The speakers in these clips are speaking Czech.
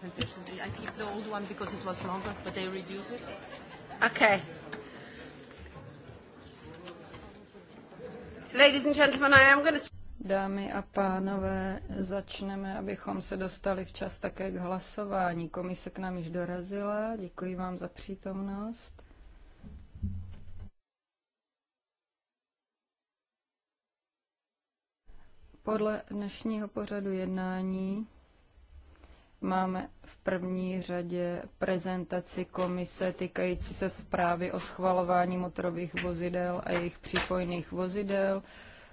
presentation. I keep the old one because it was longer, but they reduced it. Okay. Ladies and gentlemen, I am going to... Dámy a pánové, začneme, abychom se dostali včas také k hlasování. Komise k nám již dorazila. Děkuji vám za přítomnost. Podle dnešního pořadu jednání Máme v první řadě prezentaci komise týkající se zprávy o schvalování motorových vozidel a jejich připojných vozidel,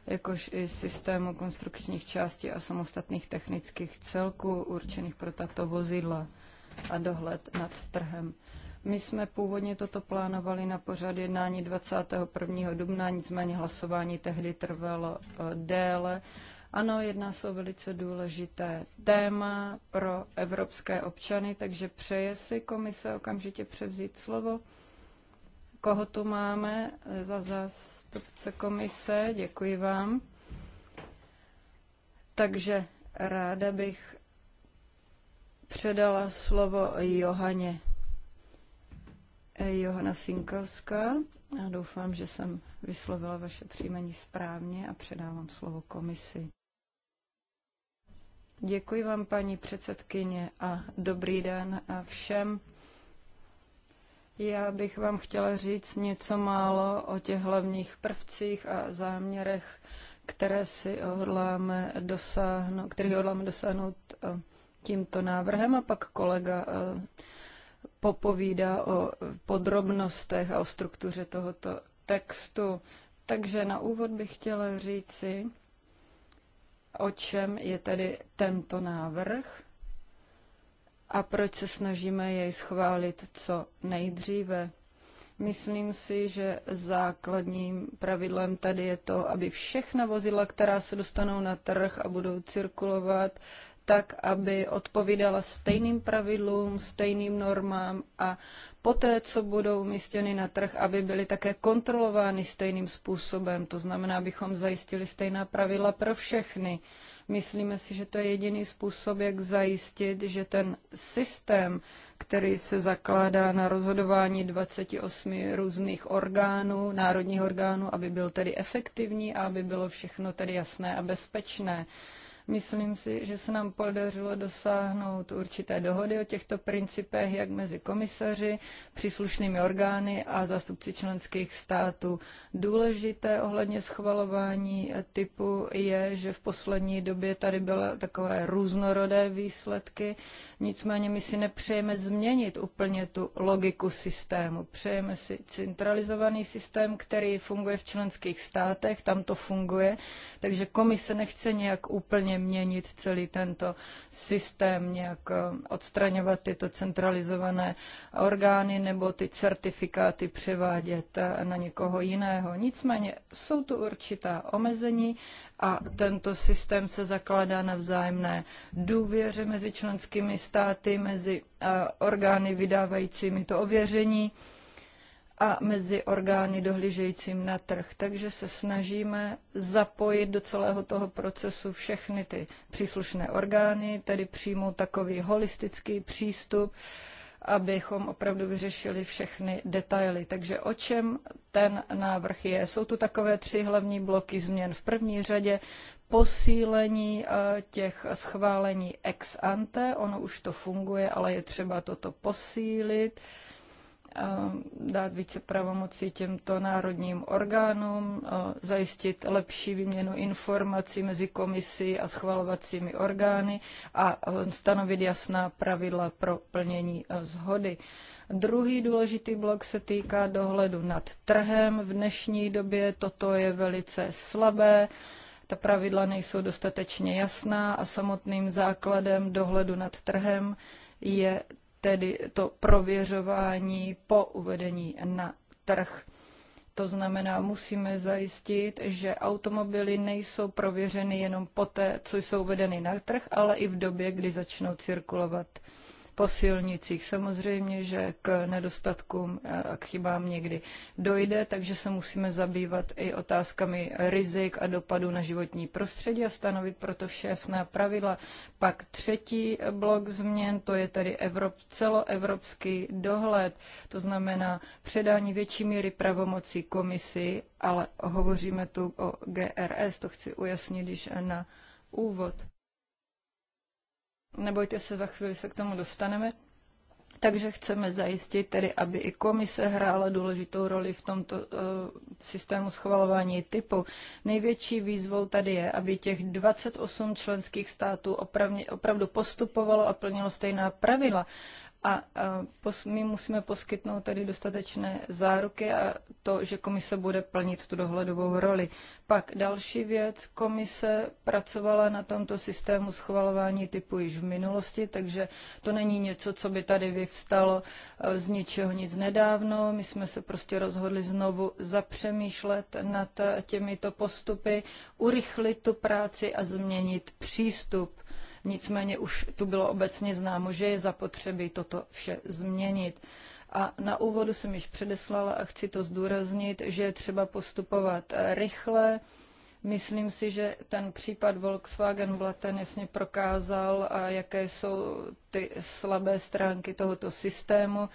jakož i systému konstrukčních částí a samostatných technických celků určených pro tato vozidla a dohled nad trhem. My jsme původně toto plánovali na pořad jednání 21. dubna, nicméně hlasování tehdy trvalo eh, déle ano, jedná se o velice důležité téma pro evropské občany, takže přeje si komise okamžitě převzít slovo. Koho tu máme za zástupce komise? Děkuji vám. Takže ráda bych předala slovo Johaně. Johana Sinkovská, Já doufám, že jsem vyslovila vaše příjmení správně a předávám slovo komisi. Děkuji vám, paní předsedkyně, a dobrý den a všem. Já bych vám chtěla říct něco málo o těch hlavních prvcích a záměrech, které si hodláme dosáhnout, který hodláme dosáhnout eh, tímto návrhem a pak kolega eh, popovídá o podrobnostech a o struktuře tohoto textu. Takže na úvod bych chtěla říci, o čem je tedy tento návrh a proč se snažíme jej schválit co nejdříve. Myslím si, že základním pravidlem tady je to, aby všechna vozidla, která se dostanou na trh a budou cirkulovat, tak, aby odpovídala stejným pravidlům, stejným normám a poté, co budou umístěny na trh, aby byly také kontrolovány stejným způsobem. To znamená, abychom zajistili stejná pravidla pro všechny. Myslíme si, že to je jediný způsob, jak zajistit, že ten systém, který se zakládá na rozhodování 28 různých orgánů, národních orgánů, aby byl tedy efektivní a aby bylo všechno tedy jasné a bezpečné. Myslím si, že se nám podařilo dosáhnout určité dohody o těchto principech, jak mezi komisaři, příslušnými orgány a zástupci členských států. Důležité ohledně schvalování typu je, že v poslední době tady byly takové různorodé výsledky, nicméně my si nepřejeme změnit úplně tu logiku systému. Přejeme si centralizovaný systém, který funguje v členských státech, tam to funguje, takže komise nechce nějak úplně úplně vlastně měnit celý tento systém, nějak eh, odstraňovat tyto centralizované orgány nebo ty certifikáty převádět eh, na někoho jiného. Nicméně jsou tu určitá omezení a tento systém se zakládá na vzájemné důvěře mezi členskými státy, mezi eh, orgány vydávajícími to ověření a mezi orgány dohlížejícím na trh. Takže se snažíme zapojit do celého toho procesu všechny ty příslušné orgány, tedy přijmout takový holistický přístup, abychom opravdu vyřešili všechny detaily. Takže o čem ten návrh je? Jsou tu takové tři hlavní bloky změn. V první řadě posílení eh, těch schválení ex ante, ono už to funguje, ale je třeba toto posílit Eh, dát více pravomocí těmto národním orgánům, eh, zajistit lepší výměnu informací mezi komisí a schvalovacími orgány a eh, stanovit jasná pravidla pro plnění zhody. Druhý důležitý blok se týká dohledu nad trhem. V dnešní době toto je velice slabé ta pravidla nejsou dostatečně jasná a samotným základem dohledu nad trhem je tedy to prověřování po uvedení na trh. To znamená, musíme zajistit, že automobily nejsou prověřeny jenom poté, co jsou uvedeny na trh, ale i v době, kdy začnou cirkulovat po silnicích. Samozřejmě, že k nedostatkům a k chybám někdy dojde, takže se musíme zabývat i otázkami rizik a dopadu na životní prostředí a stanovit proto vše jasná pravidla. Pak třetí blok změn, to je tedy Evrop, celoevropský dohled, to znamená předání větší míry pravomocí komisi, ale hovoříme tu o GRS, to chci ujasnit když na úvod nebojte se, za chvíli se k tomu dostaneme. Takže chceme zajistit tedy, aby i komise hrála důležitou roli v tomto uh, systému schvalování typu. Největší výzvou tady je, aby těch 28 členských států opravdu postupovalo a plnilo stejná pravidla a my musíme poskytnout tedy dostatečné záruky a to, že komise bude plnit tu dohledovou roli. Pak další věc, komise pracovala na tomto systému schvalování typu již v minulosti, takže to není něco, co by tady vyvstalo e, z ničeho nic nedávno. My jsme se prostě rozhodli znovu zapřemýšlet nad e, těmito postupy, urychlit tu práci a změnit přístup Nicméně už tu bylo obecně známo, že je zapotřebí toto vše změnit. A na úvodu jsem již předeslala a chci to zdůraznit, že je třeba postupovat rychle. Myslím si, že ten případ Volkswagen Blaten jasně prokázal, a jaké jsou ty slabé stránky tohoto systému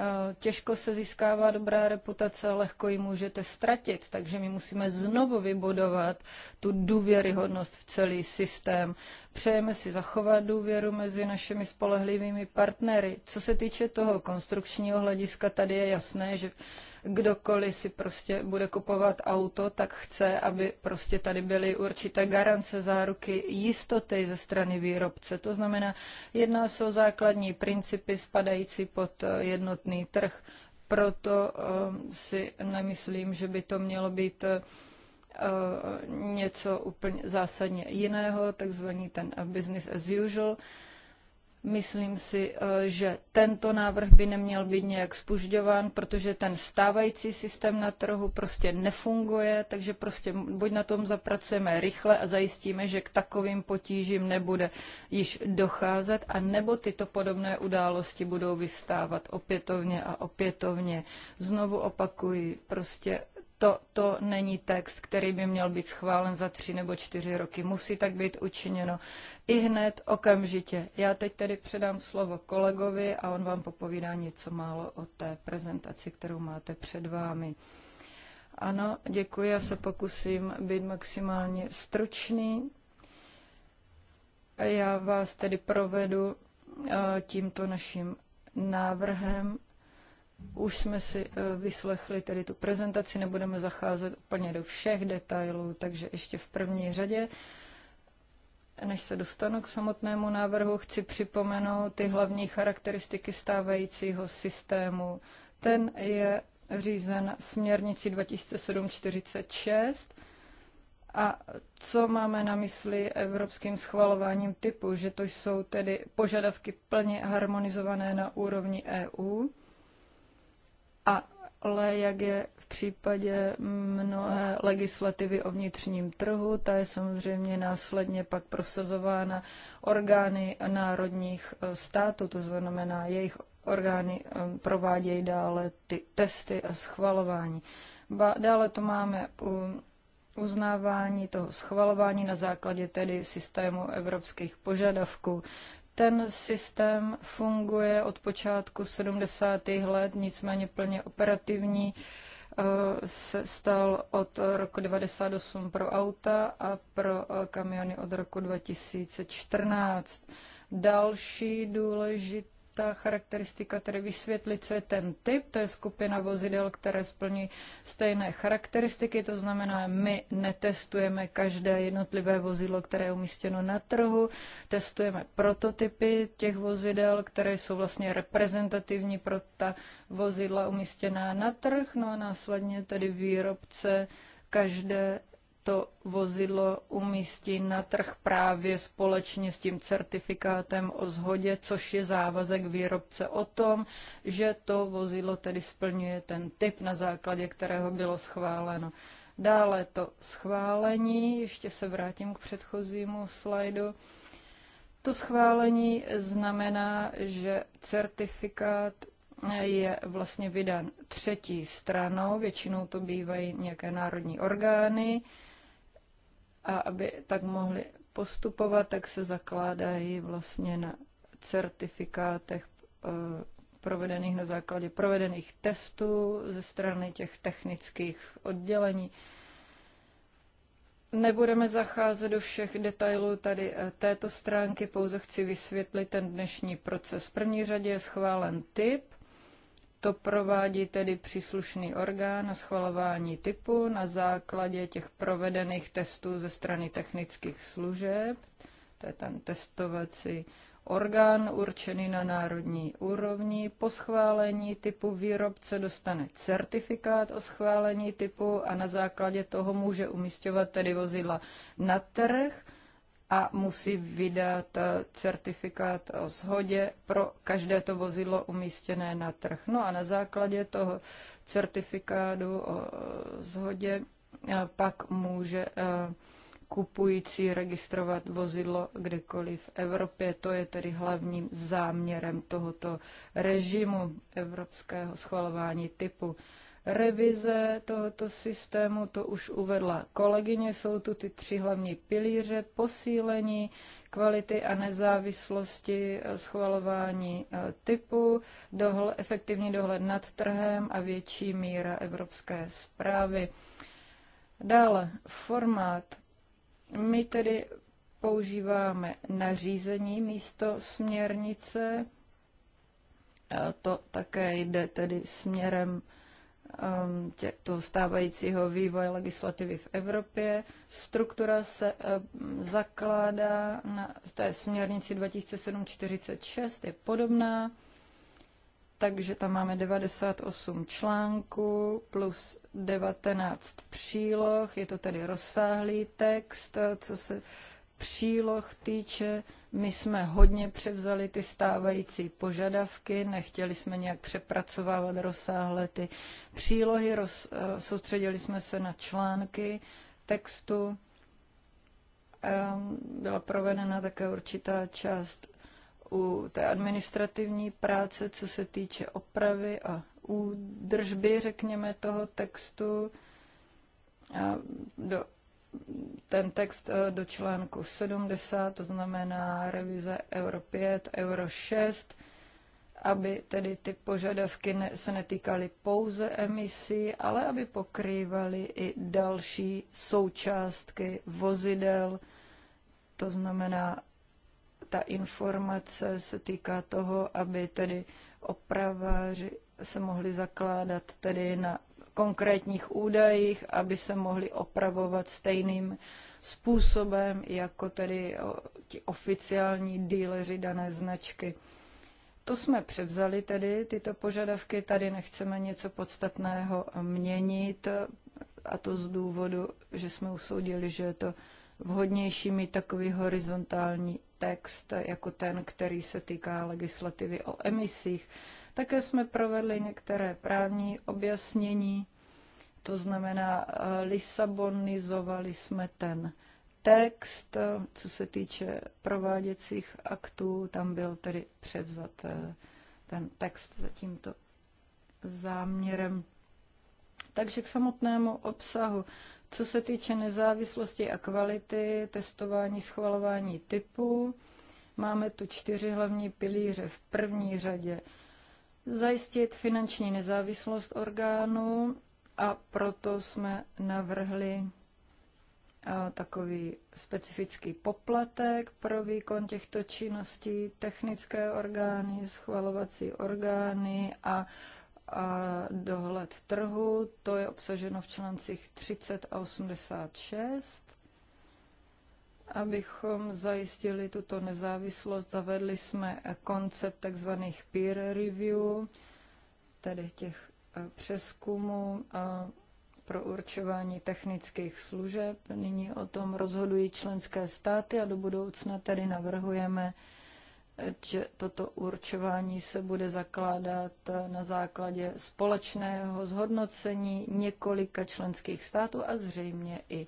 Eh, těžko se získává dobrá reputace, lehko ji můžete ztratit, takže my musíme znovu vybudovat tu důvěryhodnost v celý systém. Přejeme si zachovat důvěru mezi našimi spolehlivými partnery. Co se týče toho konstrukčního hlediska, tady je jasné, že kdokoliv si prostě bude kupovat auto, tak chce, aby prostě tady byly určité garance, záruky, jistoty ze strany výrobce. To znamená, jedná se o základní principy spadající pod eh, jednotný trh. Proto ehm, si nemyslím, že by to mělo být eh, eh, něco úplně zásadně jiného, takzvaný ten business as usual. Myslím si, eh, že tento návrh by neměl být nějak spužďován, protože ten stávající systém na trhu prostě nefunguje, takže prostě buď na tom zapracujeme rychle a zajistíme, že k takovým potížím nebude již docházet, a nebo tyto podobné události budou vyvstávat opětovně a opětovně. Znovu opakuji, prostě to, to není text, který by měl být schválen za tři nebo čtyři roky. Musí tak být učiněno i hned okamžitě. Já teď tedy předám slovo kolegovi a on vám popovídá něco málo o té prezentaci, kterou máte před vámi. Ano, děkuji, já se pokusím být maximálně stručný. Já vás tedy provedu eh, tímto naším návrhem. Už jsme si eh, vyslechli tedy tu prezentaci, nebudeme zacházet úplně do všech detailů, takže ještě v první řadě než se dostanu k samotnému návrhu, chci připomenout ty hlavní charakteristiky stávajícího systému. Ten je řízen směrnici 2746 a co máme na mysli evropským schvalováním typu, že to jsou tedy požadavky plně harmonizované na úrovni EU, ale jak je případě mnohé legislativy o vnitřním trhu. Ta je samozřejmě následně pak prosazována orgány národních eh, států, to znamená jejich orgány eh, provádějí dále ty testy a schvalování. Ba, dále to máme u uznávání toho schvalování na základě tedy systému evropských požadavků. Ten systém funguje od počátku 70. let, nicméně plně operativní Eh, se stal od roku 1998 pro auta a pro eh, kamiony od roku 2014. Další důležitý ta charakteristika, tedy vysvětlit, co je ten typ, to je skupina vozidel, které splní stejné charakteristiky, to znamená, my netestujeme každé jednotlivé vozidlo, které je umístěno na trhu, testujeme prototypy těch vozidel, které jsou vlastně reprezentativní pro ta vozidla umístěná na trh, no a následně tedy výrobce každé to vozidlo umístí na trh právě společně s tím certifikátem o zhodě, což je závazek výrobce o tom, že to vozidlo tedy splňuje ten typ, na základě kterého bylo schváleno. Dále to schválení, ještě se vrátím k předchozímu slajdu. To schválení znamená, že certifikát je vlastně vydan třetí stranou, většinou to bývají nějaké národní orgány, a aby tak mohli postupovat, tak se zakládají vlastně na certifikátech eh, provedených na základě provedených testů ze strany těch technických oddělení. Nebudeme zacházet do všech detailů tady eh, této stránky, pouze chci vysvětlit ten dnešní proces. V první řadě je schválen typ, to provádí tedy příslušný orgán na schvalování typu na základě těch provedených testů ze strany technických služeb. To je ten testovací orgán určený na národní úrovni. Po schválení typu výrobce dostane certifikát o schválení typu a na základě toho může umístěvat tedy vozidla na trh a musí vydat eh, certifikát o shodě pro každé to vozidlo umístěné na trh. No a na základě toho certifikádu o eh, shodě eh, pak může kupující registrovat vozidlo kdekoliv v Evropě. To je tedy hlavním záměrem tohoto režimu evropského schvalování typu revize tohoto systému, to už uvedla kolegyně, jsou tu ty tři hlavní pilíře, posílení kvality a nezávislosti eh, schvalování eh, typu, dohl efektivní dohled nad trhem a větší míra evropské zprávy. Dále formát. My tedy používáme nařízení místo směrnice. Eh, to také jde tedy směrem Um, tě, toho stávajícího vývoje legislativy v Evropě. Struktura se um, zakládá na té směrnici 2746, je podobná, takže tam máme 98 článků plus 19 příloh, je to tedy rozsáhlý text, co se příloh týče my jsme hodně převzali ty stávající požadavky, nechtěli jsme nějak přepracovávat rozsáhle ty přílohy, roz, eh, soustředili jsme se na články textu. Byla provedena také určitá část u té administrativní práce, co se týče opravy a údržby, řekněme, toho textu. A do ten text eh, do článku 70, to znamená revize Euro 5, Euro 6, aby tedy ty požadavky ne, se netýkaly pouze emisí, ale aby pokrývaly i další součástky vozidel. To znamená, ta informace se týká toho, aby tedy opraváři se mohli zakládat tedy na konkrétních údajích, aby se mohli opravovat stejným způsobem jako tedy ti oficiální díleři dané značky. To jsme převzali tedy, tyto požadavky, tady nechceme něco podstatného měnit a to z důvodu, že jsme usoudili, že je to vhodnější mít takový horizontální text jako ten, který se týká legislativy o emisích. Také jsme provedli některé právní objasnění, to znamená, eh, lisabonizovali jsme ten text, eh, co se týče prováděcích aktů, tam byl tedy převzat eh, ten text za tímto záměrem. Takže k samotnému obsahu. Co se týče nezávislosti a kvality, testování, schvalování typu, máme tu čtyři hlavní pilíře. V první řadě zajistit finanční nezávislost orgánů a proto jsme navrhli takový specifický poplatek pro výkon těchto činností, technické orgány, schvalovací orgány a, a dohled trhu. To je obsaženo v článcích 30 a 86. Abychom zajistili tuto nezávislost, zavedli jsme koncept tzv. peer review, tedy těch eh, přeskumů eh, pro určování technických služeb. Nyní o tom rozhodují členské státy a do budoucna tedy navrhujeme, že toto určování se bude zakládat eh, na základě společného zhodnocení několika členských států a zřejmě i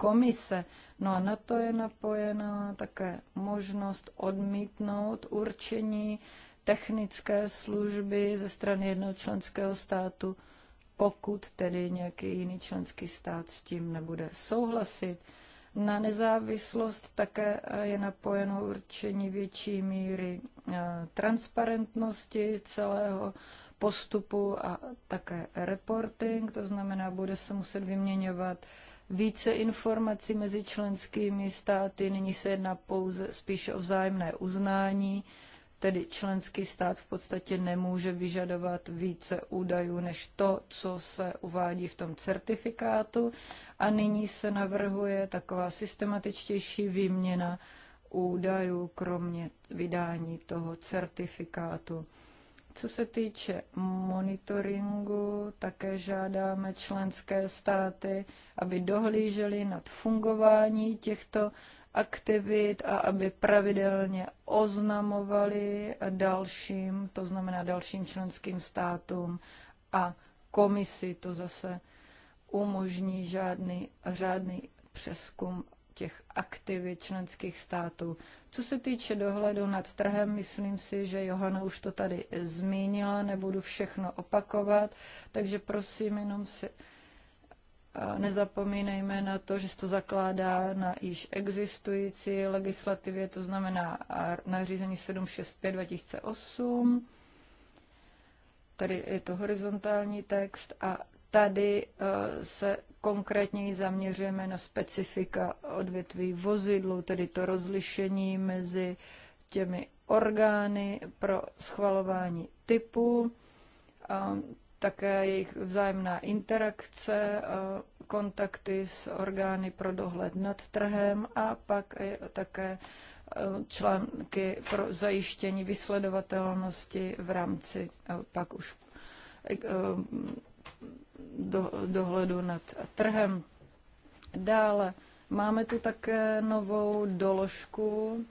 komise. No a na to je napojená také možnost odmítnout určení technické služby ze strany jednoho členského státu, pokud tedy nějaký jiný členský stát s tím nebude souhlasit. Na nezávislost také je napojeno určení větší míry eh, transparentnosti celého postupu a také reporting, to znamená, bude se muset vyměňovat více informací mezi členskými státy. Nyní se jedná pouze spíše o vzájemné uznání, tedy členský stát v podstatě nemůže vyžadovat více údajů než to, co se uvádí v tom certifikátu. A nyní se navrhuje taková systematičtější výměna údajů, kromě vydání toho certifikátu. Co se týče monitoringu, také žádáme členské státy, aby dohlíželi nad fungování těchto aktivit a aby pravidelně oznamovali dalším, to znamená dalším členským státům a komisi to zase umožní žádný řádný přeskum těch aktivit členských států. Co se týče dohledu nad trhem, myslím si, že Johana už to tady zmínila, nebudu všechno opakovat, takže prosím, jenom si nezapomínejme na to, že se to zakládá na již existující legislativě, to znamená nařízení 765 2008, tady je to horizontální text a Tady eh, se konkrétněji zaměřujeme na specifika odvětví vozidlu, tedy to rozlišení mezi těmi orgány pro schvalování typu, také jejich vzájemná interakce, kontakty s orgány pro dohled nad trhem a pak také eh, články pro zajištění vysledovatelnosti v rámci pak už eh, do, dohledu nad trhem. Dále máme tu také novou doložku,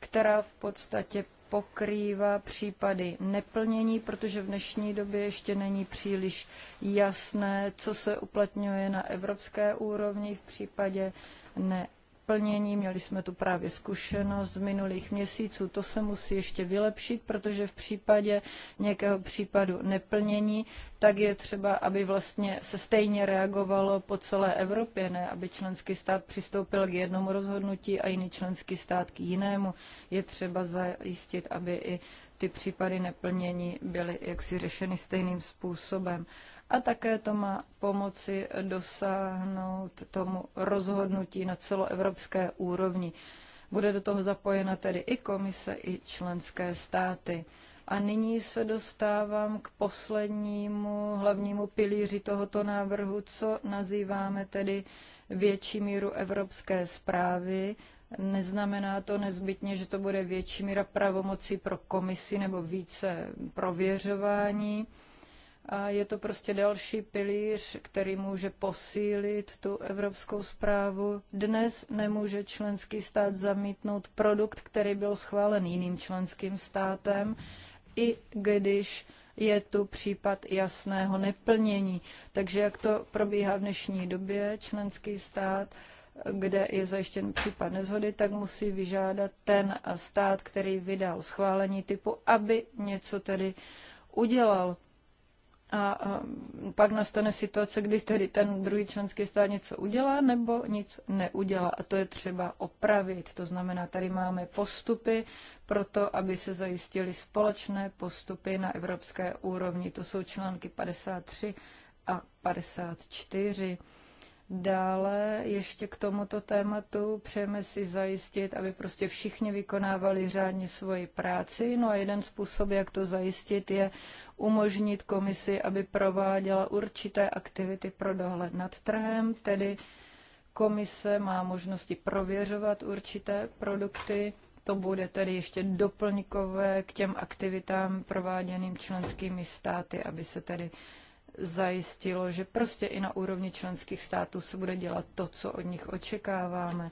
která v podstatě pokrývá případy neplnění, protože v dnešní době ještě není příliš jasné, co se uplatňuje na evropské úrovni v případě ne plnění. Měli jsme tu právě zkušenost z minulých měsíců. To se musí ještě vylepšit, protože v případě nějakého případu neplnění, tak je třeba, aby vlastně se stejně reagovalo po celé Evropě, ne aby členský stát přistoupil k jednomu rozhodnutí a jiný členský stát k jinému. Je třeba zajistit, aby i ty případy neplnění byly jaksi řešeny stejným způsobem a také to má pomoci dosáhnout tomu rozhodnutí na celoevropské úrovni. Bude do toho zapojena tedy i komise, i členské státy. A nyní se dostávám k poslednímu hlavnímu pilíři tohoto návrhu, co nazýváme tedy větší míru evropské zprávy. Neznamená to nezbytně, že to bude větší míra pravomocí pro komisi nebo více prověřování a je to prostě další pilíř, který může posílit tu evropskou zprávu. Dnes nemůže členský stát zamítnout produkt, který byl schválen jiným členským státem, i když je tu případ jasného neplnění. Takže jak to probíhá v dnešní době, členský stát kde je zajištěn případ nezhody, tak musí vyžádat ten stát, který vydal schválení typu, aby něco tedy udělal. A pak nastane situace, kdy tedy ten druhý členský stát něco udělá nebo nic neudělá. A to je třeba opravit. To znamená, tady máme postupy pro to, aby se zajistily společné postupy na evropské úrovni. To jsou články 53 a 54. Dále ještě k tomuto tématu přejeme si zajistit, aby prostě všichni vykonávali řádně svoji práci. No a jeden způsob, jak to zajistit, je umožnit komisi, aby prováděla určité aktivity pro dohled nad trhem, tedy komise má možnosti prověřovat určité produkty, to bude tedy ještě doplňkové k těm aktivitám prováděným členskými státy, aby se tedy zajistilo, že prostě i na úrovni členských států se bude dělat to, co od nich očekáváme.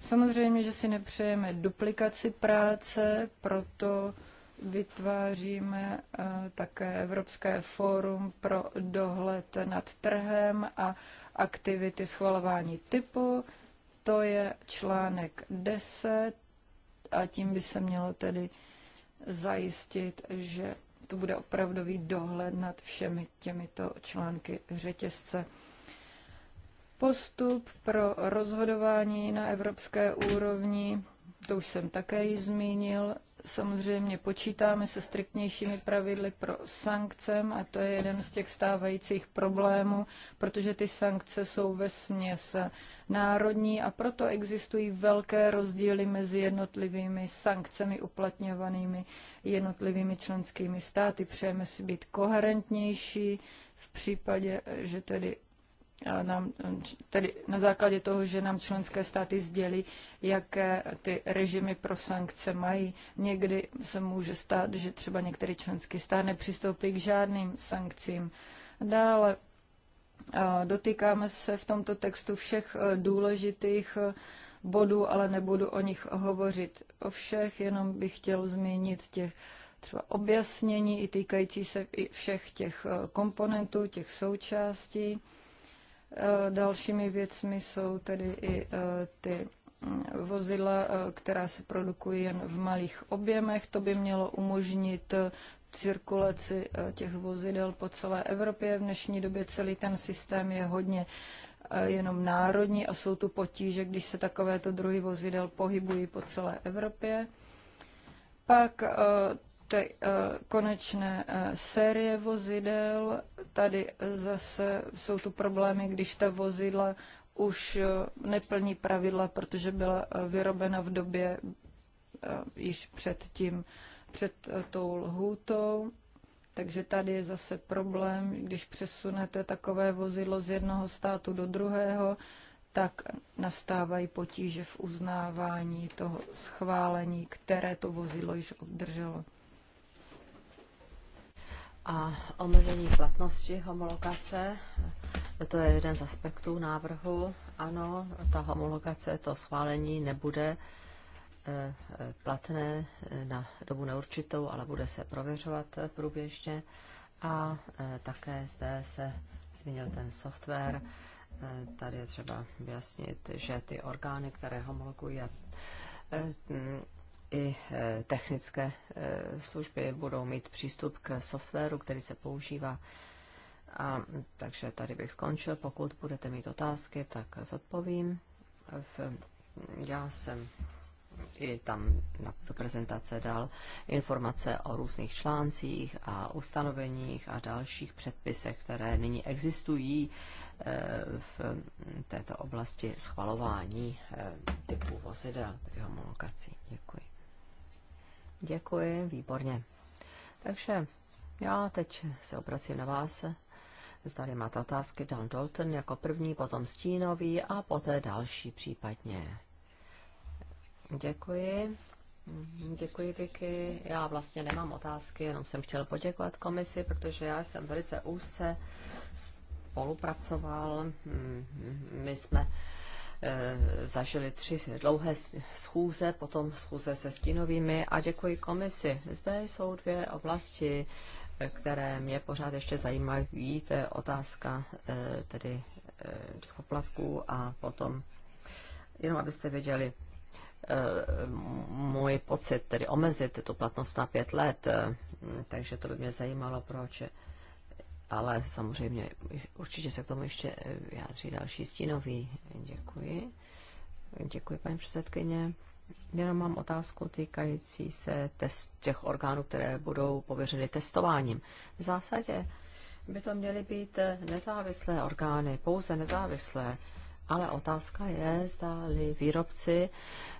Samozřejmě, že si nepřejeme duplikaci práce, proto Vytváříme eh, také Evropské fórum pro dohled nad trhem a aktivity schvalování typu. To je článek 10 a tím by se mělo tedy zajistit, že to bude opravdový dohled nad všemi těmito články řetězce. Postup pro rozhodování na evropské úrovni, to už jsem také zmínil, samozřejmě počítáme se striktnějšími pravidly pro sankcem a to je jeden z těch stávajících problémů, protože ty sankce jsou ve směs národní a proto existují velké rozdíly mezi jednotlivými sankcemi uplatňovanými jednotlivými členskými státy. Přejeme si být koherentnější v případě, že tedy nám, tedy na základě toho, že nám členské státy sdělí, jaké ty režimy pro sankce mají. Někdy se může stát, že třeba některý členský stát nepřistoupí k žádným sankcím. Dále dotýkáme se v tomto textu všech e, důležitých e, bodů, ale nebudu o nich hovořit o všech, jenom bych chtěl zmínit těch třeba objasnění i týkající se i všech těch e, komponentů, těch součástí. Eh, dalšími věcmi jsou tedy i eh, ty hm, vozidla, eh, která se produkují jen v malých objemech. To by mělo umožnit cirkulaci těch vozidel po celé Evropě. V dnešní době celý ten systém je hodně jenom národní a jsou tu potíže, když se takovéto druhy vozidel pohybují po celé Evropě. Pak uh, konečné eh, série vozidel. Tady zase jsou tu problémy, když ta vozidla už eh, neplní pravidla, protože byla vyrobena v době již před tím, před tou lhůtou. Takže tady je zase problém, když přesunete takové vozidlo z jednoho státu do druhého, tak nastávají potíže v uznávání toho schválení, které to vozidlo již obdrželo a omezení platnosti homologace, to je jeden z aspektů návrhu. Ano, ta homologace, to schválení nebude e, e, platné na dobu neurčitou, ale bude se prověřovat průběžně. A e, také zde se zmínil ten software. Tady je třeba vyjasnit, že ty orgány, které homologují, i eh, technické eh, služby budou mít přístup k softwaru, který se používá. A, takže tady bych skončil. Pokud budete mít otázky, tak zodpovím. V, já jsem i tam na, do prezentace dal informace o různých článcích a ustanoveních a dalších předpisech, které nyní existují eh, v této oblasti schvalování typu vozidel, tedy homologací. Děkuji. Děkuji, výborně. Takže já teď se obracím na vás. Zdali máte otázky Dan Dalton jako první, potom Stínový a poté další případně. Děkuji. Děkuji, Vicky. Já vlastně nemám otázky, jenom jsem chtěl poděkovat komisi, protože já jsem velice úzce spolupracoval. Hmm, hmm, hmm. My jsme Eh, zažili tři dlouhé schůze, potom schůze se stínovými a děkuji komisi. Zde jsou dvě oblasti, eh, které mě pořád ještě zajímají. To je otázka eh, tedy těch poplatků a potom, jenom abyste věděli, můj pocit, tedy omezit tu platnost na pět let, takže to by mě zajímalo, proč ale samozřejmě určitě se k tomu ještě vyjádří další stínový. Děkuji. Děkuji, paní předsedkyně. Jenom mám otázku týkající se test, těch orgánů, které budou pověřeny testováním. V zásadě by to měly být nezávislé orgány, pouze nezávislé, ale otázka je, zda-li výrobci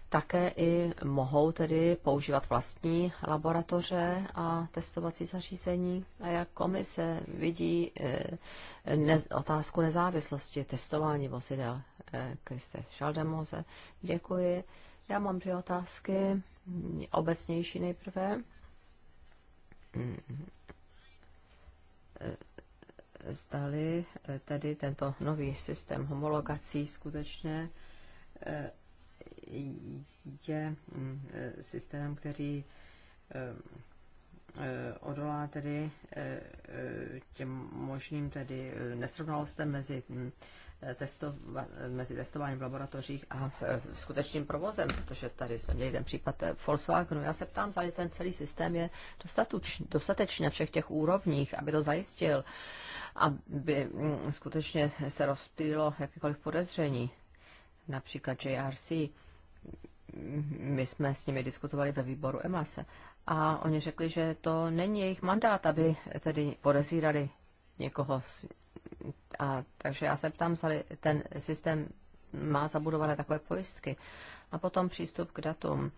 také i mohou tedy používat vlastní laboratoře a testovací zařízení. A jak komise vidí eh, ne, otázku nezávislosti testování vozidel eh, Kriste Šaldemoze. Děkuji. Já mám dvě otázky. Obecnější nejprve. Eh, zdali tedy tento nový systém homologací skutečně je mm, e, systém, který e, e, odolá tedy těm možným tedy nesrovnalostem mezi, mm, testova, mezi testováním v laboratořích a skutečným provozem, protože tady jsme měli ten případ Volkswagenu. Já se ptám, zda ten celý systém je dostatečný na všech těch úrovních, aby to zajistil, aby mm, skutečně se rozptýlilo jakékoliv podezření, například JRC my jsme s nimi diskutovali ve výboru EMASE a oni řekli, že to není jejich mandát, aby tedy podezírali někoho. A, takže já se ptám, zda ten systém má zabudované takové pojistky. A potom přístup k datům,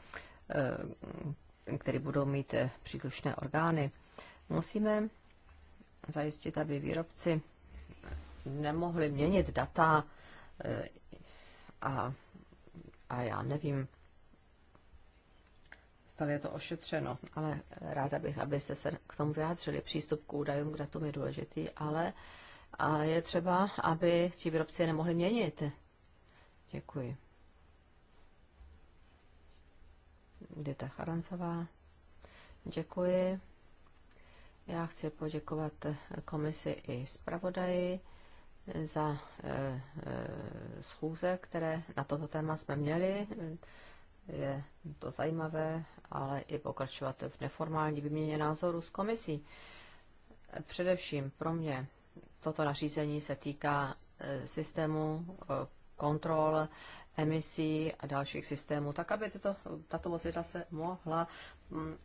eh, který budou mít eh, příslušné orgány. Musíme zajistit, aby výrobci nemohli měnit data eh, a a já nevím, stále je to ošetřeno, ale ráda bych, abyste se k tomu vyjádřili. Přístup k údajům, k datům je důležitý, ale a je třeba, aby ti výrobci je nemohli měnit. Děkuji. Dita Charancová. Děkuji. Já chci poděkovat komisi i zpravodaji za e, e, schůze, které na toto téma jsme měli. Je to zajímavé, ale i pokračovat v neformální vyměně názoru s komisí. Především pro mě toto nařízení se týká e, systému kontrol emisí a dalších systémů, tak aby tato, tato vozidla se mohla mm,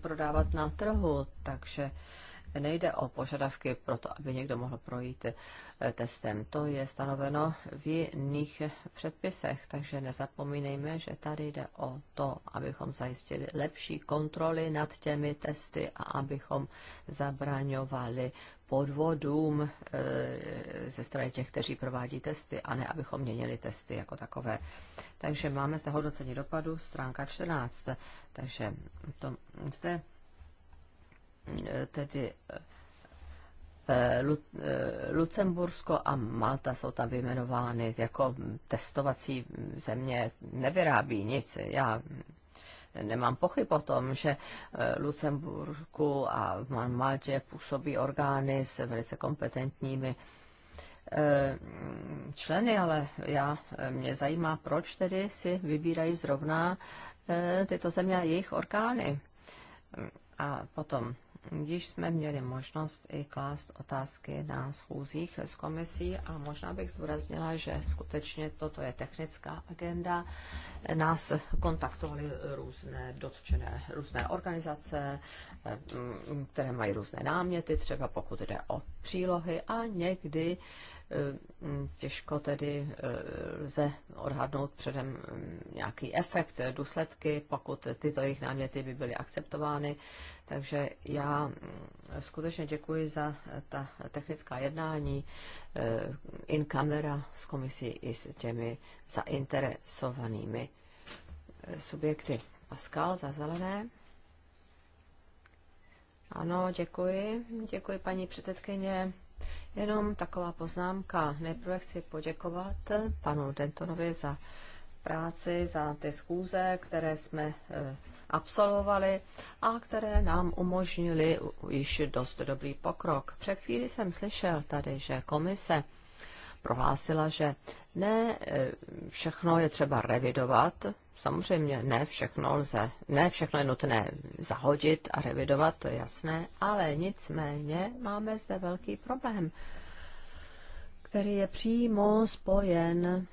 prodávat na trhu. Takže nejde o požadavky pro to, aby někdo mohl projít eh, testem. To je stanoveno v jiných předpisech, takže nezapomínejme, že tady jde o to, abychom zajistili lepší kontroly nad těmi testy a abychom zabraňovali podvodům eh, ze strany těch, kteří provádí testy, a ne abychom měnili testy jako takové. Takže máme zde hodnocení dopadu, stránka 14. Takže to zde tedy eh, eh, eh, Lucembursko a Malta jsou tam vyjmenovány jako testovací země, nevyrábí nic. Já nemám pochyb o tom, že Lucemburku a v Maltě působí orgány s velice kompetentními členy, ale já, mě zajímá, proč tedy si vybírají zrovna tyto země a jejich orgány. A potom již jsme měli možnost i klást otázky na schůzích s komisí a možná bych zdůraznila, že skutečně toto je technická agenda. Nás kontaktovaly různé dotčené, různé organizace, mm, které mají různé náměty, třeba pokud jde o přílohy a někdy mm, těžko tedy eh, lze odhadnout předem mm, nějaký efekt, důsledky, pokud tyto jejich náměty by byly akceptovány, takže já mm, skutečně děkuji za ta technická jednání eh, in camera s komisí i s těmi zainteresovanými eh, subjekty. Pascal za zelené. Ano, děkuji. Děkuji, paní předsedkyně. Jenom taková poznámka. Nejprve chci poděkovat panu Dentonovi za práci, za ty schůze, které jsme eh, absolvovali a které nám umožnily již dost dobrý pokrok. Před chvíli jsem slyšel tady, že komise prohlásila, že ne eh, všechno je třeba revidovat, samozřejmě ne všechno lze, ne všechno je nutné zahodit a revidovat, to je jasné, ale nicméně máme zde velký problém, který je přímo spojen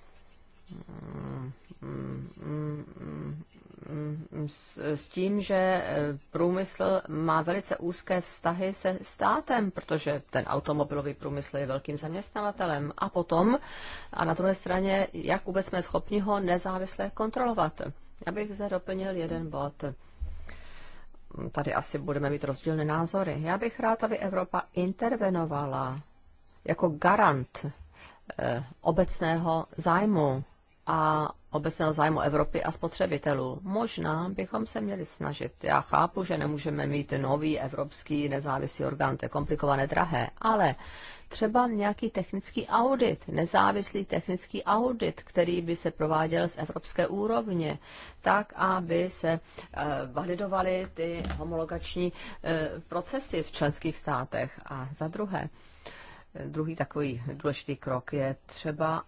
mm, mm, mm, Mm, s tím, že eh, průmysl má velice úzké vztahy se státem, protože ten automobilový průmysl je velkým zaměstnavatelem. A potom, a na druhé straně, jak vůbec jsme schopni ho nezávisle kontrolovat. Já bych zde doplnil jeden bod. Tady asi budeme mít rozdílné názory. Já bych rád, aby Evropa intervenovala jako garant eh, obecného zájmu a obecného zájmu Evropy a spotřebitelů. Možná bychom se měli snažit. Já chápu, že nemůžeme mít nový evropský nezávislý orgán, to je komplikované, drahé, ale třeba nějaký technický audit, nezávislý technický audit, který by se prováděl z evropské úrovně, tak, aby se eh, validovaly ty homologační eh, procesy v členských státech. A za druhé, eh, Druhý takový důležitý krok je třeba,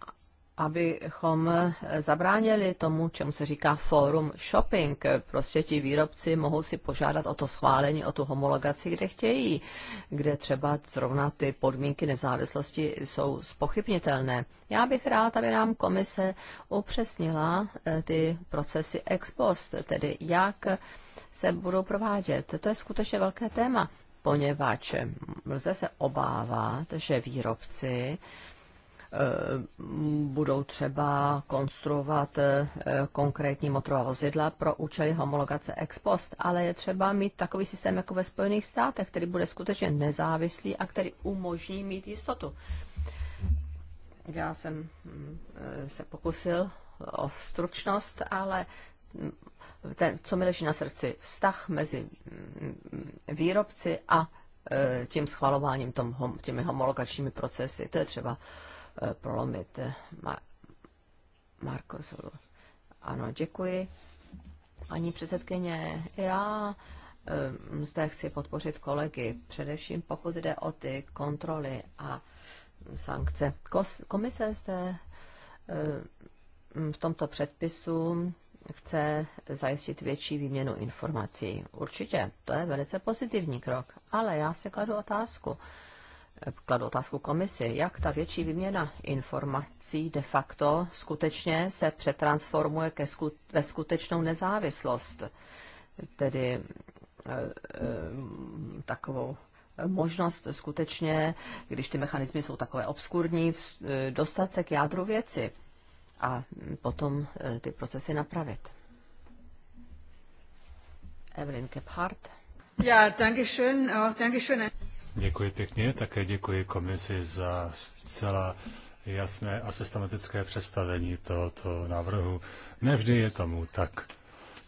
abychom zabránili tomu, čemu se říká forum shopping. Prostě ti výrobci mohou si požádat o to schválení, o tu homologaci, kde chtějí, kde třeba zrovna ty podmínky nezávislosti jsou spochybnitelné. Já bych rád, aby nám komise upřesnila eh, ty procesy ex post, tedy jak se budou provádět. To je skutečně velké téma, poněvadž lze se obávat, že výrobci Eh, budou třeba konstruovat eh, konkrétní motorová vozidla pro účely homologace ex post, ale je třeba mít takový systém jako ve Spojených státech, který bude skutečně nezávislý a který umožní mít jistotu. Já jsem eh, se pokusil o stručnost, ale mm, ten, co mi leží na srdci, vztah mezi mm, výrobci a tím schvalováním tom, těmi homologačními procesy. To je třeba Eh, prolomit. Eh, Mar- Marko Zulu. Ano, děkuji. Paní předsedkyně, já eh, zde chci podpořit kolegy, především pokud jde o ty kontroly a sankce. Komise zde v tomto předpisu chce zajistit větší výměnu informací. Určitě, to je velice pozitivní krok, ale já si kladu otázku kladu otázku komisi, jak ta větší výměna informací de facto skutečně se přetransformuje ke sku- ve skutečnou nezávislost, tedy e, e, takovou možnost skutečně, když ty mechanismy jsou takové obskurní, eh, dostat se k jádru věci a potom ty procesy napravit. Evelyn Kephart. Ja, danke schön, auch danke schön. Děkuji pěkně, také děkuji komisi za zcela jasné a systematické představení tohoto návrhu. Nevždy je tomu tak.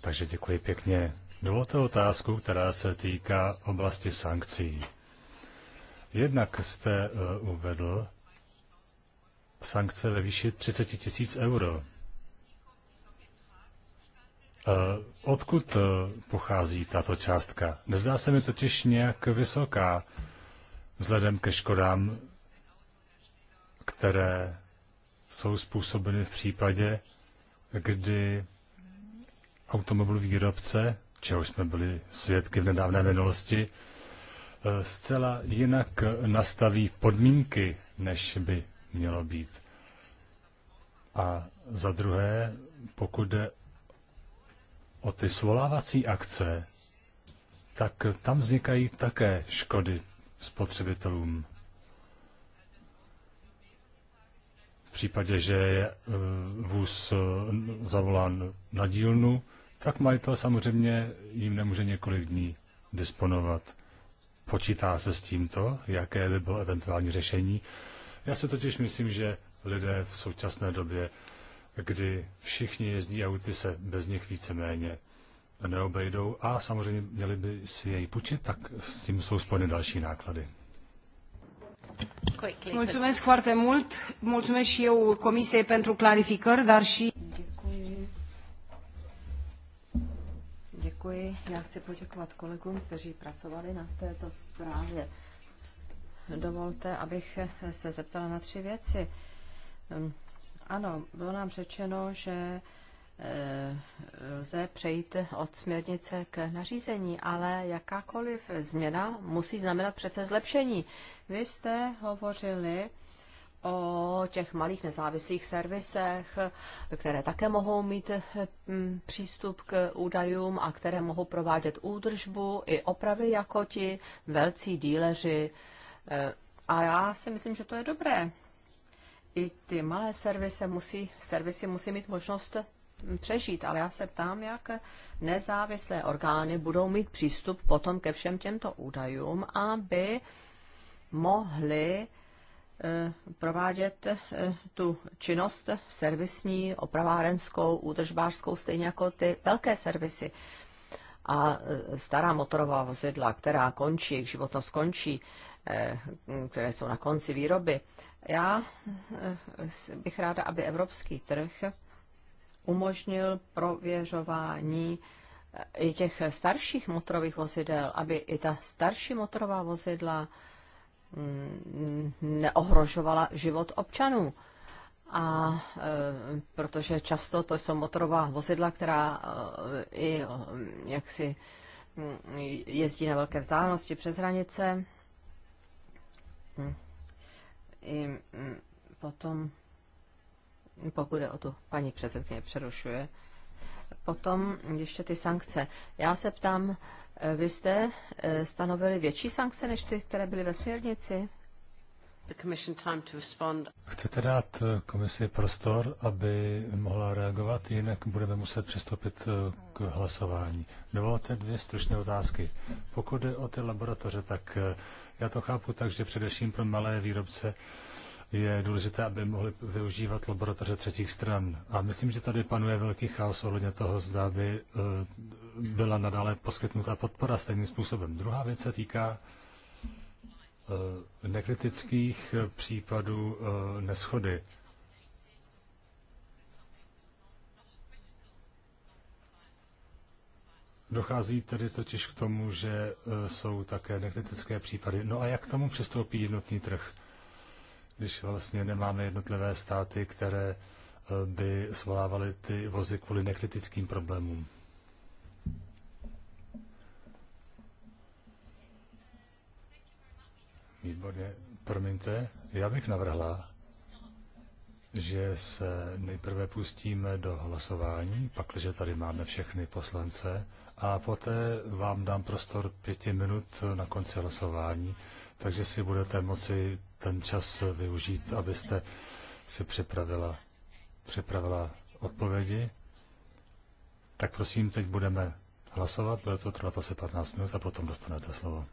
Takže děkuji pěkně. Dovolte otázku, která se týká oblasti sankcí. Jednak jste uh, uvedl sankce ve výši 30 tisíc euro. Uh, odkud uh, pochází tato částka? Nezdá se mi totiž nějak vysoká vzhledem ke škodám, které jsou způsobeny v případě, kdy automobilový výrobce, čeho jsme byli svědky v nedávné minulosti, eh, zcela jinak nastaví podmínky, než by mělo být. A za druhé, pokud jde o ty svolávací akce, tak tam vznikají také škody spotřebitelům. V případě, že je eh, vůz eh, zavolán na dílnu, tak majitel samozřejmě jim nemůže několik dní disponovat. Počítá se s tímto, jaké by bylo eventuální řešení. Já se totiž myslím, že lidé v současné době, kdy všichni jezdí auty, se bez nich víceméně neobejdou a samozřejmě měli by si jej půjčit, tak s tím jsou spojeny další náklady. Mulțumesc foarte mult, mulțumesc și eu Comisiei pentru clarificări, dar și... Děkuji. Já chci poděkovat kolegům, kteří pracovali na této zprávě. Dovolte, abych se zeptala na tři věci. Ano, bylo nám řečeno, že lze přejít od směrnice k nařízení, ale jakákoliv změna musí znamenat přece zlepšení. Vy jste hovořili o těch malých nezávislých servisech, které také mohou mít mm, přístup k údajům a které mohou provádět údržbu i opravy jako ti velcí díleři. E, a já si myslím, že to je dobré. I ty malé servisy musí, servisy musí mít možnost přežít, ale já se ptám, jak nezávislé orgány budou mít přístup potom ke všem těmto údajům, aby mohly eh, provádět eh, tu činnost servisní, opravárenskou, údržbářskou, stejně jako ty velké servisy. A eh, stará motorová vozidla, která končí, jejich životnost končí, které jsou na konci výroby. Já bych ráda, aby evropský trh umožnil prověřování eh, i těch starších motorových vozidel, aby i ta starší motorová vozidla mm, neohrožovala život občanů. A e, protože často to jsou motorová vozidla, která e, i jaksi mm, jezdí na velké vzdálenosti přes hranice. Hm. I mm, potom pokud je o tu paní předsedkyně přerušuje. Potom ještě ty sankce. Já se ptám, eh, vy jste eh, stanovili větší sankce než ty, které byly ve směrnici? Chcete dát eh, komisi prostor, aby mohla reagovat, jinak budeme muset přistoupit k hlasování. Dovolte dvě stručné otázky. Pokud jde o ty laboratoře, tak já to chápu tak, že především pro malé výrobce je důležité, aby mohli využívat laboratoře třetích stran. A myslím, že tady panuje velký chaos ohledně toho, zda by eh, byla nadále poskytnuta podpora stejným způsobem. Druhá věc se týká eh, nekritických případů eh, neschody. Dochází tedy totiž k tomu, že jsou také nekritické případy. No a jak k tomu přistoupí jednotný trh? když vlastně nemáme jednotlivé státy, které eh, by svolávaly ty vozy kvůli nekritickým problémům. Výborně. Promiňte, já bych navrhla, že se nejprve pustíme do hlasování, pakliže tady máme všechny poslance, a poté vám dám prostor pěti minut na konci hlasování, takže si budete moci ten čas využít, abyste si připravila, připravila odpovědi. Tak prosím, teď budeme hlasovat, bude to trvat asi 15 minut a potom dostanete slovo.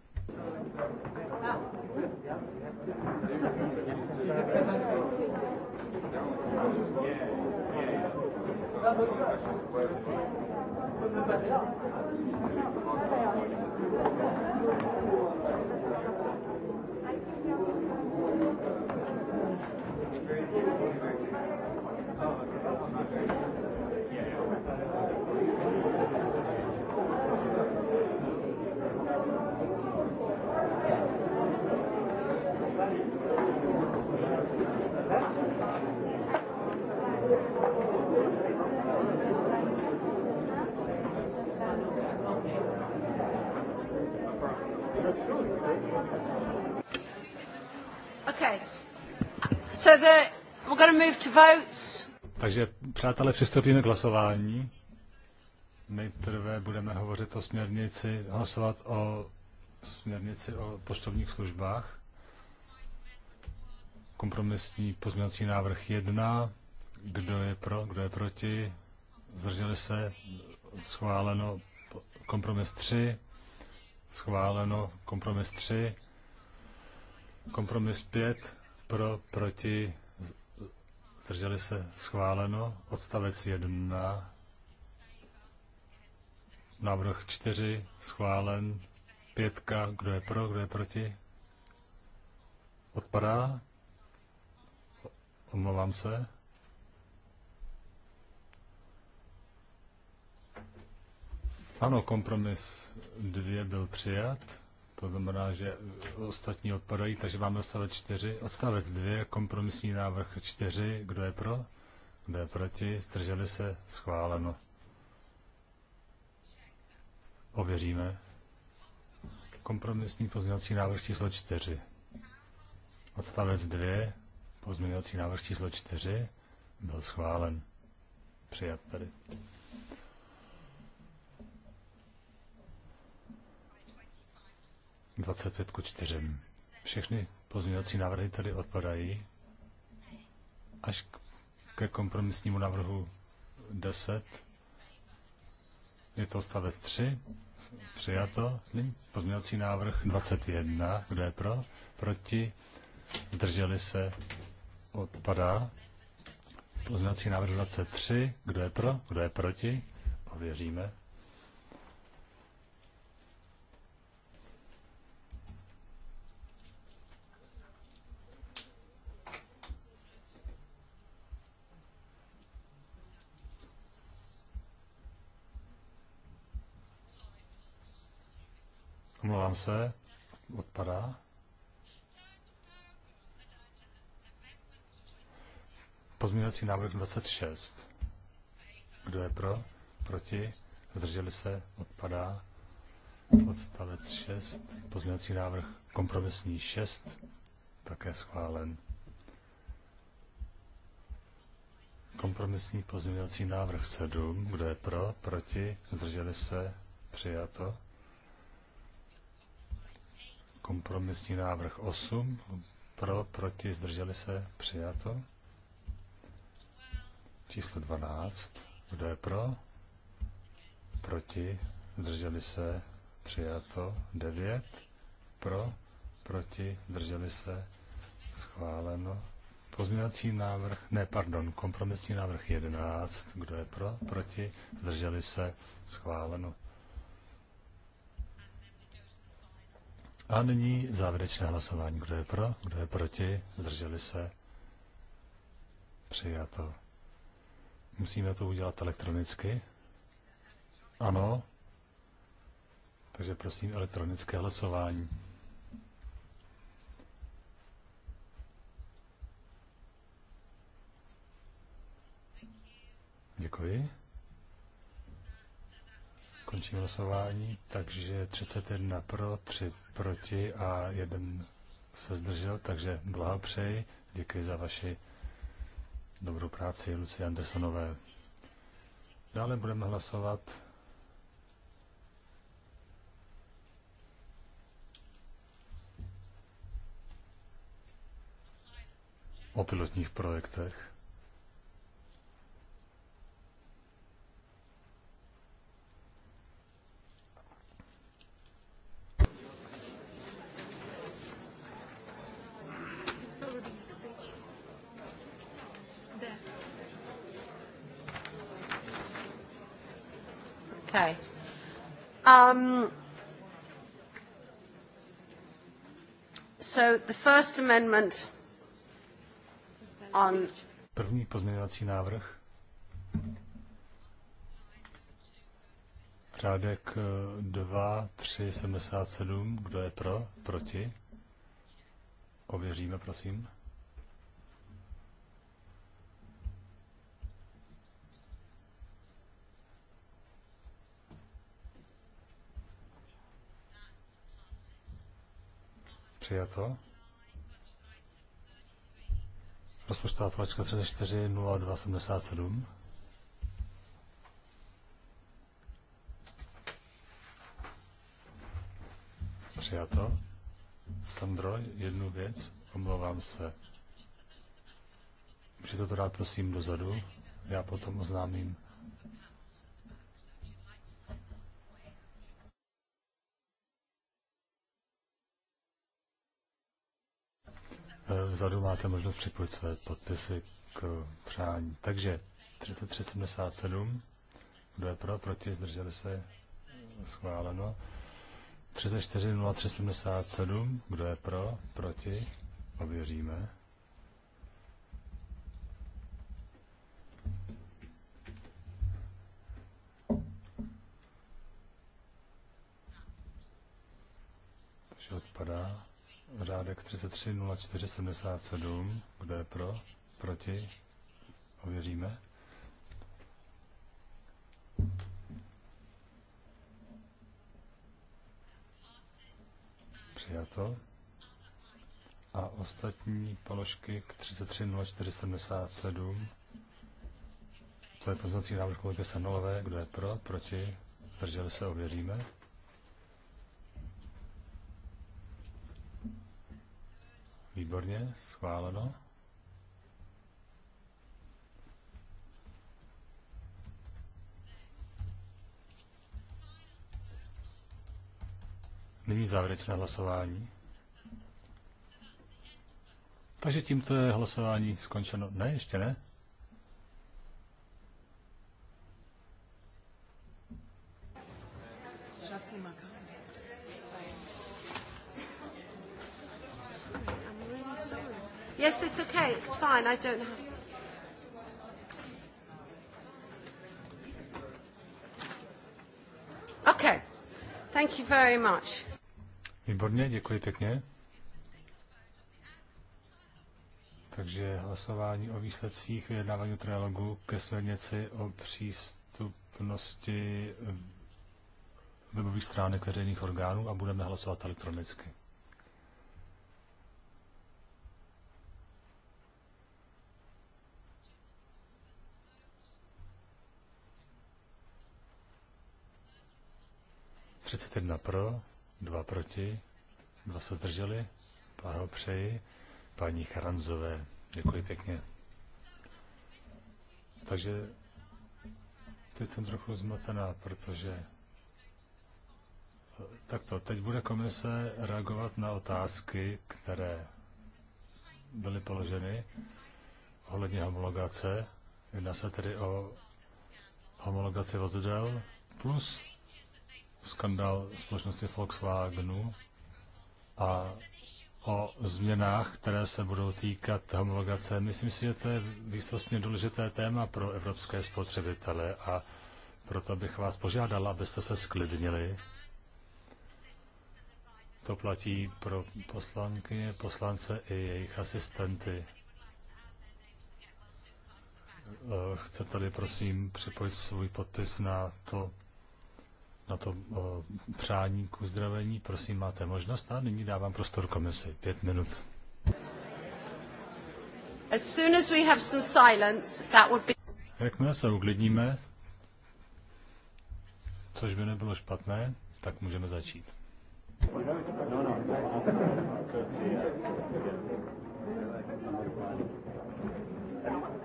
Thank you. Takže, přátelé, přistoupíme k hlasování. Nejprve budeme hovořit o směrnici, hlasovat o směrnici o poštovních službách. Kompromisní pozměňovací návrh 1. Kdo je pro, kdo je proti? Zdrželi se? Schváleno kompromis 3. Schváleno kompromis 3. Kompromis 5 pro, proti, zdrželi se, schváleno. Odstavec 1, návrh 4, schválen. 5, kdo je pro, kdo je proti? Odpadá? Omlouvám se. Ano, kompromis 2 byl přijat to znamená, že ostatní odpadají, takže máme odstavec 4, odstavec 2, kompromisní návrh 4, kdo je pro, kdo je proti, zdrželi se, schváleno. Ověříme. Kompromisní pozměňovací návrh číslo 4. Odstavec 2, pozměňovací návrh číslo 4, byl schválen. Přijat tady. 25 ku 4. Všechny pozměňovací návrhy tedy odpadají až ke kompromisnímu návrhu 10. Je to stavec 3. Přijato. pozměňovací návrh 21. Kdo je pro? Proti? Zdrželi se? Odpadá. Pozměňovací návrh 23. Kdo je pro? Kdo je proti? Ověříme. Omlouvám se, odpadá. Pozměňovací návrh 26. Kdo je pro? Proti? Zdrželi se? Odpadá. Odstavec 6. Pozměňovací návrh kompromisní 6. Také schválen. Kompromisní pozměňovací návrh 7. Kdo je pro? Proti? Zdrželi se? Přijato. Kompromisní návrh 8. Pro, proti, zdrželi se, přijato. Číslo 12. Kdo je pro? Proti, zdrželi se, přijato. 9. Pro, proti, zdrželi se, schváleno. Pozměňovací návrh, ne, pardon, kompromisní návrh 11. Kdo je pro? Proti, zdrželi se, schváleno. A nyní závěrečné hlasování. Kdo je pro, kdo je proti, zdrželi se, přijato. Musíme to udělat elektronicky. Ano. Takže prosím elektronické hlasování. Děkuji. Končím hlasování, takže 31 pro, 3 proti a jeden se zdržel, takže blahopřeji. Děkuji za vaši dobrou práci Luci Andersonové. Dále budeme hlasovat o pilotních projektech. Um, so the first amendment on... První pozměňovací návrh. Řádek 2, 3, 77. Kdo je pro? Proti? Ověříme, prosím. přijato. Rozpočtová poločka 34 0277. Přijato. Sandro, jednu věc, omlouvám se. Můžete to dát prosím dozadu, já potom oznámím. Eh, vzadu máte možnost připojit své podpisy k přání. Takže 3377, kdo je pro, proti, zdrželi se, schváleno. 340377, kdo je pro, proti, ověříme. Takže odpadá. Řádek 330477. Kdo je pro? Proti? Ověříme. Přijato. A ostatní položky k 330477. To je poznací návrh kolegy Senolové. Kdo je pro? Proti? Zdrželi se? Ověříme. Výborně, schváleno. Nyní závěrečné hlasování. Takže tímto je hlasování skončeno. Ne, ještě ne. Schatzi, Yes, it's okay. It's fine. I don't have. Okay. Thank you very much. Výborně, děkuji pěkně. Takže hlasování o výsledcích vyjednávání trialogu ke směrnici o přístupnosti webových stránek veřejných orgánů a budeme hlasovat elektronicky. 31 pro, 2 proti, 2 se zdrželi. Blahopřeji paní Charanzové. Děkuji pěkně. Takže teď jsem trochu zmatená, protože eh, takto, teď bude komise reagovat na otázky, které byly položeny ohledně homologace. Jedná se tedy o homologaci vozidel plus skandal společnosti Volkswagenu a o změnách, které se budou týkat homologace. Myslím si, že to je výsostně důležité téma pro evropské spotřebitele a proto bych vás požádala, abyste se sklidnili. To platí pro poslankyně, poslance i jejich asistenty. Eh, chcete-li, prosím, připojit svůj podpis na to na to eh, přání k uzdravení. Prosím, máte možnost a nyní dávám prostor komisi. Pět minut. As soon as we have some silence, that would be... Jakmile se uklidníme, což by nebylo špatné, tak můžeme začít.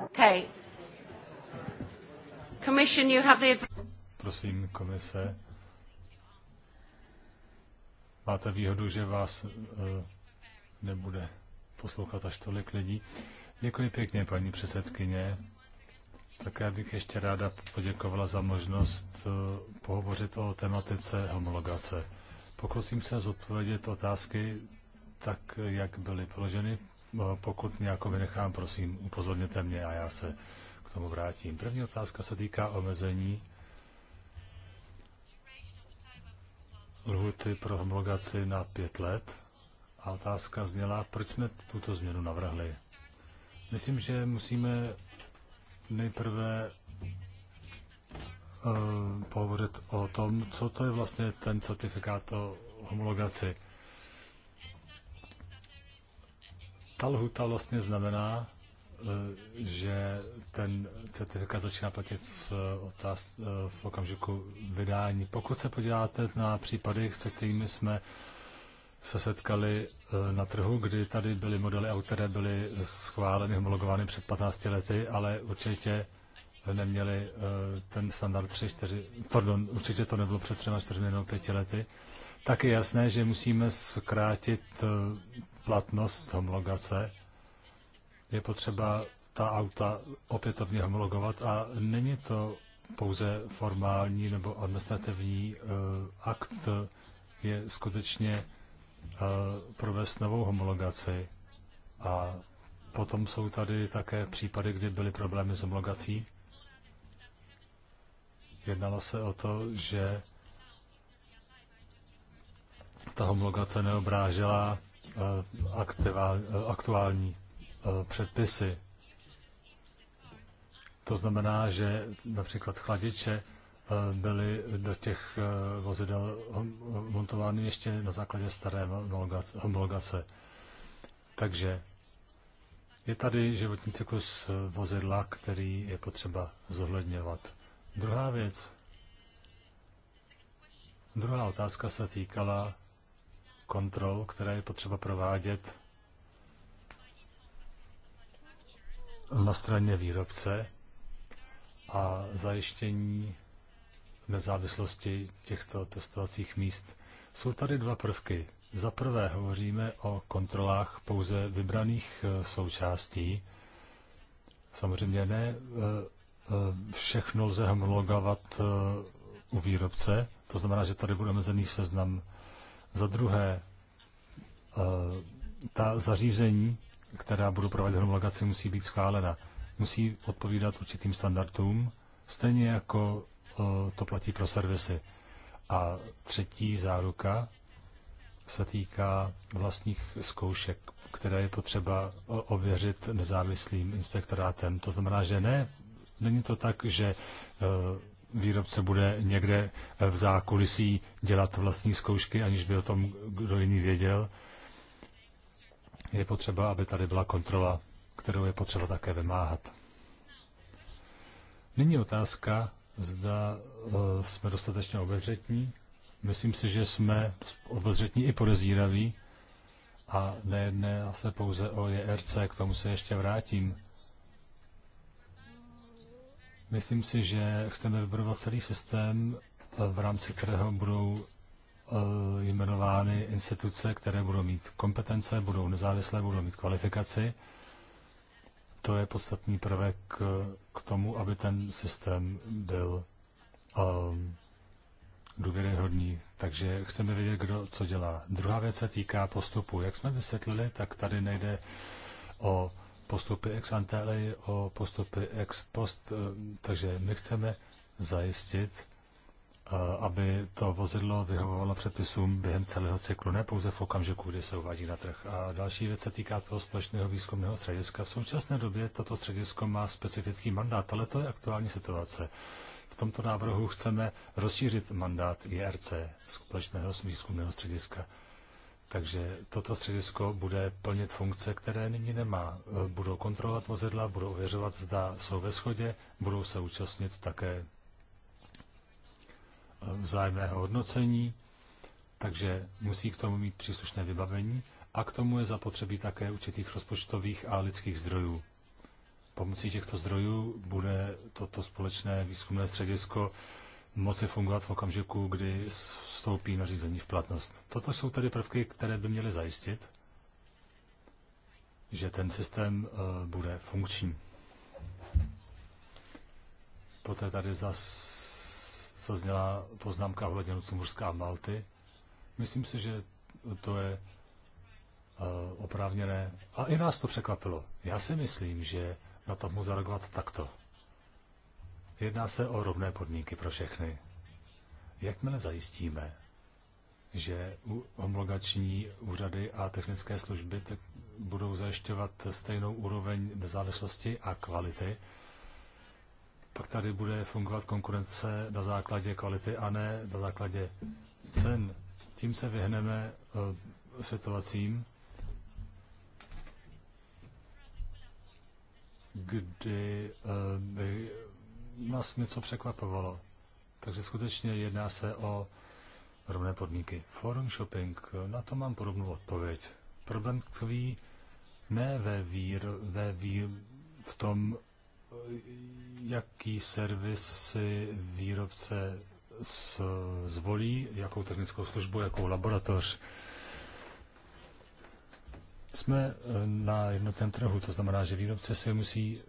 Okay. Commission, you have the... Prosím, komise, máte výhodu, že vás eh, nebude poslouchat až tolik lidí. Děkuji pěkně, paní předsedkyně. Také bych ještě ráda poděkovala za možnost eh, pohovořit o tematice homologace. Pokusím se zodpovědět otázky tak, jak byly položeny. Eh, pokud nějakou vynechám, prosím, upozorněte mě a já se k tomu vrátím. První otázka se týká omezení lhuty pro homologaci na pět let a otázka zněla, proč jsme tuto změnu navrhli. Myslím, že musíme nejprve eh, pohovořit o tom, co to je vlastně ten certifikát o homologaci. Ta lhuta vlastně znamená, Eh, že ten certifikát začíná platit v, eh, otáz, eh, v okamžiku vydání. Pokud se podíváte na případy, se kterými jsme se setkali na trhu, kdy tady byly modely aut, které byly schváleny, homologovány před 15 lety, ale určitě neměli ten standard 3, 4, pardon, určitě to nebylo před 3, 4 nebo 5 lety, tak je jasné, že musíme zkrátit platnost homologace je potřeba ta auta opětovně homologovat a není to pouze formální nebo administrativní eh, akt, je skutečně eh, provést novou homologaci. A potom jsou tady také případy, kdy byly problémy s homologací. Jednalo se o to, že ta homologace neobrážela uh, aktuální Eh, předpisy. To znamená, že například chladiče eh, byly do těch eh, vozidel montovány ještě na základě staré homologace. Takže je tady životní cyklus vozidla, který je potřeba zohledňovat. Druhá věc, druhá otázka se týkala kontrol, které je potřeba provádět na straně výrobce a zajištění nezávislosti těchto testovacích míst. Jsou tady dva prvky. Za prvé hovoříme o kontrolách pouze vybraných e, součástí. Samozřejmě ne e, e, všechno lze homologovat u výrobce, to znamená, že tady bude omezený seznam. Za druhé, ta zařízení která budou provádět homologaci, musí být schválena. Musí odpovídat určitým standardům, stejně jako e, to platí pro servisy. A třetí záruka se týká vlastních zkoušek, které je potřeba e, ověřit nezávislým inspektorátem. To znamená, že ne, není to tak, že e, výrobce bude někde v zákulisí dělat vlastní zkoušky, aniž by o tom kdo jiný věděl je potřeba, aby tady byla kontrola, kterou je potřeba také vymáhat. Nyní otázka, zda eh, jsme dostatečně obezřetní. Myslím si, že jsme obezřetní i podezíraví a nejedné se pouze o JRC, k tomu se ještě vrátím. Myslím si, že chceme vybudovat celý systém, eh, v rámci kterého budou Eh, jmenovány instituce, které budou mít kompetence, budou nezávislé, budou mít kvalifikaci. To je podstatný prvek eh, k tomu, aby ten systém byl um, důvěryhodný. Takže chceme vědět, kdo co dělá. Druhá věc se týká postupu. Jak jsme vysvětlili, tak tady nejde o postupy ex ante, ale o postupy ex post. Takže my chceme zajistit, aby to vozidlo vyhovovalo předpisům během celého cyklu, ne pouze v okamžiku, kdy se uvádí na trh. A další věc se týká toho společného výzkumného střediska. V současné době toto středisko má specifický mandát, ale to je aktuální situace. V tomto návrhu chceme rozšířit mandát IRC, společného výzkumného střediska. Takže toto středisko bude plnit funkce, které nyní nemá. Budou kontrolovat vozidla, budou ověřovat, zda jsou ve schodě, budou se účastnit také vzájemného hodnocení, takže musí k tomu mít příslušné vybavení a k tomu je zapotřebí také určitých rozpočtových a lidských zdrojů. Pomocí těchto zdrojů bude toto společné výzkumné středisko moci fungovat v okamžiku, kdy vstoupí nařízení v platnost. Toto jsou tedy prvky, které by měly zajistit, že ten systém eh, bude funkční. Poté tady zase zněla poznámka ohledně Lucemburská a Malty. Myslím si, že to je eh, oprávněné. A i nás to překvapilo. Já si myslím, že na to mohu zareagovat takto. Jedná se o rovné podmínky pro všechny. Jakmile zajistíme, že homologační úřady a technické služby budou zajišťovat stejnou úroveň nezávislosti a kvality, pak tady bude fungovat konkurence na základě kvality a ne na základě cen. Tím se vyhneme eh, situacím, kdy eh, by nás něco překvapovalo. Takže skutečně jedná se o rovné podmínky. Forum shopping, na to mám podobnou odpověď. Problém tkví ne ve, vír, ve vír, v tom, jaký servis si výrobce zvolí, jakou technickou službu, jakou laboratoř. Jsme eh, na jednotném trhu, to znamená, že výrobce si musí eh,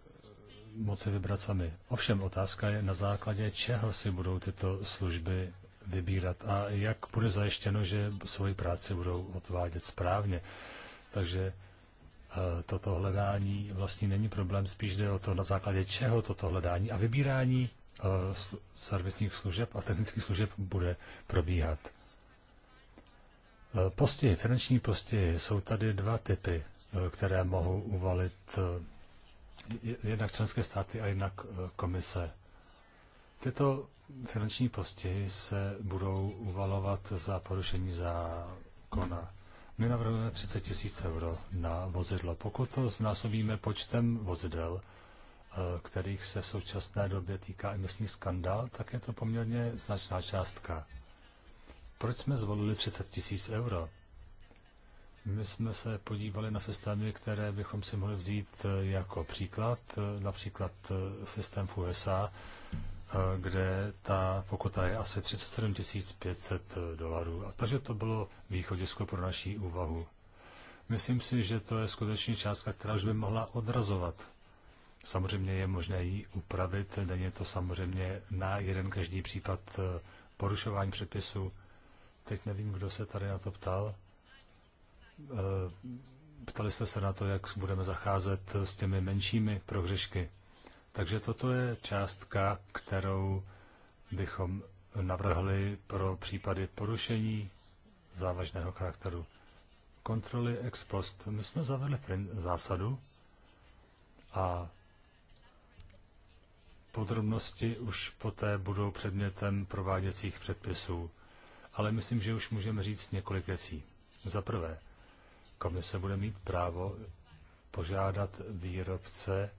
moci vybrat sami. Ovšem otázka je, na základě čeho si budou tyto služby vybírat a jak bude zajištěno, že svoji práci budou odvádět správně. Takže Eh, toto hledání vlastně není problém, spíš jde o to, na základě čeho toto hledání a vybírání eh, servisních služeb a technických služeb bude probíhat. Eh, postihy, finanční postihy, jsou tady dva typy, které mohou uvalit jednak členské státy a jednak komise. Tyto finanční postihy se budou uvalovat za porušení zákona. My navrhujeme 30 tisíc euro na vozidlo. Pokud to znásobíme počtem vozidel, eh, kterých se v současné době týká emisní skandál, tak je to poměrně značná částka. Proč jsme zvolili 30 tisíc euro? My jsme se podívali na systémy, které bychom si mohli vzít eh, jako příklad, eh, například systém v USA, Eh, kde ta pokuta je asi 37 500 eh, dolarů. A takže to bylo východisko pro naší úvahu. Myslím si, že to je skutečně částka, která už by mohla odrazovat. Samozřejmě je možné ji upravit, není to samozřejmě na jeden každý případ eh, porušování předpisu. Teď nevím, kdo se tady na to ptal. Ptali jste se na to, jak budeme zacházet s těmi menšími prohřešky. Takže toto je částka, kterou bychom navrhli pro případy porušení závažného charakteru. Kontroly ex post. My jsme zavedli zásadu a podrobnosti už poté budou předmětem prováděcích předpisů. Ale myslím, že už můžeme říct několik věcí. Za prvé, komise bude mít právo požádat výrobce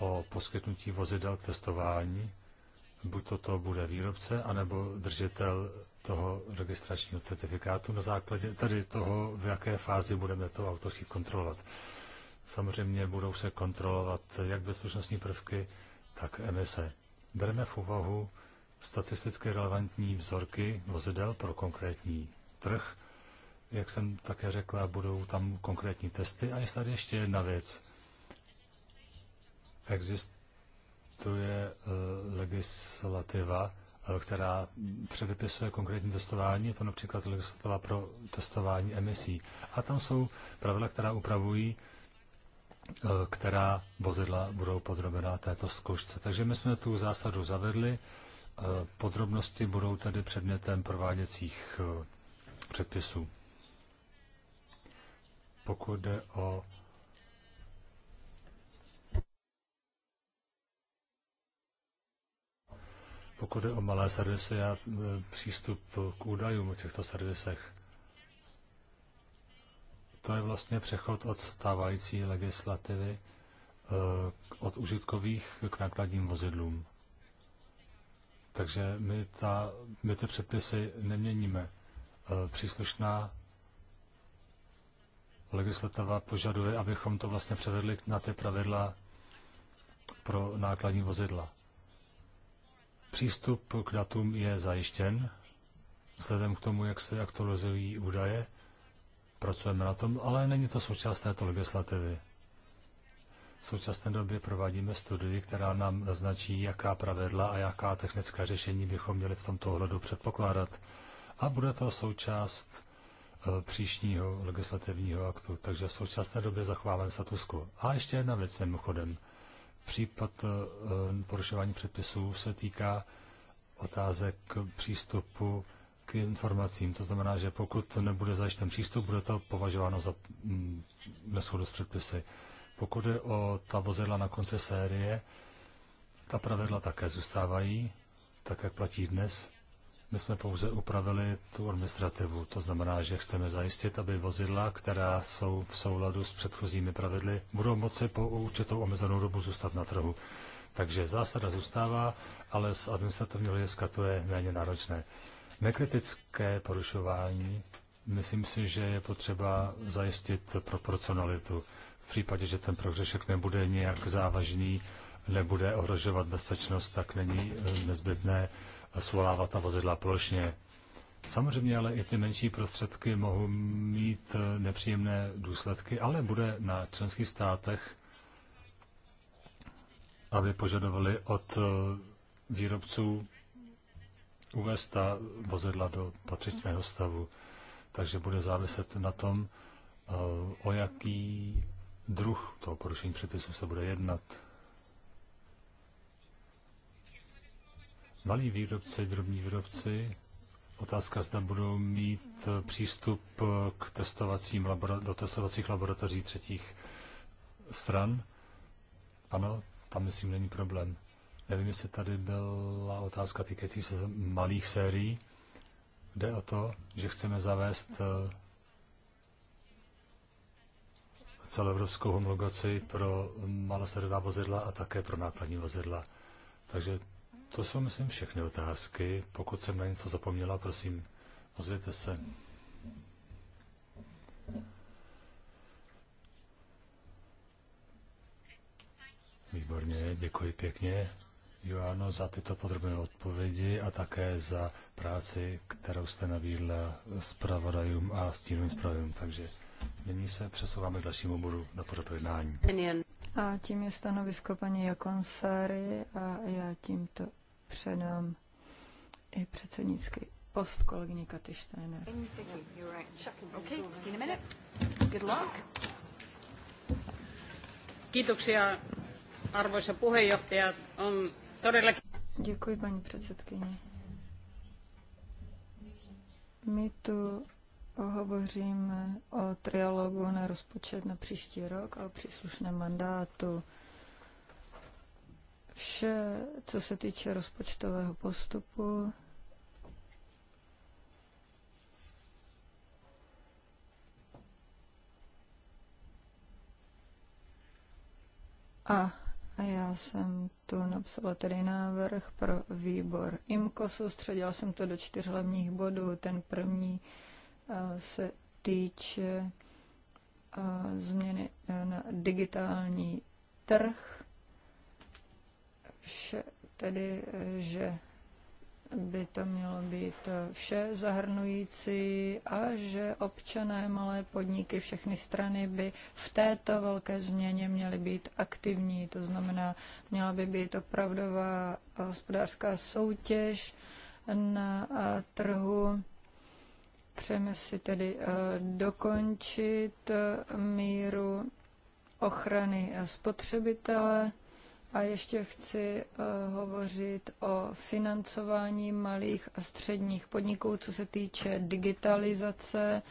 o poskytnutí vozidel k testování, buď toto bude výrobce, anebo držitel toho registračního certifikátu na základě tedy toho, v jaké fázi budeme to auto chtít kontrolovat. Samozřejmě budou se kontrolovat jak bezpečnostní prvky, tak emise. Bereme v úvahu statisticky relevantní vzorky vozidel pro konkrétní trh. Jak jsem také řekla, budou tam konkrétní testy. A je tady ještě jedna věc. Existuje eh, legislativa, eh, která předepisuje konkrétní testování, je to například legislativa pro testování emisí. A tam jsou pravidla, která upravují, eh, která vozidla budou podrobená této zkoušce. Takže my jsme tu zásadu zavedli, podrobnosti budou tedy předmětem prováděcích předpisů. Pokud jde o Pokud je o malé servisy a e, přístup k údajům o těchto servisech, to je vlastně přechod od stávající legislativy e, od užitkových k nákladním vozidlům. Takže my, ta, my ty předpisy neměníme. E, příslušná legislativa požaduje, abychom to vlastně převedli na ty pravidla pro nákladní vozidla. Přístup k datům je zajištěn, vzhledem k tomu, jak se aktualizují údaje. Pracujeme na tom, ale není to součást této legislativy. V současné době provádíme studii, která nám naznačí, jaká pravidla a jaká technická řešení bychom měli v tomto ohledu předpokládat. A bude to součást eh, příštího legislativního aktu, takže v současné době zachováme status quo. A ještě jedna věc mimochodem – Případ eh, porušování předpisů se týká otázek přístupu k informacím. To znamená, že pokud nebude zajištěn přístup, bude to považováno za mm, neschodu s předpisy. Pokud je o ta vozidla na konci série, ta pravidla také zůstávají, tak jak platí dnes. My jsme pouze upravili tu administrativu, to znamená, že chceme zajistit, aby vozidla, která jsou v souladu s předchozími pravidly, budou moci po určitou omezenou dobu zůstat na trhu. Takže zásada zůstává, ale z administrativního hlediska to je méně náročné. Nekritické porušování, myslím si, že je potřeba zajistit proporcionalitu. V případě, že ten prohřešek nebude nějak závažný, nebude ohrožovat bezpečnost, tak není eh, nezbytné svolávat na vozidla plošně. Samozřejmě ale i ty menší prostředky mohou mít eh, nepříjemné důsledky, ale bude na členských státech, aby požadovali od eh, výrobců uvést ta vozidla do patřičného stavu. Takže bude záviset na tom, eh, o jaký druh toho porušení předpisů se bude jednat. Malí výrobci, drobní výrobci, otázka, zda budou mít eh, přístup eh, k testovacím labora- do testovacích laboratoří třetích stran. Ano, tam myslím není problém. Nevím, jestli tady byla otázka týkající se malých sérií. Jde o to, že chceme zavést eh, celoevropskou homologaci pro maloservá vozidla a také pro nákladní vozidla. Takže to jsou, myslím, všechny otázky. Pokud jsem na něco zapomněla, prosím, ozvěte se. Výborně, děkuji pěkně, Joano, za tyto podrobné odpovědi a také za práci, kterou jste nabídla zpravodajům a stínovým zpravodajům. Takže nyní se přesouváme k dalšímu bodu na pořadu jednání. A tím je stanovisko paní Jakonsary a já tímto předám i předsednický post kolegyně Katy Steiner. Děkuji, paní předsedkyně. My tu hovoříme o trialogu na rozpočet na příští rok a o příslušném mandátu vše, co se týče rozpočtového postupu. A a já jsem tu napsala tedy návrh pro výbor IMKO, soustředila jsem to do čtyř hlavních bodů. Ten první eh, se týče eh, změny eh, na digitální trh vše, tedy, že by to mělo být vše zahrnující a že občané, malé podniky, všechny strany by v této velké změně měly být aktivní. To znamená, měla by být opravdová hospodářská soutěž na trhu. Přejeme si tedy eh, dokončit míru ochrany spotřebitele a ještě chci uh, hovořit o financování malých a středních podniků, co se týče digitalizace.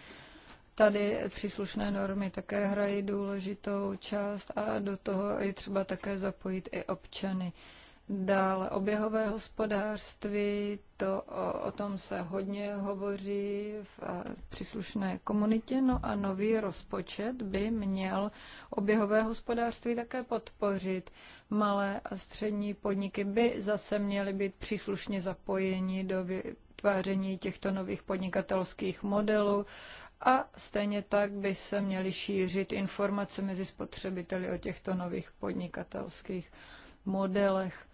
Tady příslušné normy také hrají důležitou část a do toho je třeba také zapojit i občany. Dále oběhové hospodářství, to o, o tom se hodně hovoří v eh, příslušné komunitě, no a nový rozpočet by měl oběhové hospodářství také podpořit malé a střední podniky by zase měly být příslušně zapojeni do vytváření těchto nových podnikatelských modelů a stejně tak by se měly šířit informace mezi spotřebiteli o těchto nových podnikatelských modelech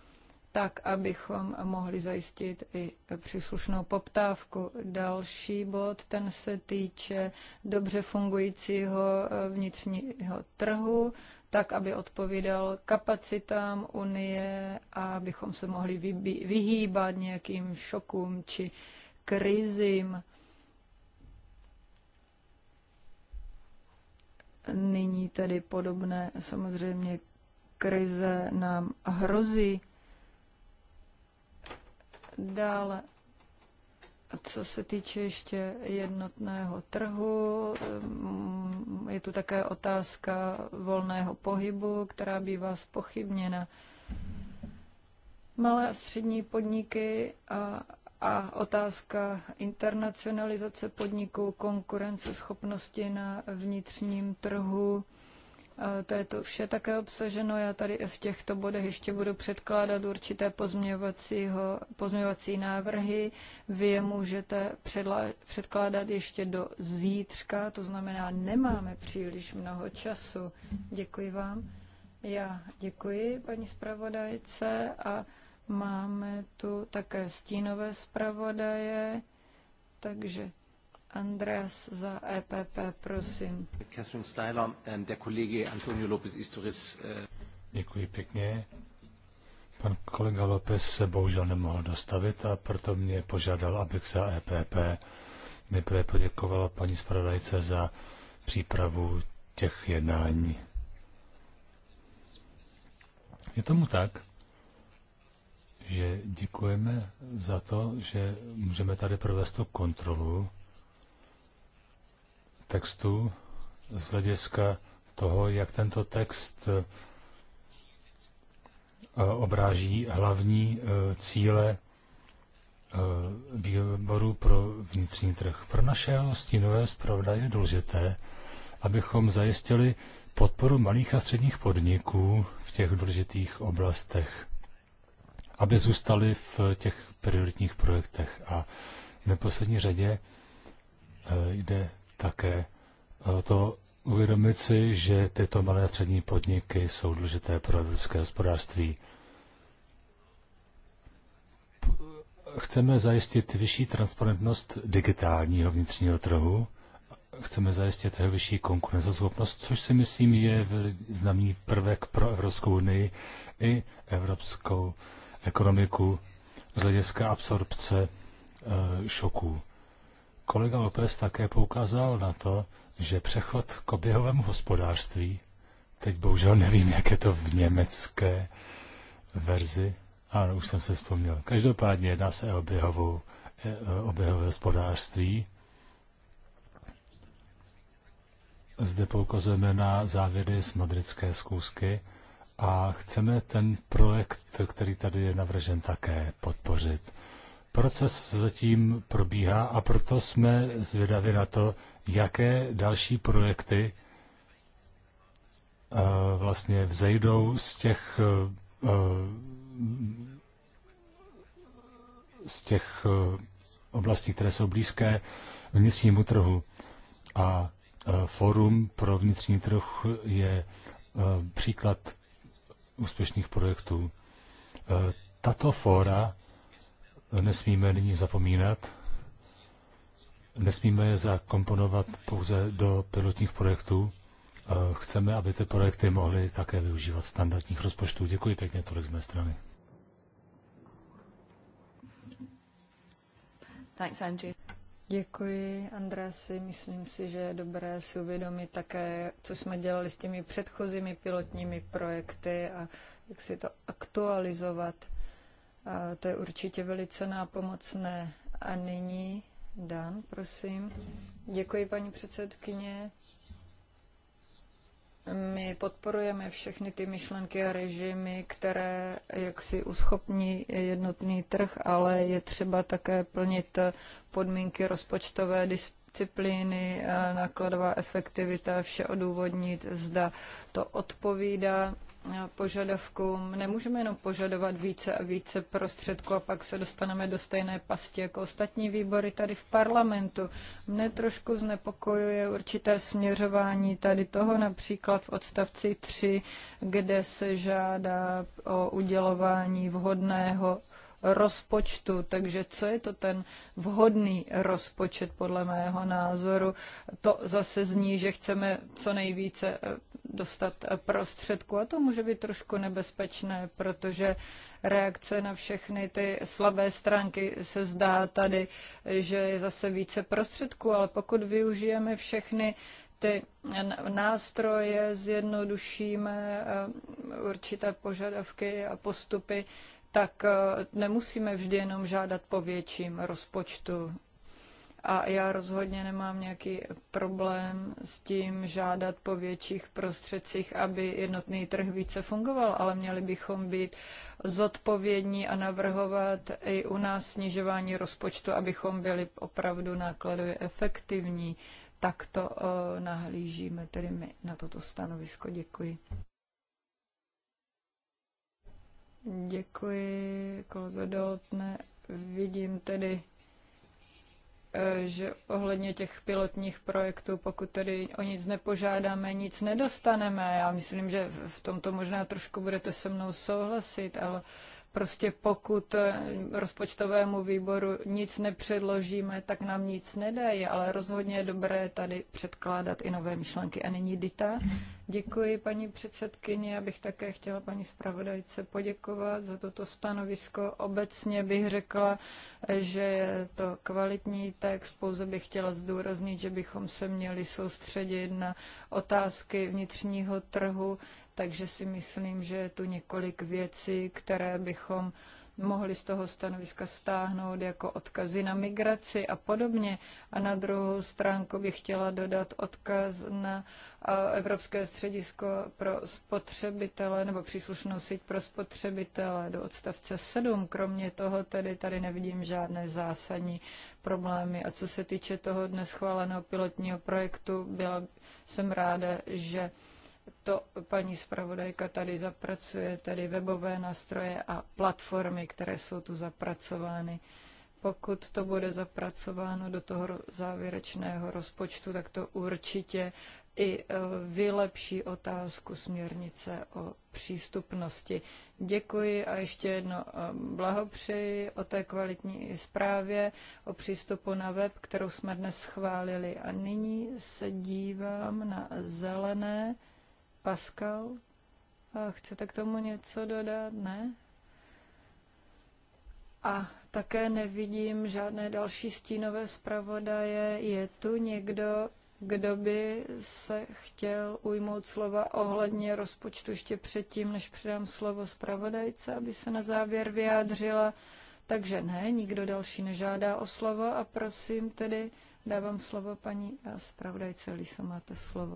tak, abychom mohli zajistit i příslušnou poptávku. Další bod, ten se týče dobře fungujícího eh, vnitřního trhu tak, aby odpovídal kapacitám Unie a abychom se mohli vyhýbat nějakým šokům či krizím. Nyní tedy podobné samozřejmě krize nám hrozí. Dále co se týče ještě jednotného trhu, mm, je tu také otázka volného pohybu, která bývá spochybněna. Malé a střední podniky a, a otázka internacionalizace podniků, konkurenceschopnosti na vnitřním trhu to je to vše také obsaženo. Já tady v těchto bodech ještě budu předkládat určité pozměňovací návrhy. Vy je můžete předkládat ještě do zítřka, to znamená, nemáme příliš mnoho času. Děkuji vám. Já děkuji paní zpravodajce a máme tu také stínové zpravodaje, takže Andreas za EPP, prosím. Catherine Styler, eh, der Kollege Antonio López Isturis. Eh. Děkuji pěkně. Pan kolega López se bohužel nemohl dostavit a proto mě požádal, abych za EPP nejprve poděkovala paní zpravodajce za přípravu těch jednání. Je tomu tak, že děkujeme za to, že můžeme tady provést tu kontrolu textu z hlediska toho, jak tento text eh, obráží hlavní eh, cíle eh, výboru pro vnitřní trh. Pro naše stínové zpravodaje je důležité, abychom zajistili podporu malých a středních podniků v těch důležitých oblastech, aby zůstali v těch prioritních projektech. A v neposlední řadě jde také to uvědomit si, že tyto malé a střední podniky jsou důležité pro evropské hospodářství. Chceme zajistit vyšší transparentnost digitálního vnitřního trhu, chceme zajistit jeho vyšší konkurenceschopnost, což si myslím je významný prvek pro Evropskou unii i evropskou ekonomiku z hlediska absorpce eh, šoků. Kolega López také poukázal na to, že přechod k oběhovému hospodářství, teď bohužel nevím, jak je to v německé verzi, ano, už jsem se vzpomněl. Každopádně jedná se o oběhovou, e, oběhové hospodářství. Zde poukazujeme na závěry z madridské zkoušky a chceme ten projekt, který tady je navržen, také podpořit. Proces zatím probíhá a proto jsme zvědavi na to, jaké další projekty eh, vlastně vzejdou z těch eh, z těch eh, oblastí, které jsou blízké vnitřnímu trhu. A Fórum pro vnitřní trh je příklad úspěšných projektů. Tato fóra nesmíme nyní zapomínat. Nesmíme je zakomponovat pouze do pilotních projektů. Chceme, aby ty projekty mohly také využívat standardních rozpočtů. Děkuji pěkně, tolik z mé strany. Thanks, Andrew. Děkuji, Andrasi. Myslím si, že je dobré si uvědomit také, co jsme dělali s těmi předchozími pilotními projekty a jak si to aktualizovat. To je určitě velice nápomocné. A nyní Dan, prosím. Děkuji, paní předsedkyně. My podporujeme všechny ty myšlenky a režimy, které jaksi uschopní jednotný trh, ale je třeba také plnit podmínky rozpočtové disciplíny, nákladová efektivita, vše odůvodnit, zda to odpovídá požadavkům. Nemůžeme jenom požadovat více a více prostředků a pak se dostaneme do stejné pasti jako ostatní výbory tady v parlamentu. Mne trošku znepokojuje určité směřování tady toho například v odstavci 3, kde se žádá o udělování vhodného rozpočtu. Takže co je to ten vhodný rozpočet podle mého názoru? To zase zní, že chceme co nejvíce eh, dostat eh, prostředku a to může být trošku nebezpečné, protože reakce na všechny ty slabé stránky se zdá tady, že je zase více prostředků, ale pokud využijeme všechny ty nástroje, zjednodušíme eh, určité požadavky a postupy, tak eh, nemusíme vždy jenom žádat po větším rozpočtu. A já rozhodně nemám nějaký problém s tím žádat po větších prostředcích, aby jednotný trh více fungoval, ale měli bychom být zodpovědní a navrhovat i u nás snižování rozpočtu, abychom byli opravdu nákladově efektivní. Tak to eh, nahlížíme tedy my na toto stanovisko. Děkuji. Děkuji, kolego Doltne. Vidím tedy, eh, že ohledně těch pilotních projektů, pokud tedy o nic nepožádáme, nic nedostaneme. Já myslím, že v tomto možná trošku budete se mnou souhlasit, ale uh, Prostě pokud eh, rozpočtovému výboru nic nepředložíme, tak nám nic nedají, ale rozhodně je dobré tady předkládat i nové myšlenky. A nyní Dita. Děkuji paní předsedkyni, já bych také chtěla paní zpravodajce poděkovat za toto stanovisko. Obecně bych řekla, že je to kvalitní text, pouze bych chtěla zdůraznit, že bychom se měli soustředit na otázky vnitřního trhu, takže si myslím, že je tu několik věcí, které bychom mohli z toho stanoviska stáhnout jako odkazy na migraci a podobně. A na druhou stránku bych chtěla dodat odkaz na Evropské středisko pro spotřebitele nebo příslušnou síť pro spotřebitele do odstavce 7. Kromě toho tedy tady nevidím žádné zásadní problémy. A co se týče toho dnes schváleného pilotního projektu, byla jsem ráda, že to paní zpravodajka tady zapracuje, tedy webové nástroje a platformy, které jsou tu zapracovány. Pokud to bude zapracováno do toho závěrečného rozpočtu, tak to určitě i e, vylepší otázku směrnice o přístupnosti. Děkuji a ještě jedno e, blahopřeji o té kvalitní zprávě o přístupu na web, kterou jsme dnes schválili. A nyní se dívám na zelené. Pascal, chcete k tomu něco dodat? Ne? A také nevidím žádné další stínové zpravodaje. Je tu někdo, kdo by se chtěl ujmout slova ohledně rozpočtu ještě předtím, než předám slovo zpravodajce, aby se na závěr vyjádřila? Takže ne, nikdo další nežádá o slovo a prosím tedy dávám slovo paní zpravodajce Liso, máte slovo.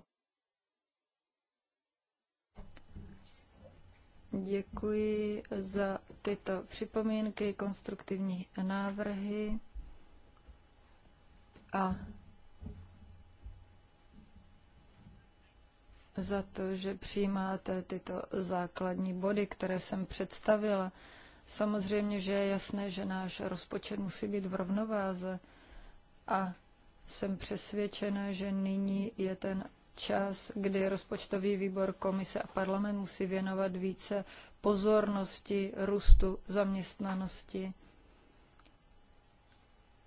Děkuji za tyto připomínky, konstruktivní návrhy a za to, že přijímáte tyto základní body, které jsem představila. Samozřejmě, že je jasné, že náš rozpočet musí být v rovnováze a jsem přesvědčena, že nyní je ten čas, kdy rozpočtový výbor komise a parlament musí věnovat více pozornosti, růstu, zaměstnanosti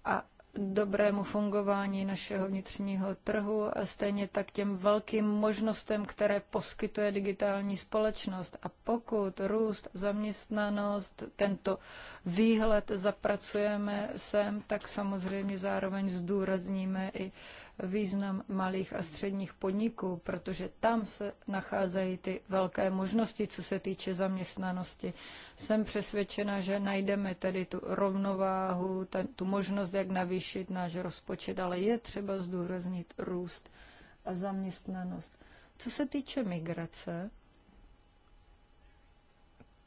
a dobrému fungování našeho vnitřního trhu a stejně tak těm velkým možnostem, které poskytuje digitální společnost. A pokud růst, zaměstnanost, tento výhled zapracujeme sem, tak samozřejmě zároveň zdůrazníme i uh, význam malých a středních podniků, protože tam se nacházejí ty velké možnosti, co se týče zaměstnanosti. Jsem přesvědčena, že najdeme tedy tu rovnováhu, ten, tu možnost, jak navýšit náš rozpočet, ale je třeba zdůraznit růst a zaměstnanost. Co se týče migrace,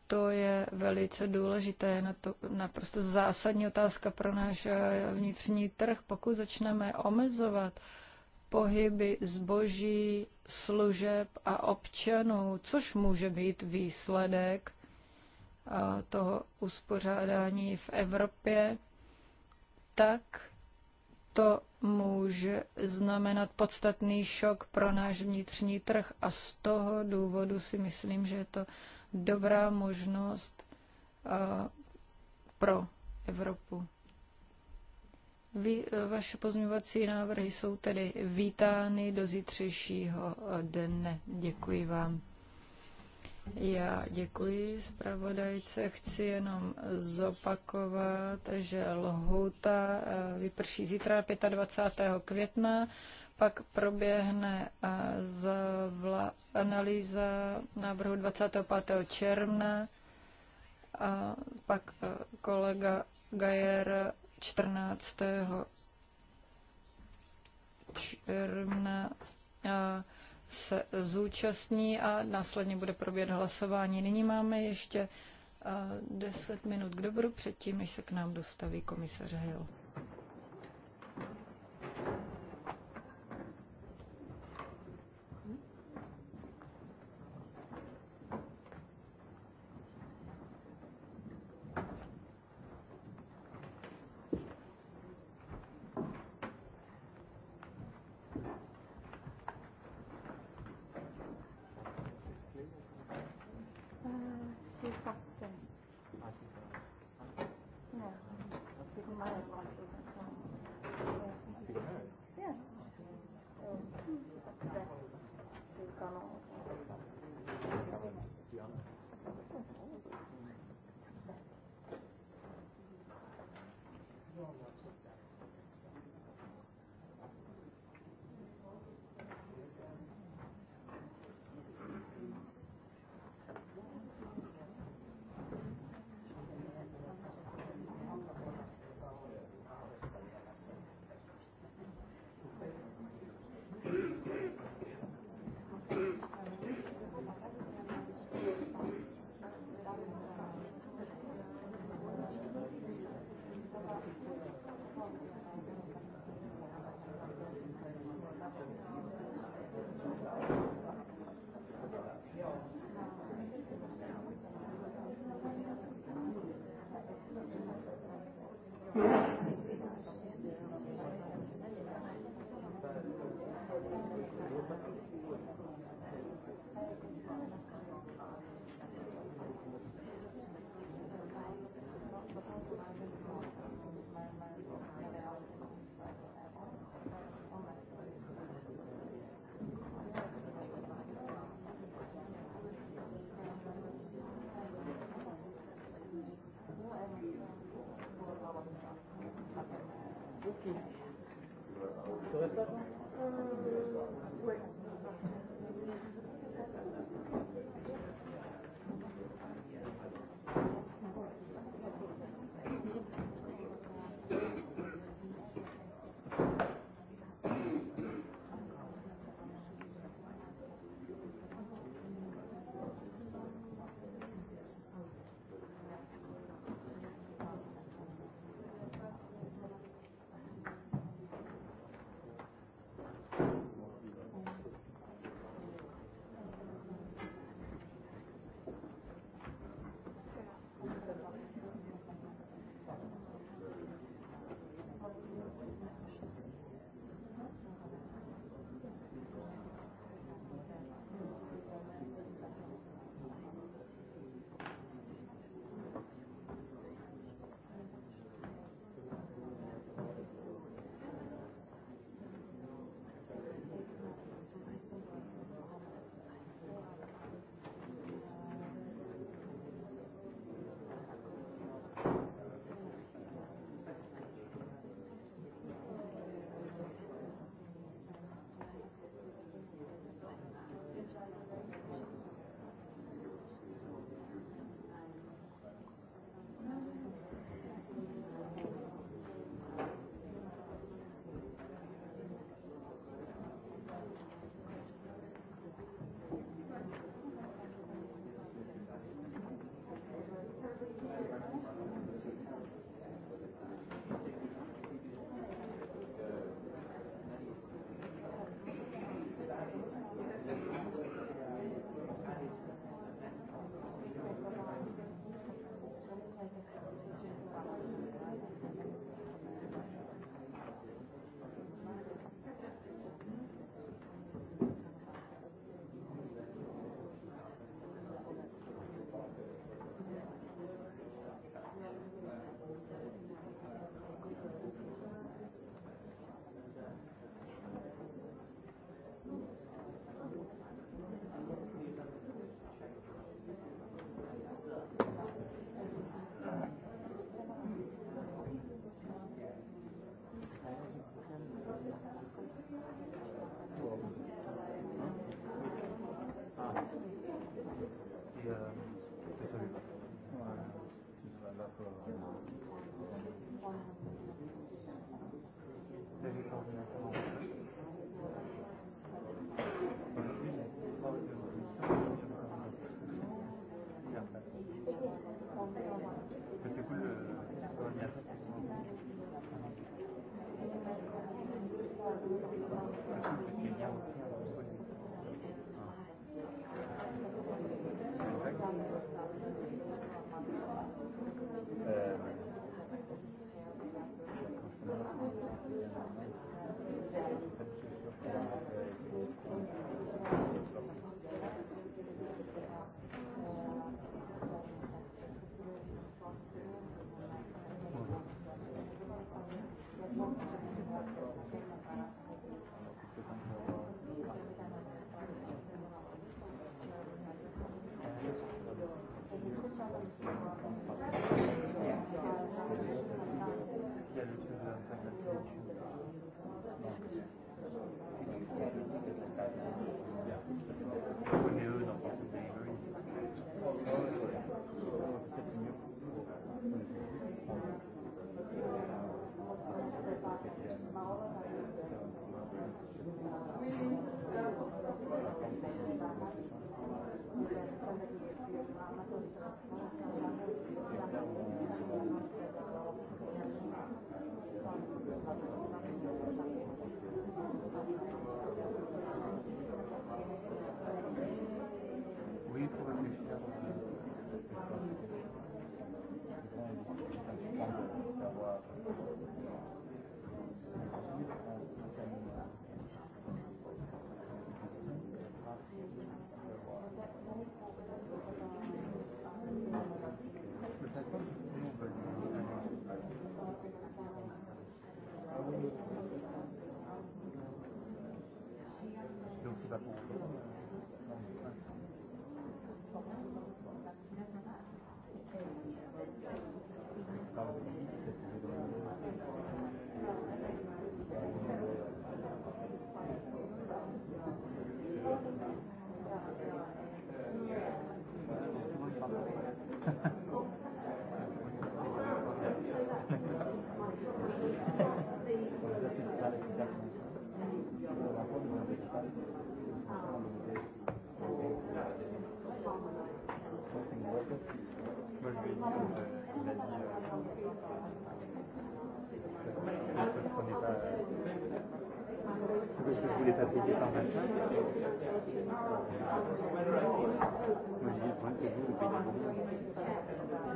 to je velice důležité, na to naprosto zásadní otázka pro náš eh, vnitřní trh. Pokud začneme omezovat pohyby zboží, služeb a občanů, což může být výsledek eh, toho uspořádání v Evropě, tak to může znamenat podstatný šok pro náš vnitřní trh a z toho důvodu si myslím, že je to dobrá možnost uh, pro Evropu. Vy, uh, vaše pozměňovací návrhy jsou tedy vítány do zítřejšího uh, dne. Děkuji vám. Já děkuji zpravodajce. Chci jenom zopakovat, že lhouta vyprší zítra 25. května. Pak proběhne eh, zvla, analýza návrhu 25. června a pak eh, kolega Gajer 14. června eh, se zúčastní a následně bude probět hlasování. Nyní máme ještě 10 minut k dobru předtím, než se k nám dostaví komisař Hill. Thank you. did you comment? Moi, j'ai dit, moi, c'est vous, le pays de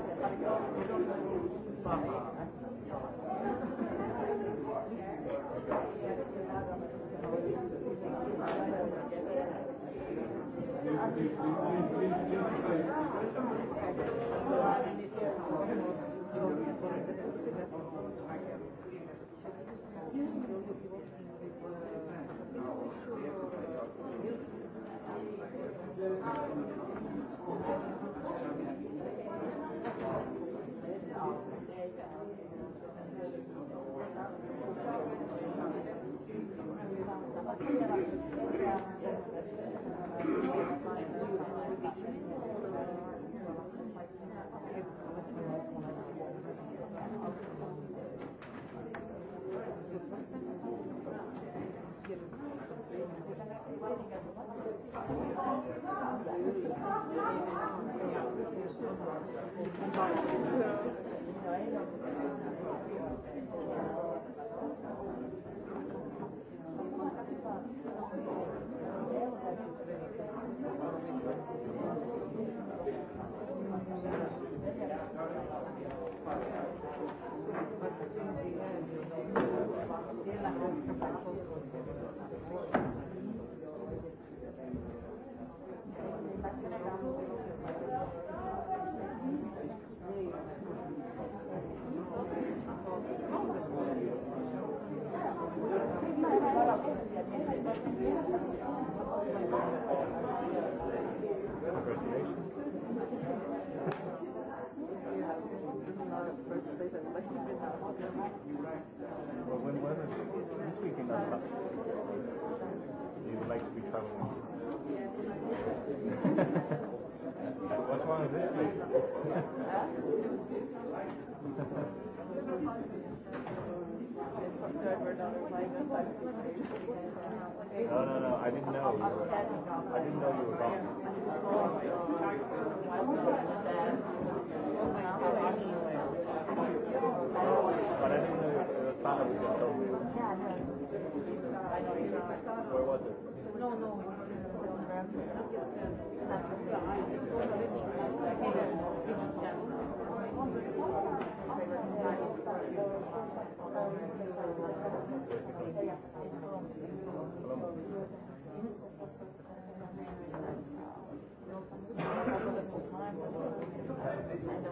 didn't know you were. I didn't know you were. And the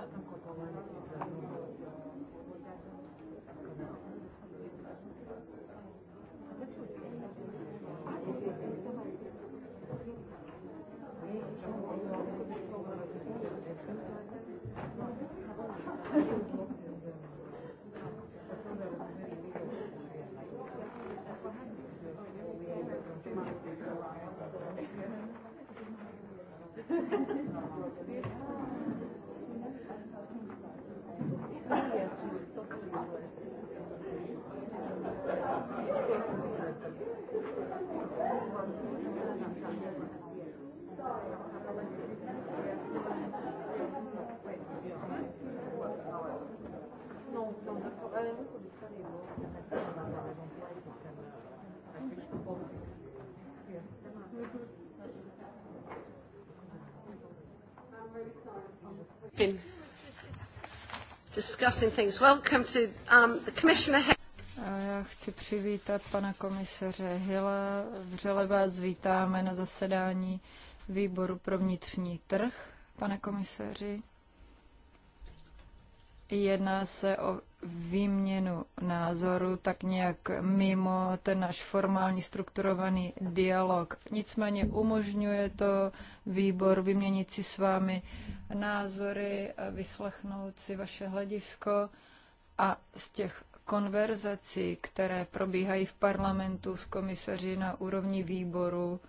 that from discussing things. Welcome to um, the Commissioner. Já chci přivítat pana komisaře Hilla. Vřele vás vítáme na zasedání výboru pro vnitřní trh, pane komisaři. Jedná se o výměnu názoru tak nějak mimo ten náš formální strukturovaný dialog. Nicméně umožňuje to výbor vyměnit si s vámi názory, vyslechnout si vaše hledisko a z těch konverzací, které probíhají v parlamentu s komisaři na úrovni výboru,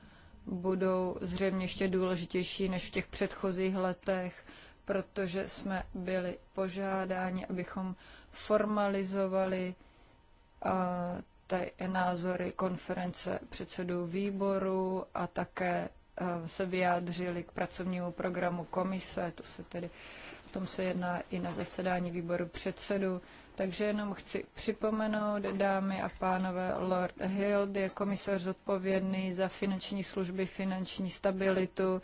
budou zřejmě ještě důležitější než v těch předchozích letech, protože jsme byli požádáni, abychom formalizovali ty názory konference předsedů výboru a také se vyjádřili k pracovnímu programu komise, to se tedy o tom se jedná i na zasedání výboru předsedu. Takže jenom chci připomenout, dámy a pánové, Lord Hild je komisař zodpovědný za finanční služby, finanční stabilitu,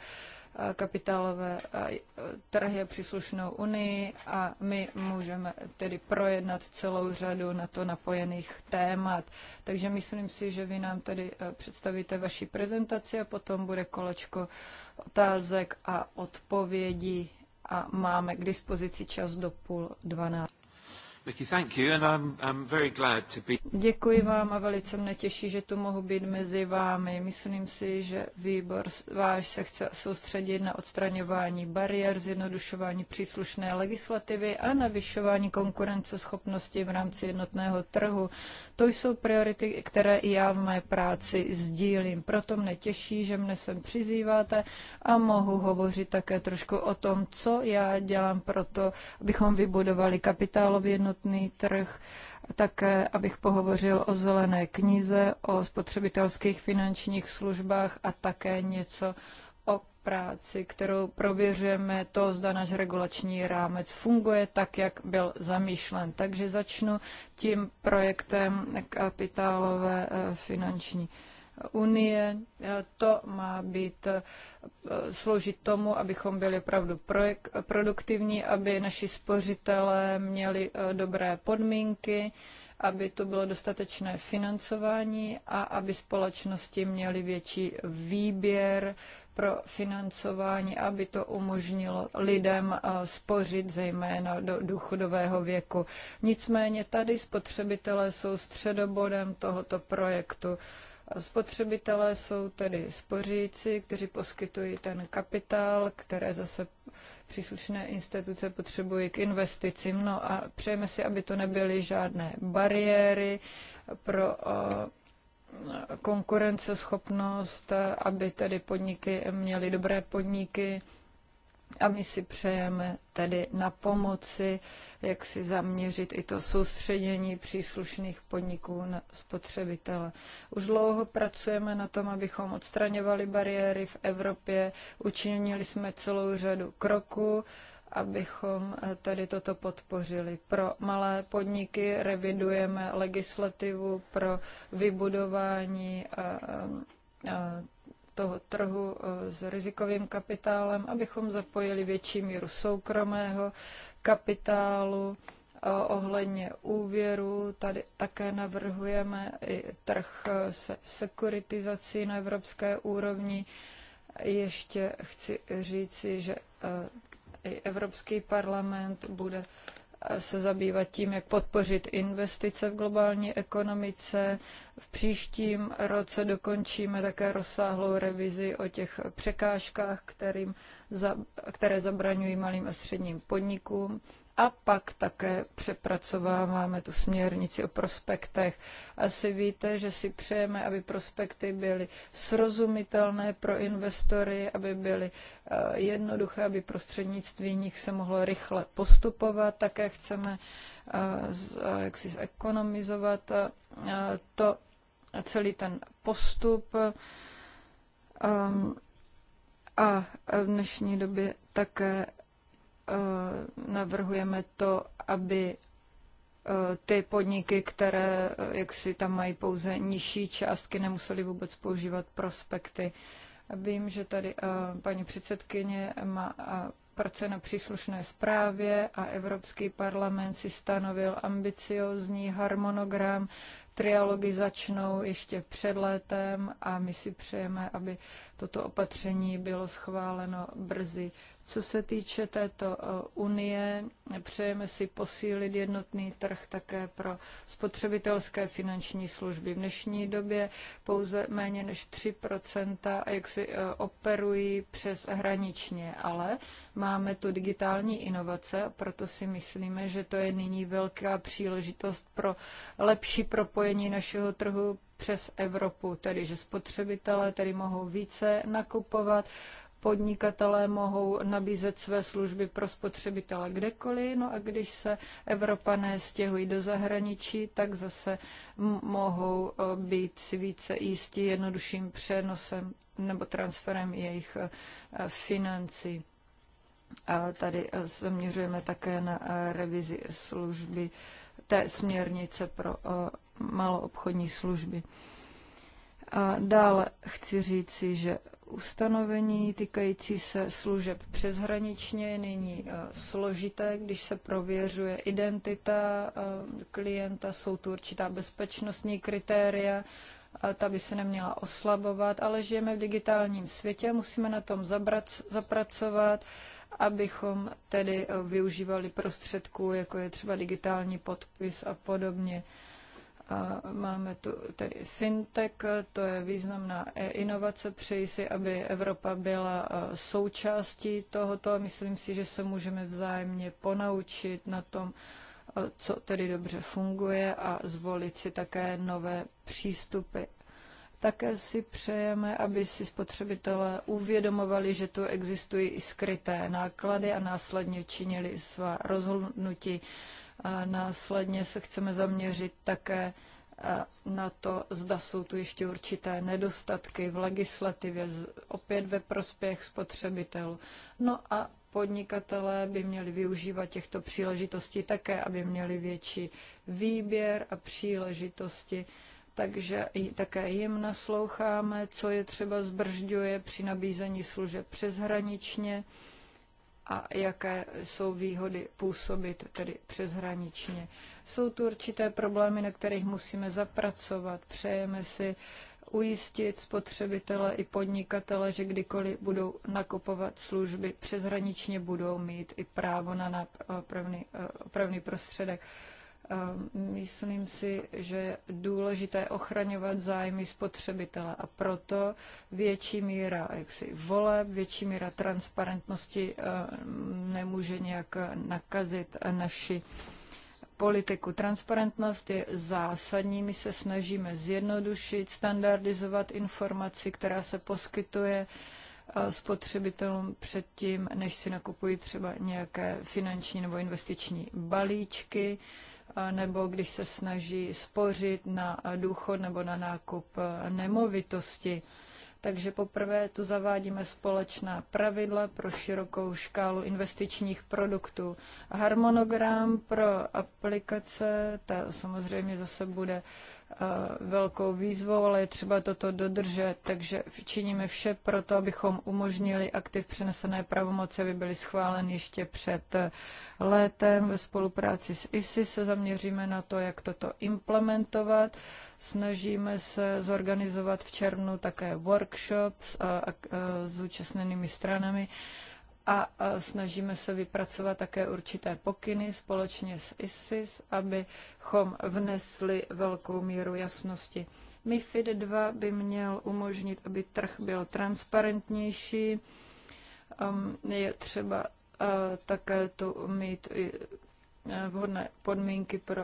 Eh, kapitálové eh, trhy příslušnou unii a my můžeme tedy projednat celou řadu na to napojených témat. Takže myslím si, že vy nám tedy eh, představíte vaši prezentaci a potom bude kolečko otázek a odpovědí a máme k dispozici čas do půl dvanáct. Děkuji vám a velice mne těší, že tu mohu být mezi vámi. Myslím si, že výbor váš se chce soustředit na odstraňování bariér, zjednodušování příslušné legislativy a navyšování konkurenceschopnosti v rámci jednotného trhu. To jsou priority, které i já v mé práci sdílím. Proto mne těší, že mne sem přizýváte a mohu hovořit také trošku o tom, co já dělám pro to, abychom vybudovali kapitálově jednotný trh, také abych pohovořil o zelené knize, o spotřebitelských finančních službách a také něco práci, kterou prověřujeme to, zda náš regulační rámec funguje tak, jak byl zamýšlen. Takže začnu tím projektem kapitálové eh, finanční unie. Eh, to má být eh, sloužit tomu, abychom byli opravdu projekt, produktivní, aby naši spořitelé měli dobré podmínky, aby to bylo dostatečné financování a aby společnosti měly větší výběr pro financování, aby to umožnilo lidem eh, spořit, zejména do důchodového věku. Nicméně tady spotřebitelé jsou středobodem tohoto projektu. Spotřebitelé jsou tedy spořící, kteří poskytují ten kapitál, které zase příslušné instituce potřebují k investicím. No a přejeme si, aby to nebyly žádné bariéry pro eh, konkurenceschopnost, aby tedy podniky měly dobré podniky a my si přejeme tedy na pomoci, jak si zaměřit i to soustředění příslušných podniků na spotřebitele. Už dlouho pracujeme na tom, abychom odstraňovali bariéry v Evropě, učinili jsme celou řadu kroků, abychom eh, tady toto podpořili. Pro malé podniky revidujeme legislativu pro vybudování eh, eh, toho trhu s rizikovým kapitálem, abychom zapojili větší míru soukromého kapitálu. Ohledně úvěru tady také navrhujeme i trh se sekuritizací na evropské úrovni. Ještě chci říci, že i Evropský parlament bude eh, se zabývat tím, jak podpořit investice v globální ekonomice. V příštím roce dokončíme také rozsáhlou revizi o těch překážkách, kterým, za, které zabraňují malým a středním podnikům a pak také přepracováváme tu směrnici o prospektech. Asi víte, že si přejeme, aby prospekty byly srozumitelné pro investory, aby byly eh, jednoduché, aby prostřednictví nich se mohlo rychle postupovat. Také chceme eh, eh, jak si zekonomizovat to, celý ten postup. Ehm, a v dnešní době také Eh, navrhujeme to, aby eh, ty podniky, které eh, jak si tam mají pouze nižší částky, nemuseli vůbec používat prospekty. Vím, že tady paní předsedkyně má pracuje na příslušné zprávě a Evropský parlament si stanovil ambiciozní harmonogram. Trialogy začnou ještě před létem a my si přejeme, aby toto opatření bylo schváleno brzy. Co se týče této eh, unie, přejeme si posílit jednotný trh také pro spotřebitelské finanční služby. V dnešní době pouze méně než 3 jak si operují přes hraničně, ale máme tu digitální inovace proto si myslíme, že to je nyní velká příležitost pro lepší propojení našeho trhu přes Evropu, tedy že spotřebitelé tedy mohou více nakupovat, podnikatelé mohou nabízet své služby pro spotřebitele kdekoliv, no a když se Evropané stěhují do zahraničí, tak zase mohou eh, být si více jistí jednodušším přenosem nebo transferem jejich eh, financí. A tady eh, zaměřujeme také na revizi služby té směrnice pro eh, maloobchodní služby. A dále chci říci, že ustanovení týkající se služeb přeshraničně je nyní eh, složité, když se prověřuje identita eh, klienta, jsou tu určitá bezpečnostní kritéria, a ta by se neměla oslabovat, ale žijeme v digitálním světě, musíme na tom zabrac, zapracovat abychom tedy eh, využívali prostředků, jako je třeba digitální podpis a podobně. A máme tu tedy fintech, to je významná inovace. Přeji si, aby Evropa byla eh, součástí tohoto a myslím si, že se můžeme vzájemně ponaučit na tom, eh, co tedy dobře funguje a zvolit si také nové přístupy. Také si přejeme, aby si spotřebitelé uvědomovali, že tu existují i skryté náklady a následně činili svá rozhodnutí. A následně se chceme zaměřit také na to, zda jsou tu ještě určité nedostatky v legislativě, opět ve prospěch spotřebitelů. No a podnikatelé by měli využívat těchto příležitostí také, aby měli větší výběr a příležitosti takže i také jim nasloucháme, co je třeba zbržďuje při nabízení služeb přeshraničně a jaké jsou výhody působit tedy přeshraničně. Jsou tu určité problémy, na kterých musíme zapracovat. Přejeme si ujistit spotřebitele i podnikatele, že kdykoliv budou nakupovat služby přeshraničně, budou mít i právo na opravný, eh, opravný prostředek. Myslím si, že je důležité ochraňovat zájmy spotřebitele a proto větší míra jaksi, vole, větší míra transparentnosti e, nemůže nějak nakazit naši politiku. Transparentnost je zásadní, my se snažíme zjednodušit, standardizovat informaci, která se poskytuje e, spotřebitelům předtím, než si nakupují třeba nějaké finanční nebo investiční balíčky. Uh, nebo když se snaží spořit na důchod nebo na nákup e, nemovitosti. Takže poprvé tu zavádíme společná pravidla pro širokou škálu investičních produktů. Harmonogram pro aplikace, ta samozřejmě zase bude Eh, velkou výzvou, ale je třeba toto dodržet, takže činíme vše pro to, abychom umožnili aktiv přenesené pravomoci, aby byly schváleny ještě před eh, létem. Ve spolupráci s ISI se zaměříme na to, jak toto implementovat. Snažíme se zorganizovat v červnu také workshop s, a, eh, a, stranami, a snažíme se vypracovat také určité pokyny společně s ISIS, abychom vnesli velkou míru jasnosti. MIFID 2 by měl umožnit, aby trh byl transparentnější. Je třeba e, také tu mít e, vhodné podmínky pro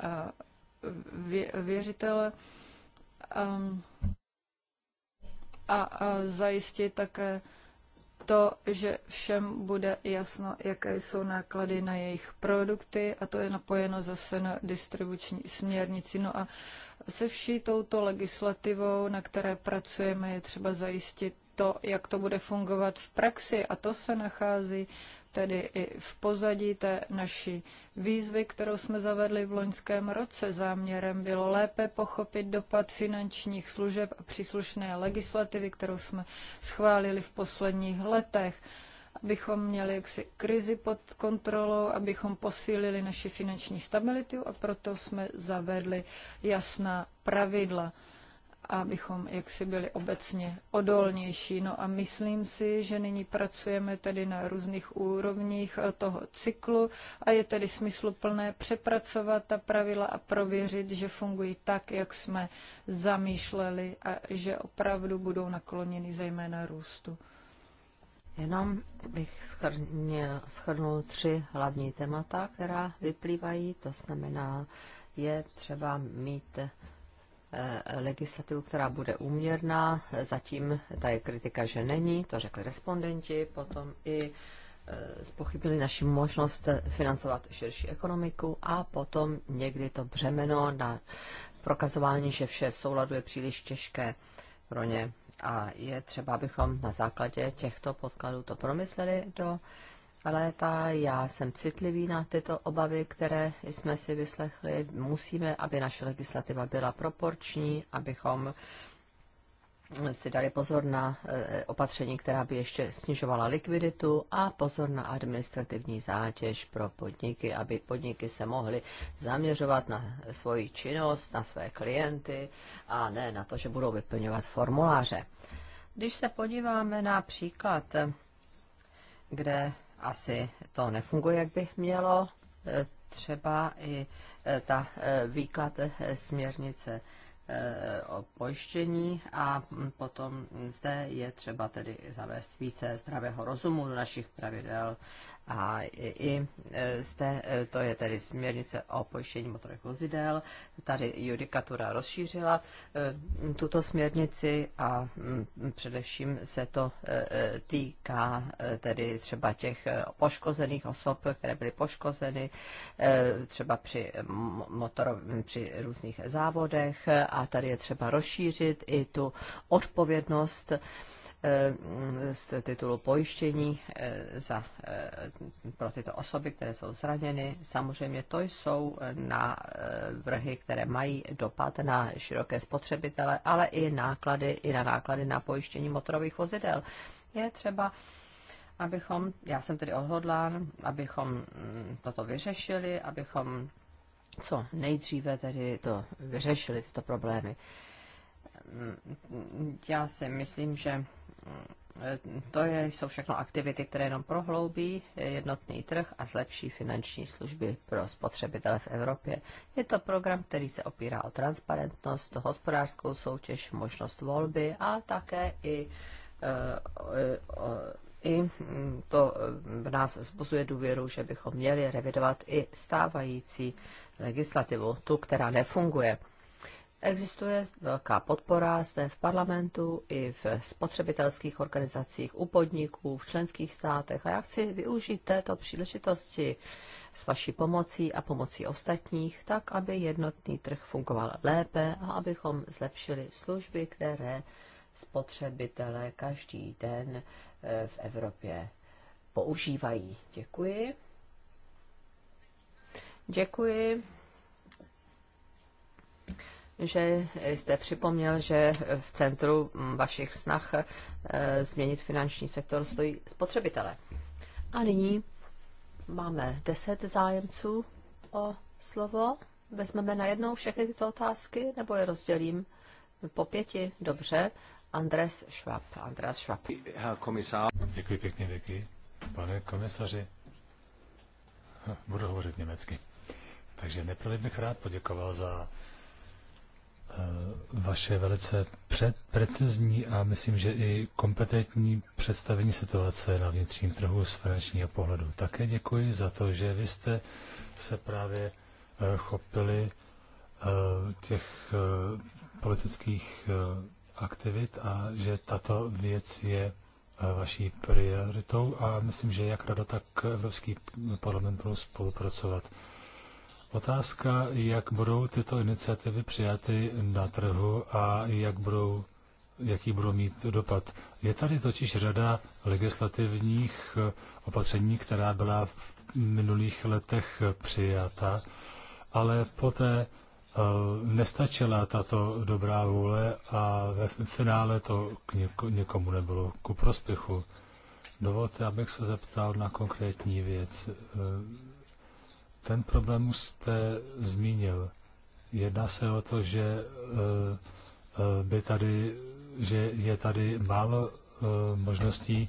e, věřitele a zajistit také to, že všem bude jasno, jaké jsou náklady na jejich produkty a to je napojeno zase na distribuční směrnici. No a se vší touto legislativou, na které pracujeme, je třeba zajistit to, jak to bude fungovat v praxi a to se nachází tedy i v pozadí té naší výzvy, kterou jsme zavedli v loňském roce. Záměrem bylo lépe pochopit dopad finančních služeb a příslušné legislativy, kterou jsme schválili v posledních letech abychom měli jaksi krizi pod kontrolou, abychom posílili naši finanční stabilitu a proto jsme zavedli jasná pravidla abychom jaksi byli obecně odolnější. No a myslím si, že nyní pracujeme tedy na různých úrovních toho cyklu a je tedy smysluplné přepracovat ta pravidla a prověřit, že fungují tak, jak jsme zamýšleli a že opravdu budou nakloněny zejména růstu. Jenom bych schrnil, schrnul tři hlavní témata, která vyplývají. To znamená, je třeba mít Eh, legislativu, která bude úměrná. Zatím ta je kritika, že není, to řekli respondenti, potom i eh, zpochybili naši možnost financovat širší ekonomiku a potom někdy to břemeno na prokazování, že vše v souladu je příliš těžké pro ně. A je třeba, abychom na základě těchto podkladů to promysleli do léta. Já jsem citlivý na tyto obavy, které jsme si vyslechli. Musíme, aby naše legislativa byla proporční, abychom si dali pozor na eh, opatření, která by ještě snižovala likviditu a pozor na administrativní zátěž pro podniky, aby podniky se mohly zaměřovat na svoji činnost, na své klienty a ne na to, že budou vyplňovat formuláře. Když se podíváme na příklad, eh, kde asi to nefunguje, jak by mělo. E, třeba i e, ta e, výklad směrnice o pojištění a potom zde je třeba tedy zavést více zdravého rozumu do našich pravidel a i e, zde, e, to je tedy směrnice o pojištění motorových vozidel, tady judikatura rozšířila e, tuto směrnici a především se to týká tedy třeba těch poškozených osob, které byly poškozeny třeba při, motor, při různých závodech a tady je třeba rozšířit i tu odpovědnost z titulu pojištění eh, za, eh, pro tyto osoby, které jsou zraněny. Samozřejmě to jsou eh, na vrhy, které mají dopad na široké spotřebitele, ale i náklady, i na náklady na pojištění motorových vozidel. Je třeba abychom, já jsem tedy odhodlán, abychom mm, toto vyřešili, abychom co nejdříve tedy to vyřešili, tyto problémy. Mm, já si myslím, že to je, jsou všechno aktivity, které jenom prohloubí jednotný trh a zlepší finanční služby pro spotřebitele v Evropě. Je to program, který se opírá o transparentnost, hospodářskou soutěž, možnost volby a také i, eh, i to v nás zbuzuje důvěru, že bychom měli revidovat i stávající legislativu, tu, která nefunguje. Existuje velká podpora zde v parlamentu i v spotřebitelských organizacích, u podniků, v členských státech a já chci využít této příležitosti s vaší pomocí a pomocí ostatních, tak aby jednotný trh fungoval lépe a abychom zlepšili služby, které spotřebitelé každý den eh, v Evropě používají. Děkuji. Děkuji že jste připomněl, že v centru vašich snah eh, změnit finanční sektor stojí spotřebitele. A nyní máme deset zájemců o slovo. Vezmeme najednou všechny tyto otázky, nebo je rozdělím po pěti? Dobře. Andres Schwab. Andres Schwab. Komisár. Děkuji pěkně, Vicky. Pane komisaři, hm, budu hovořit německy. Takže neprve bych rád poděkoval za Eh, vaše velice před, precizní a myslím, že i kompetentní představení situace na vnitřním trhu z finančního pohledu. Také děkuji za to, že vy jste se právě eh, chopili eh, těch politických aktivit a že tato věc je vaší prioritou a myslím, že jak Rada, tak Evropský parlament budou spolupracovat. Otázka, jak budou tyto iniciativy přijaty na trhu a jak budou, jaký budou mít dopad. Je tady totiž řada legislativních eh, opatření, která byla v minulých letech přijata, ale poté eh, nestačila tato dobrá vůle a ve finále to k někomu nebylo ku prospěchu. Dovolte, abych se zeptal na konkrétní věc. Eh, ten problém už jste zmínil. Jedná se o to, že eh, eh, by tady, že je tady málo eh, možností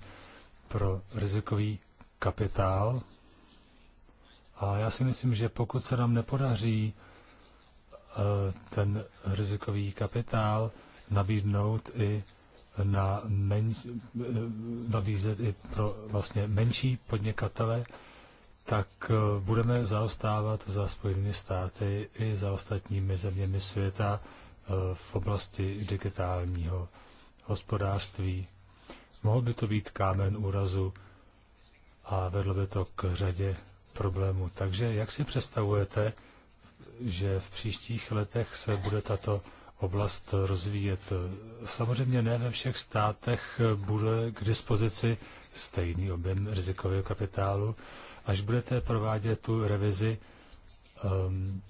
pro rizikový kapitál. A já si myslím, že pokud se nám nepodaří ten rizikový kapitál nabídnout i na men, nabízet i pro vlastně menší podnikatele, tak eh, budeme zaostávat za Spojenými státy i za ostatními zeměmi světa eh, v oblasti digitálního hospodářství. Mohl by to být kámen úrazu a vedlo by to k řadě problémů. Takže jak si představujete, že v příštích letech se bude tato oblast rozvíjet? Samozřejmě ne ve všech státech bude k dispozici stejný objem rizikového kapitálu, Až budete provádět tu revizi um,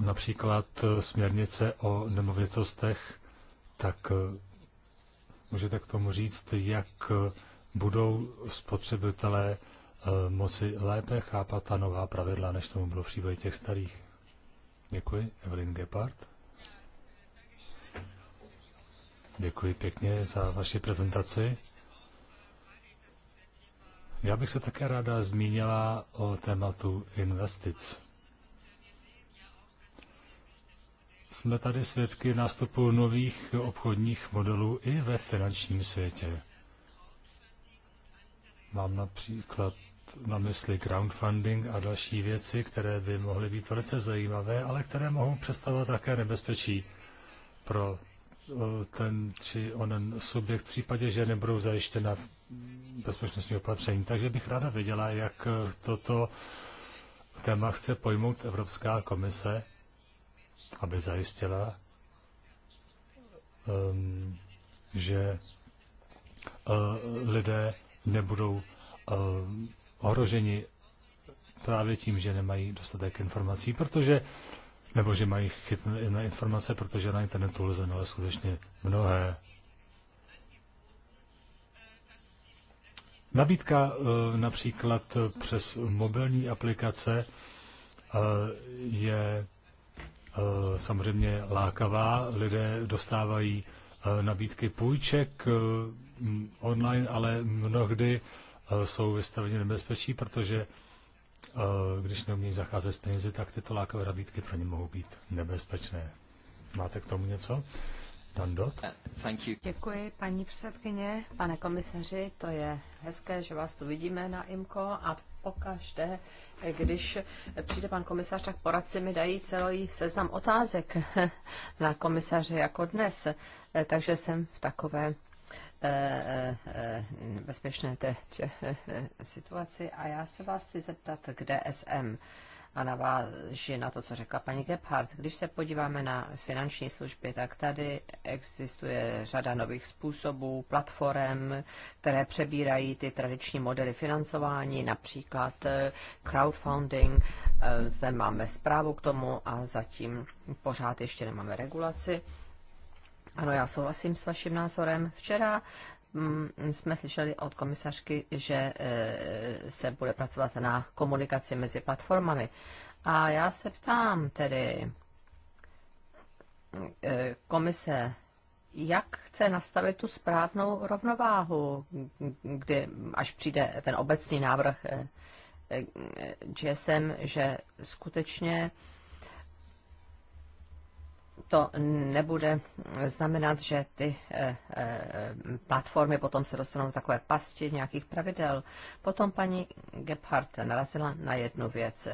například eh, směrnice o nemovitostech, tak eh, můžete k tomu říct, jak eh, budou spotřebitelé moci lépe chápat ta nová pravidla, než tomu bylo v případě těch starých. Děkuji. Evelyn Gepard. Děkuji pěkně za vaši prezentaci. Já bych se také ráda zmínila o tématu investic. Jsme tady svědky nástupu nových obchodních modelů i ve finančním světě. Mám například na mysli crowdfunding a další věci, které by mohly být velice zajímavé, ale které mohou představovat také nebezpečí pro eh, ten či onen subjekt v případě, že nebudou zajištěna bezpečnostní opatření. Takže bych ráda věděla, jak toto téma chce pojmout Evropská komise, aby zajistila, um, že uh, lidé nebudou uh, ohroženi právě tím, že nemají dostatek informací, protože nebo že mají chytné informace, protože na internetu lze nalézt skutečně mnohé. Nabídka eh, například přes mobilní aplikace eh, je eh, samozřejmě lákavá. Lidé dostávají nabídky půjček online, ale mnohdy jsou vystaveni nebezpečí, protože když neumí zacházet s penězi, tak tyto lákavé nabídky pro ně mohou být nebezpečné. Máte k tomu něco? Dondot. Uh, thank you. Děkuji, paní předsedkyně, pane komisaři, to je hezké, že vás tu vidíme na IMCO a pokaždé, když přijde pan komisař, tak poradci mi dají celý seznam otázek na komisaře jako dnes, eh, takže jsem v takové eh, eh, bezpečné té situaci a já se vás chci zeptat, kde SM a naváží na to, co řekla paní Gebhardt. Když se podíváme na finanční služby, tak tady existuje řada nových způsobů, platform, které přebírají ty tradiční modely financování, například eh, crowdfunding. Eh, zde máme zprávu k tomu a zatím pořád ještě nemáme regulaci. Ano, já souhlasím s vaším názorem. Včera Mm, jsme slyšeli od komisařky, že e, se bude pracovat na komunikaci mezi platformami. A já se ptám tedy e, komise, jak chce nastavit tu správnou rovnováhu, kdy až přijde ten obecný návrh e, GSM, že skutečně to nebude znamenat, že ty eh, eh, platformy potom se dostanou do takové pasti nějakých pravidel. Potom paní Gebhardt narazila na jednu věc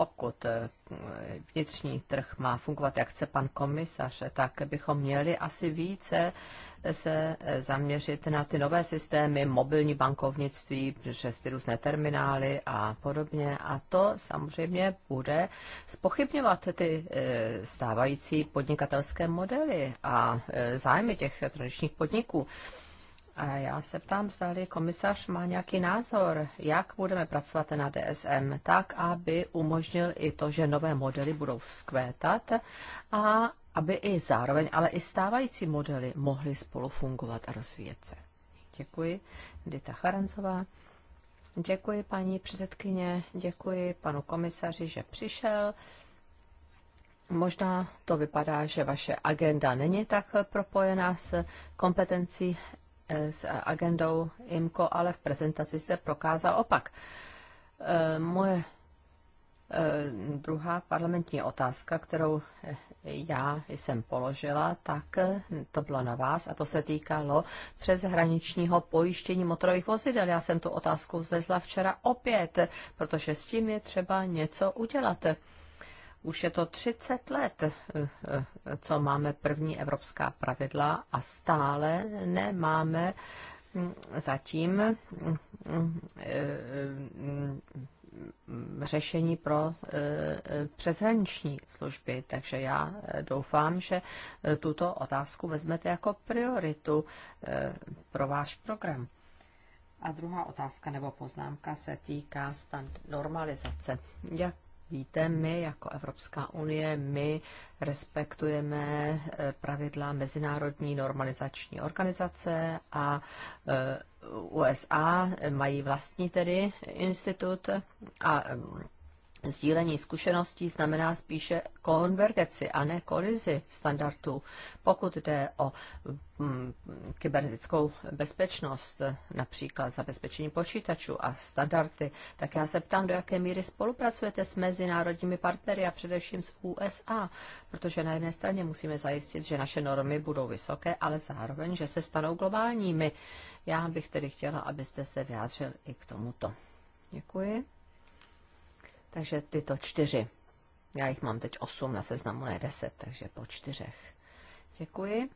pokud eh, vnitřní trh má fungovat, jak chce pan komisař, tak bychom měli asi více se eh, zaměřit na ty nové systémy, mobilní bankovnictví, přes ty různé terminály a podobně. A to samozřejmě bude spochybňovat ty eh, stávající podnikatelské modely a zájmy těch tradičních podniků. A já se ptám, zdali komisař má nějaký názor, jak budeme pracovat na DSM, tak, aby umožnil i to, že nové modely budou vzkvétat a aby i zároveň, ale i stávající modely mohly spolu fungovat a rozvíjet se. Děkuji. Dita Charanzová. Děkuji, paní předsedkyně, děkuji panu komisaři, že přišel. Možná to vypadá, že vaše agenda není tak propojená s kompetencí s agendou IMCO, ale v prezentaci jste prokázal opak. E, moje e, druhá parlamentní otázka, kterou e, já jsem položila, tak to bylo na vás a to se týkalo přeshraničního pojištění motorových vozidel. Já jsem tu otázku vzlezla včera opět, protože s tím je třeba něco udělat. Už je to 30 let, eh, eh, co máme první evropská pravidla a stále nemáme mm, zatím mm, mm, eh, řešení pro přeshraniční služby. Takže já doufám, že tuto otázku vezmete jako prioritu pro váš program. A druhá otázka nebo poznámka se týká stand normalizace. Jak víte, my jako Evropská unie, my respektujeme eh, pravidla Mezinárodní normalizační organizace a eh, USA mají vlastní tedy institut a eh, Sdílení zkušeností znamená spíše konvergenci a ne kolizi standardů. Pokud jde o mm, kybernetickou bezpečnost, například zabezpečení počítačů a standardy, tak já se ptám, do jaké míry spolupracujete s mezinárodními partnery a především s USA, protože na jedné straně musíme zajistit, že naše normy budou vysoké, ale zároveň, že se stanou globálními. Já bych tedy chtěla, abyste se vyjádřil i k tomuto. Děkuji. Takže tyto čtyři. Já jich mám teď osm na seznamu, ne deset, takže po čtyřech. Děkuji.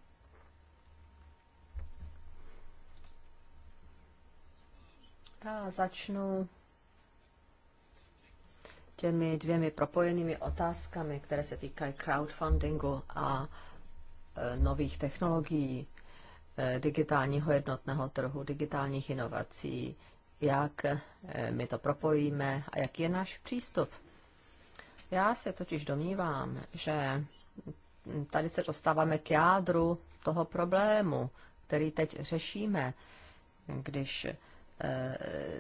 Já začnu těmi dvěmi propojenými otázkami, které se týkají crowdfundingu a e, nových technologií, e, digitálního jednotného trhu, digitálních inovací, jak eh, my to propojíme a jaký je náš přístup. Já se totiž domnívám, že tady se dostáváme k jádru toho problému, který teď řešíme, když eh,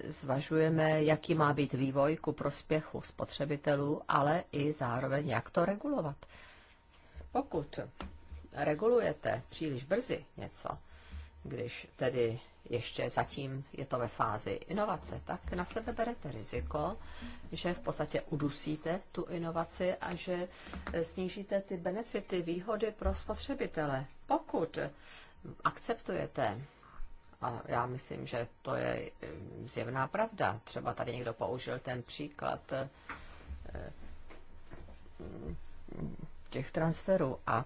zvažujeme, jaký má být vývoj ku prospěchu spotřebitelů, ale i zároveň, jak to regulovat. Pokud regulujete příliš brzy něco, když tedy ještě zatím je to ve fázi inovace, tak na sebe berete riziko, že v podstatě udusíte tu inovaci a že eh, snížíte ty benefity, výhody pro spotřebitele. Pokud akceptujete, a já myslím, že to je eh, zjevná pravda, třeba tady někdo použil ten příklad eh, těch transferů a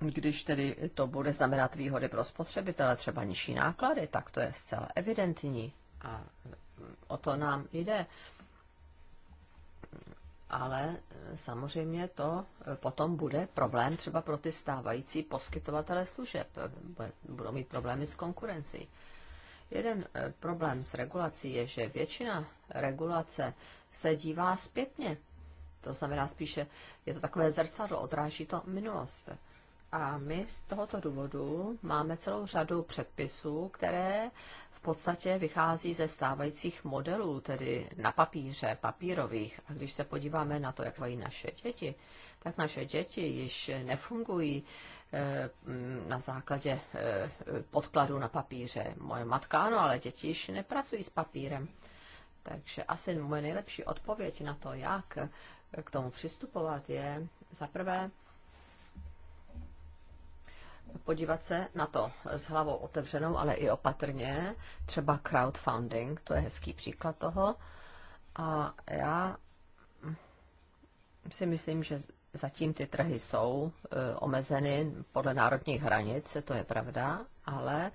když tedy to bude znamenat výhody pro spotřebitele, třeba nižší náklady, tak to je zcela evidentní a o to nám jde. Ale samozřejmě to potom bude problém třeba pro ty stávající poskytovatele služeb. Budou mít problémy s konkurencí. Jeden eh, problém s regulací je, že většina regulace se dívá zpětně. To znamená spíše, je to takové zrcadlo, odráží to minulost. A my z tohoto důvodu máme celou řadu předpisů, které v podstatě vychází ze stávajících modelů, tedy na papíře, papírových. A když se podíváme na to, jak mají naše děti, tak naše děti již nefungují eh, mm, na základě eh, podkladu na papíře. Moje matka ano, ale děti již nepracují s papírem. Takže asi moje nejlepší odpověď na to, jak k tomu přistupovat, je za prvé podívat se na to s hlavou otevřenou, ale i opatrně. Třeba crowdfunding, to je hezký příklad toho. A já si myslím, že zatím ty trhy jsou eh, omezeny podle národních hranic, to je pravda, ale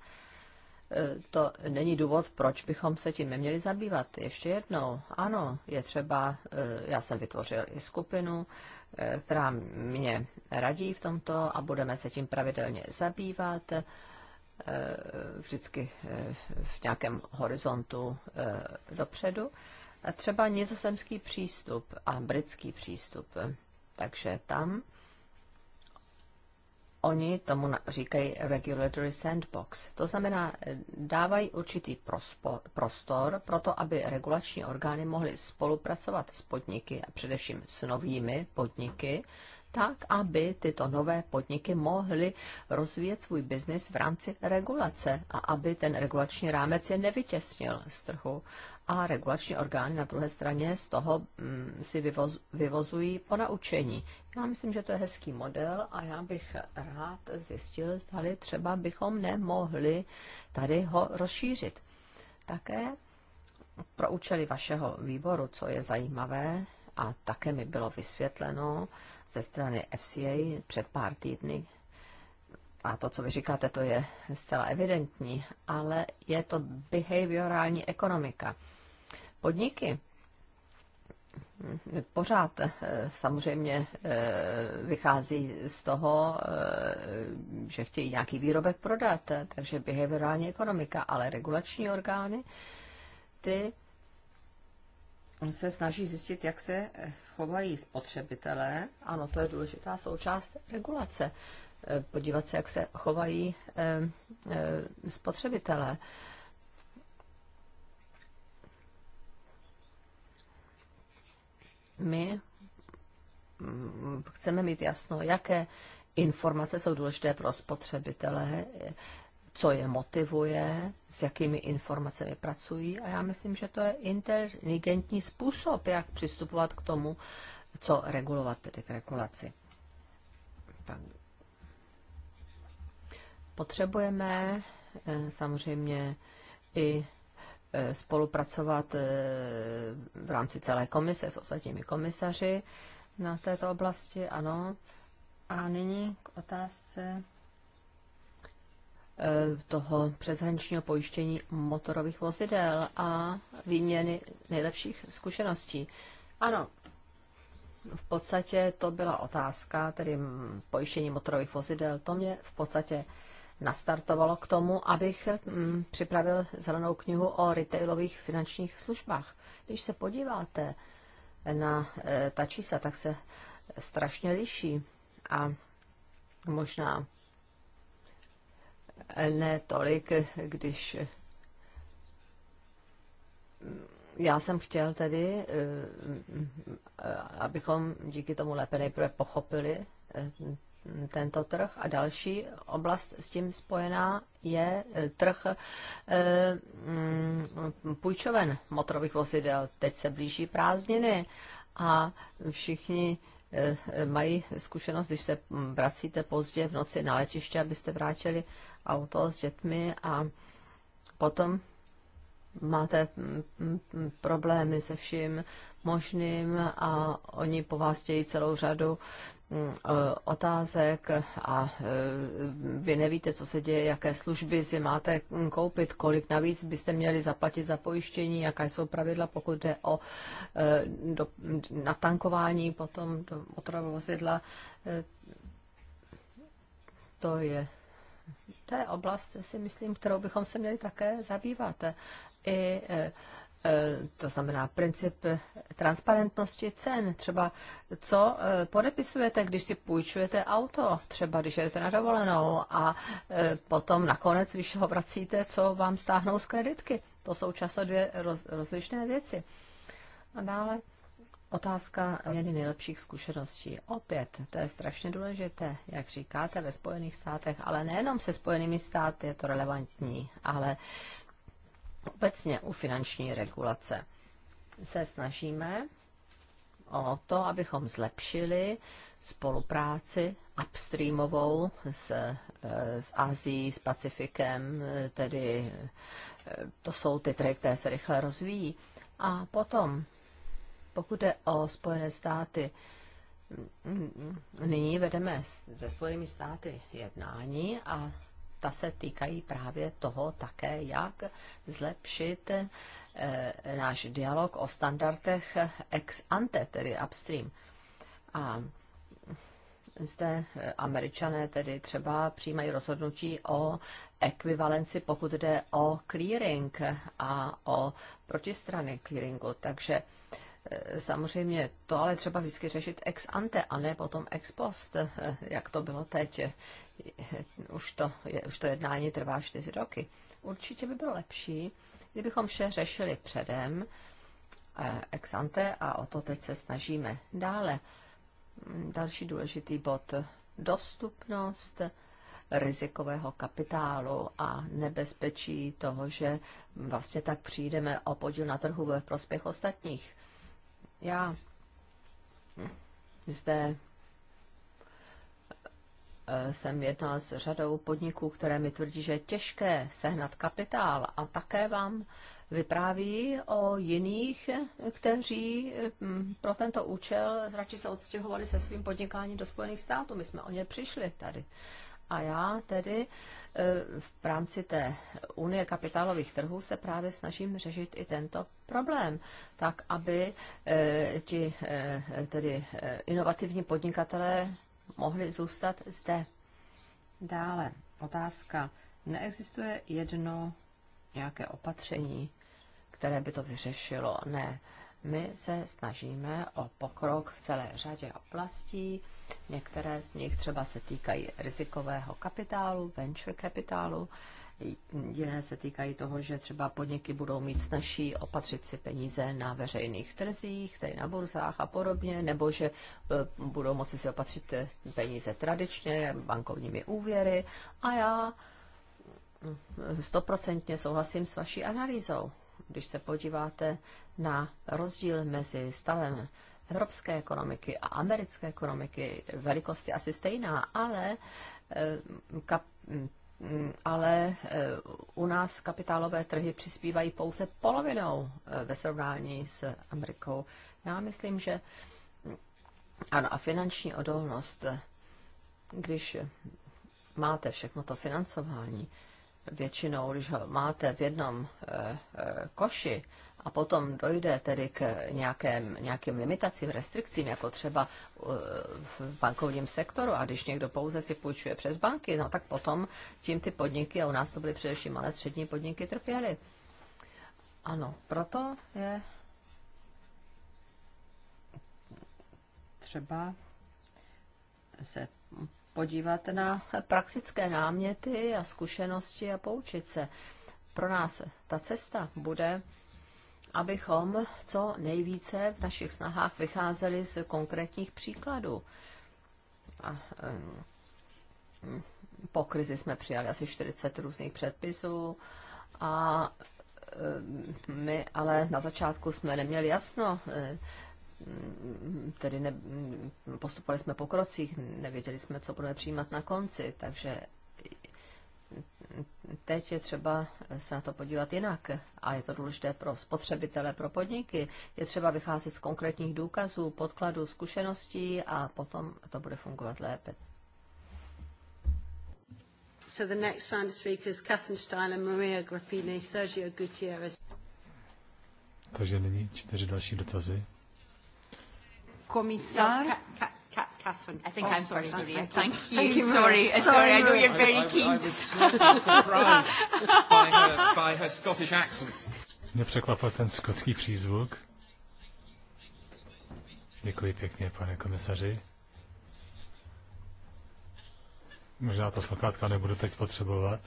eh, to není důvod, proč bychom se tím neměli zabývat. Ještě jednou, ano, je třeba, eh, já jsem vytvořil i skupinu, která mě radí v tomto a budeme se tím pravidelně zabývat eh, vždycky eh, v nějakém horizontu eh, dopředu. Třeba nizozemský přístup a britský přístup. Takže tam Oni tomu říkají regulatory sandbox. To znamená, dávají určitý prostor pro to, aby regulační orgány mohly spolupracovat s podniky a především s novými podniky, tak, aby tyto nové podniky mohly rozvíjet svůj biznis v rámci regulace a aby ten regulační rámec je nevytěsnil z trhu. A regulační orgány na druhé straně z toho mm, si vyvoz, vyvozují ponaučení. Já myslím, že to je hezký model a já bych rád zjistil, zda třeba bychom nemohli tady ho rozšířit. Také pro účely vašeho výboru, co je zajímavé, a také mi bylo vysvětleno, ze strany FCA před pár týdny. A to, co vy říkáte, to je zcela evidentní, ale je to behaviorální ekonomika. Podniky hm, pořád eh, samozřejmě eh, vychází z toho, eh, že chtějí nějaký výrobek prodat, takže behaviorální ekonomika, ale regulační orgány ty se snaží zjistit, jak se eh, chovají spotřebitelé. Ano, to je důležitá součást regulace. Eh, podívat se, jak se chovají eh, spotřebitelé. My mm, chceme mít jasno, jaké informace jsou důležité pro spotřebitele, co je motivuje, s jakými informacemi pracují a já myslím, že to je inteligentní způsob, jak přistupovat k tomu, co regulovat, tedy k regulaci. Potřebujeme eh, samozřejmě i eh, spolupracovat eh, v rámci celé komise s ostatními komisaři na této oblasti, ano. A nyní k otázce Eh, toho přeshraničního pojištění motorových vozidel a výměny nejlepších zkušeností. Ano, v podstatě to byla otázka, tedy pojištění motorových vozidel. To mě v podstatě nastartovalo k tomu, abych mm, připravil zelenou knihu o retailových finančních službách. Když se podíváte na eh, ta čísla, tak se strašně liší a možná ne tolik, když já jsem chtěl tedy, eh, abychom díky tomu lépe nejprve pochopili eh, tento trh. A další oblast s tím spojená je eh, trh mm, půjčoven motorových vozidel. Teď se blíží prázdniny a všichni Eh, mají zkušenost, když se vracíte pozdě v noci na letiště, abyste vrátili auto s dětmi a potom máte mm, mm, problémy se vším možným a oni po vás dějí celou řadu Eh, otázek a eh, vy nevíte, co se děje, jaké služby si máte koupit, kolik navíc byste měli zaplatit za pojištění, jaká jsou pravidla, pokud jde o eh, do, natankování potom do motorového vozidla. To je, ta oblast, si myslím, kterou bychom se měli také zabývat. I Eh, to znamená princip transparentnosti cen. Třeba co eh, podepisujete, když si půjčujete auto, třeba když jedete na dovolenou a eh, potom nakonec, když ho vracíte, co vám stáhnou z kreditky. To jsou často dvě rozlišné věci. A dále otázka měny nejlepších zkušeností. Opět, to je strašně důležité, jak říkáte, ve Spojených státech, ale nejenom se Spojenými státy je to relevantní, ale Obecně u finanční regulace se snažíme o to, abychom zlepšili spolupráci upstreamovou s, e, s Azií, s Pacifikem, e, tedy e, to jsou ty trhy, které se rychle rozvíjí. A potom, pokud jde o Spojené státy, nyní vedeme se Spojenými státy jednání a ta se týkají právě toho také, jak zlepšit eh, náš dialog o standardech ex ante, tedy upstream. A zde eh, američané tedy třeba přijímají rozhodnutí o ekvivalenci, pokud jde o clearing a o protistrany clearingu. Takže eh, samozřejmě to ale třeba vždycky řešit ex ante a ne potom ex post, jak to bylo teď už to, je, už to jednání trvá čtyři roky. Určitě by bylo lepší, kdybychom vše řešili předem, eh, ex ante, a o to teď se snažíme. Dále, mm, další důležitý bod, dostupnost rizikového kapitálu a nebezpečí toho, že vlastně tak přijdeme o podíl na trhu ve prospěch ostatních. Já zde Eh, jsem jednal s řadou podniků, které mi tvrdí, že je těžké sehnat kapitál a také vám vypráví o jiných, kteří hm, pro tento účel radši se odstěhovali se svým podnikáním do Spojených států. My jsme o ně přišli tady. A já tedy eh, v rámci té unie kapitálových trhů se právě snažím řešit i tento problém, tak aby eh, ti tedy inovativní podnikatelé mohli zůstat zde. Dále otázka. Neexistuje jedno nějaké opatření, které by to vyřešilo? Ne. My se snažíme o pokrok v celé řadě oblastí. Některé z nich třeba se týkají rizikového kapitálu, venture kapitálu. Jiné se týkají toho, že třeba podniky budou mít snažší opatřit si peníze na veřejných trzích, tedy na burzách a podobně, nebo že eh, budou moci si opatřit eh, peníze tradičně, bankovními úvěry. A já hm, stoprocentně souhlasím s vaší analýzou. Když se podíváte na rozdíl mezi stavem evropské ekonomiky a americké ekonomiky, velikost je asi stejná, ale eh, kap- Mm, ale eh, u nás kapitálové trhy přispívají pouze polovinou eh, ve srovnání s Amerikou. Já myslím, že mm, ano, a finanční odolnost, eh, když máte všechno to financování, většinou, když ho máte v jednom koši, a potom dojde tedy k nějakém, nějakým limitacím, restrikcím, jako třeba uh, v bankovním sektoru, a když někdo pouze si půjčuje přes banky, no tak potom tím ty podniky, a u nás to byly především malé střední podniky, trpěly. Ano, proto je třeba se podívat na praktické náměty a zkušenosti a poučit se. Pro nás ta cesta bude abychom co nejvíce v našich snahách vycházeli z konkrétních příkladů. A, eh, po krizi jsme přijali asi 40 různých předpisů a eh, my ale na začátku jsme neměli jasno, eh, tedy ne, postupovali jsme po krocích, nevěděli jsme, co budeme přijímat na konci, takže teď je třeba se na to podívat jinak a je to důležité pro spotřebitele, pro podniky. Je třeba vycházet z konkrétních důkazů, podkladů, zkušeností a potom to bude fungovat lépe. So the next round of speakers, Catherine Steiner, Maria Grappini, Sergio Gutierrez. Takže nyní čtyři další dotazy. Komisár. No, ka, ka, Catherine. I think oh, I'm sorry, first, Maria. Thank, you. Thank you sorry. sorry, sorry, I know you're very I, keen. I, I was surprised by her, by her Scottish accent. Mě překvapil ten skotský přízvuk. Děkuji pěkně, pane komisaři. Možná ta sluchátka nebudu teď potřebovat.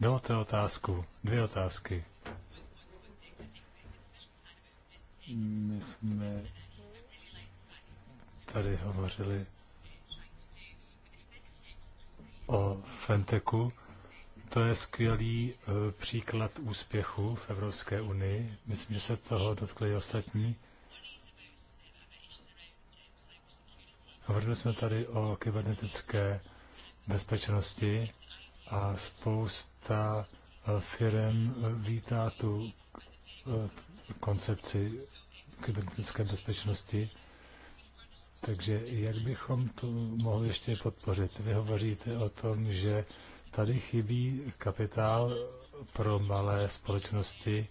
Dovolte otázku. Dvě otázky. My jsme tady hovořili o Fenteku. To je skvělý e, příklad úspěchu v Evropské unii. Myslím, že se toho dotkli i ostatní. Hovořili jsme tady o kybernetické bezpečnosti a spousta e, firm e, vítá tu koncepci kybernetické bezpečnosti. Takže jak bychom to mohli ještě podpořit? Vy hovoříte o tom, že tady chybí kapitál pro malé společnosti.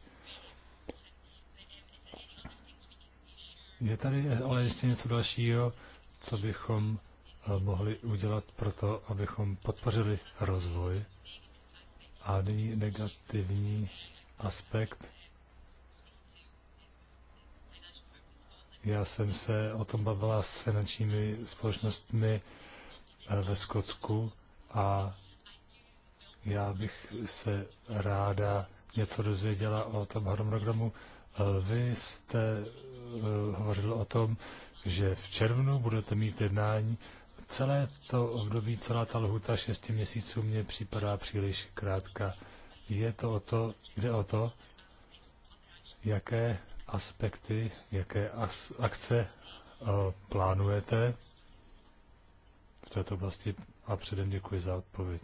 Je tady ale ještě něco dalšího, co bychom eh, mohli udělat pro to, abychom podpořili rozvoj. A nyní negativní aspekt Já jsem se o tom bavila s finančními společnostmi eh, ve Skotsku a já bych se ráda něco dozvěděla o tom harmonogramu. Eh, vy jste eh, hovořil o tom, že v červnu budete mít jednání. Celé to období, celá ta lhuta 6 měsíců mě připadá příliš krátká. Je to o to, jde o to, jaké aspekty, jaké as, akce eh, plánujete v této oblasti a předem děkuji za odpověď.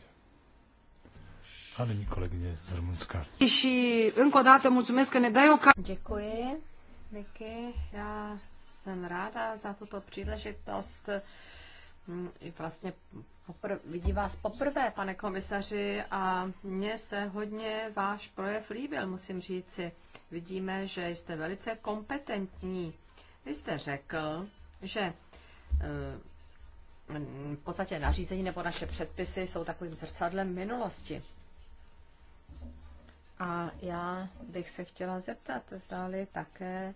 A nyní kolegyně z Rumunska. Děkuji, Vicky. Já jsem ráda za tuto příležitost Hm, vlastně popr- vidí vás poprvé, pane komisaři, a mně se hodně váš projev líbil, musím říci. Vidíme, že jste velice kompetentní. Vy jste řekl, že eh, v podstatě nařízení nebo naše předpisy jsou takovým zrcadlem minulosti. A já bych se chtěla zeptat, zdáli také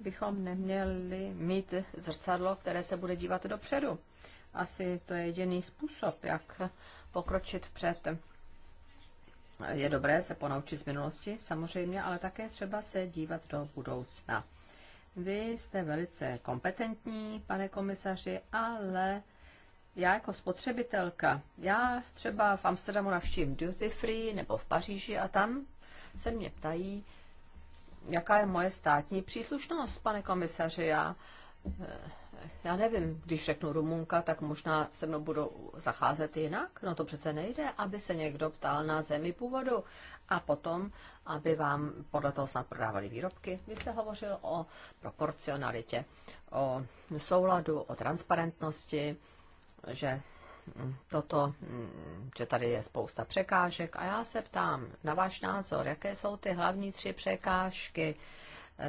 bychom neměli mít zrcadlo, které se bude dívat dopředu. Asi to je jediný způsob, jak pokročit před. Je dobré se ponaučit z minulosti, samozřejmě, ale také třeba se dívat do budoucna. Vy jste velice kompetentní, pane komisaři, ale já jako spotřebitelka, já třeba v Amsterdamu navštívím duty free nebo v Paříži a tam se mě ptají, jaká je moje státní příslušnost, pane komisaři. Já eh, já nevím, když řeknu Rumunka, tak možná se mnou budou zacházet jinak. No to přece nejde, aby se někdo ptal na zemi původu a potom, aby vám podle toho snad prodávali výrobky. Vy jste hovořil o proporcionalitě, o souladu, o transparentnosti, že toto, že tady je spousta překážek. A já se ptám na váš názor, jaké jsou ty hlavní tři překážky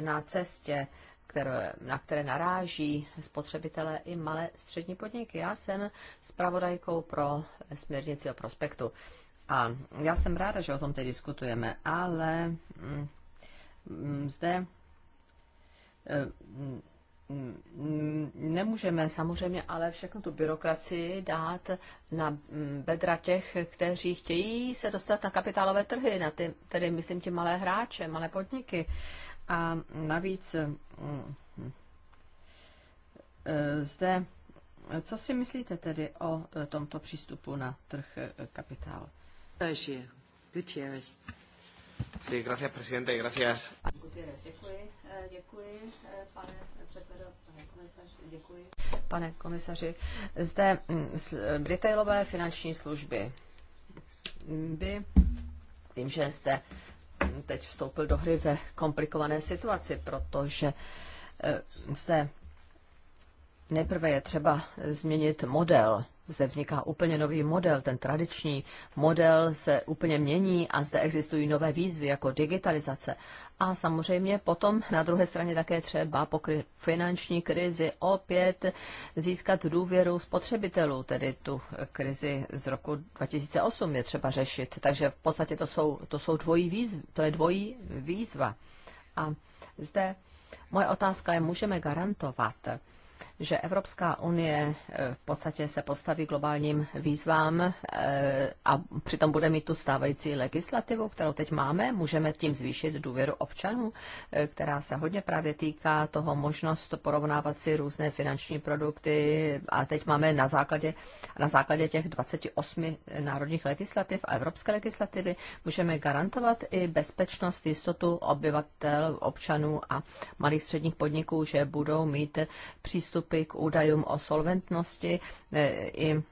na cestě které, na které naráží spotřebitelé i malé střední podniky. Já jsem spravodajkou pro směrnici o prospektu. A já jsem ráda, že o tom teď diskutujeme, ale mm, mm, zde eh, mm, nemůžeme samozřejmě ale všechno tu byrokracii dát na bedra těch, kteří chtějí se dostat na kapitálové trhy, na ty, tedy myslím ti malé hráče, malé podniky. A navíc eh, eh, zde, co si myslíte tedy o eh, tomto přístupu na trh kapitálu? Gutierrez. Sí, gracias, presidente, gracias. Gutierrez, děkuji, děkuji, pane předsedo, pane komisaři, děkuji. Pane komisaři, zde hm, retailové finanční služby by Vím, že jste teď vstoupil do hry ve komplikované situaci, protože eh, zde Nejprve je třeba změnit model. Zde vzniká úplně nový model, ten tradiční model se úplně mění a zde existují nové výzvy jako digitalizace. A samozřejmě potom na druhé straně také třeba po finanční krizi opět získat důvěru spotřebitelů, tedy tu krizi z roku 2008 je třeba řešit. Takže v podstatě to, jsou, to, jsou dvojí výzvy, to je dvojí výzva. A zde moje otázka je, můžeme garantovat, že Evropská unie eh, v podstatě se postaví globálním výzvám eh, a přitom bude mít tu stávající legislativu, kterou teď máme. Můžeme tím zvýšit důvěru občanů, eh, která se hodně právě týká toho možnost porovnávat si různé finanční produkty a teď máme na základě, na základě těch 28 národních legislativ a evropské legislativy můžeme garantovat i bezpečnost, jistotu obyvatel, občanů a malých středních podniků, že budou mít přístup přístupy k údajům o solventnosti e, i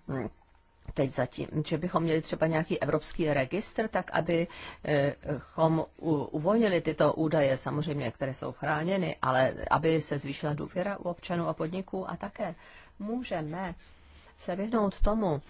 teď zatím, že bychom měli třeba nějaký evropský registr, tak abychom e, uvolnili tyto údaje, samozřejmě, které jsou chráněny, ale aby se zvýšila důvěra u občanů a podniků a také můžeme se vyhnout tomu,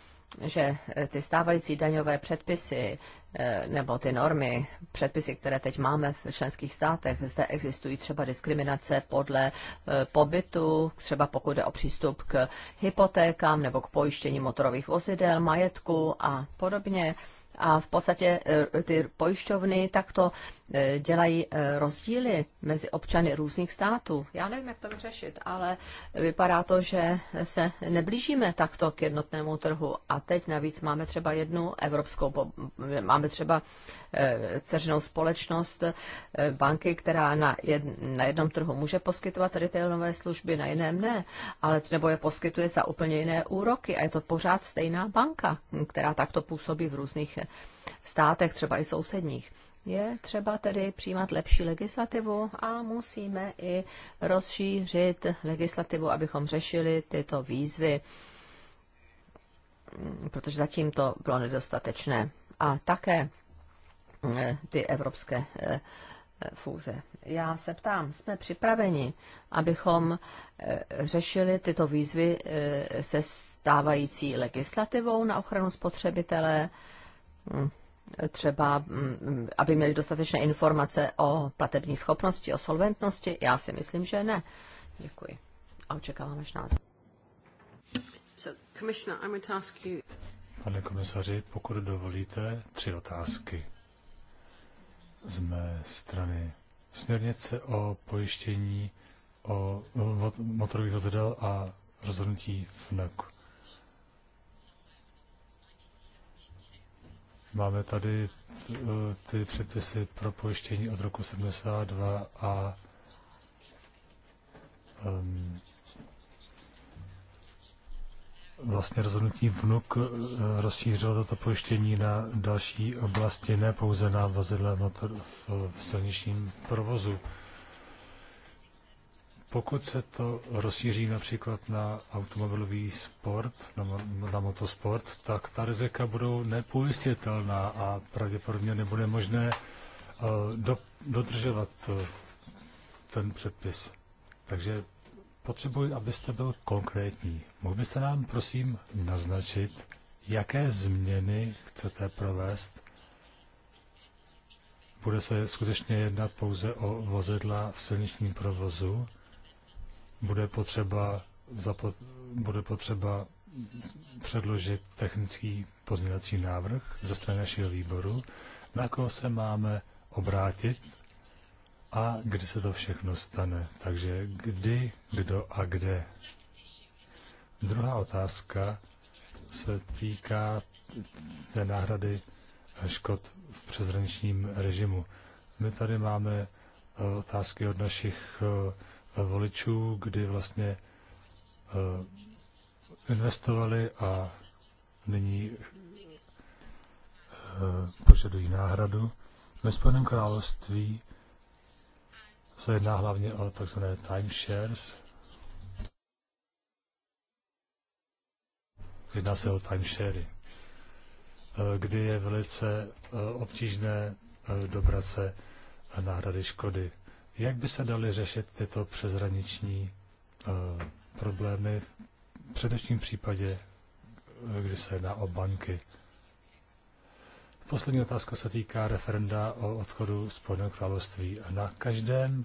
že eh, ty stávající daňové předpisy eh, nebo ty normy, předpisy, které teď máme v členských státech, zde existují třeba diskriminace podle eh, pobytu, třeba pokud jde o přístup k hypotékám nebo k pojištění motorových vozidel, majetku a podobně. A v podstatě ty pojišťovny takto E, dělají e, rozdíly mezi občany různých států. Já nevím, jak to vyřešit, ale vypadá to, že se neblížíme takto k jednotnému trhu. A teď navíc máme třeba jednu evropskou, máme třeba e, ceřnou společnost banky, která na, jed, na jednom trhu může poskytovat retailové služby, na jiném ne, ale nebo je poskytuje za úplně jiné úroky. A je to pořád stejná banka, která takto působí v různých státech, třeba i sousedních. Je třeba tedy přijímat lepší legislativu a musíme i rozšířit legislativu, abychom řešili tyto výzvy, protože zatím to bylo nedostatečné. A také eh, ty evropské eh, fůze. Já se ptám, jsme připraveni, abychom eh, řešili tyto výzvy se stávající legislativou na ochranu spotřebitele? Hm třeba, mm, aby měli dostatečné informace o platební schopnosti, o solventnosti? Já si myslím, že ne. Děkuji. A očekávám váš názor. Pane komisaři, pokud dovolíte, tři otázky z mé strany. Směrnice o pojištění o motorových vozidel a rozhodnutí FNOK. E Máme tady eh, ty předpisy pro pojištění od roku 72 a um, vlastně rozhodnutí vnuk eh, rozšířilo toto pojištění na další oblasti, ne pouze na vozidla v, v silničním provozu. Pokud se to rozšíří například na automobilový sport, na, na motosport, tak ta rizika budou nepojistitelná a pravděpodobně nebude možné uh, do, dodržovat uh, ten předpis. Takže potřebuji, abyste byl konkrétní. Mohl byste nám, prosím, naznačit, jaké změny chcete provést? Bude se skutečně jednat pouze o vozidla v silničním provozu? bude potřeba, zapo- bude potřeba předložit technický pozměňovací návrh ze strany našeho výboru, na koho se máme obrátit a kdy se to všechno stane. Takže kdy, kdo a kde. Druhá otázka se týká té náhrady škod v přezrančním režimu. My tady máme eh, otázky od našich eh, voličů, kdy vlastně eh, investovali a nyní eh, požadují náhradu. Ve Spojeném království se jedná hlavně o tzv. timeshares. Jedná se o timeshary, eh, kdy je velice obtížné dobrat se náhrady škody. Jak by se daly řešit tyto přezraniční uh, eh, problémy v především případě, eh, kdy se jedná o banky? Poslední otázka se týká referenda o odchodu Spojeného království. Na každém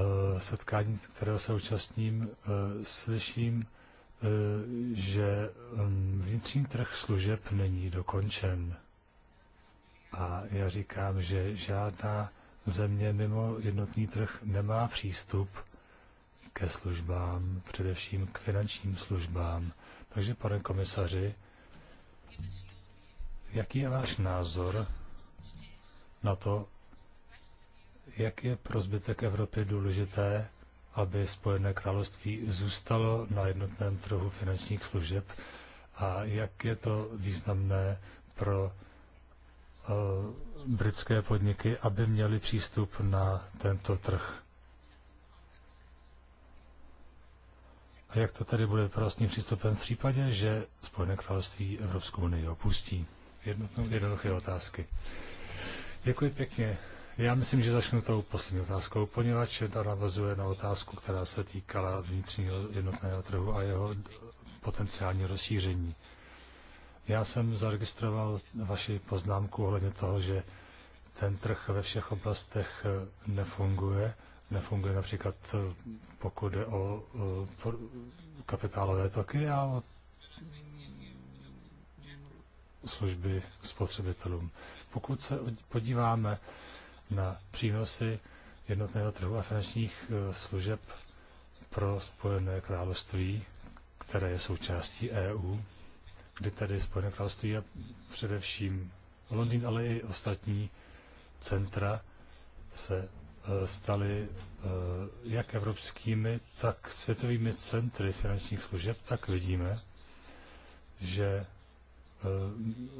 uh, setkání, kterého se účastním, uh, slyším, že mm, vnitřní trh služeb není dokončen. A já říkám, že žádná země mimo jednotný trh nemá přístup ke službám, především k finančním službám. Takže, pane komisaři, jaký je váš názor na to, jak je pro zbytek Evropy důležité, aby Spojené království zůstalo na jednotném trhu finančních služeb a jak je to významné pro uh, britské podniky, aby měly přístup na tento trh. A jak to tedy bude vlastním přístupem v případě, že Spojené království Evropskou unii opustí? Jednotnou, jednoduché otázky. Děkuji pěkně. Já myslím, že začnu tou poslední otázkou, poněvadž ta navazuje na otázku, která se týkala vnitřního jednotného trhu a jeho potenciální rozšíření. Já jsem zaregistroval vaši poznámku ohledně toho, že ten trh ve všech oblastech eh, nefunguje. Nefunguje například eh, pokud jde o eh, kapitálové toky a o služby spotřebitelům. Pokud se podíváme na přínosy jednotného trhu a finančních služeb pro Spojené království, které je součástí EU, kdy tedy Spojené království a především Londýn, ale i ostatní centra se eh, staly eh, jak evropskými, tak světovými centry finančních služeb, tak vidíme, že eh,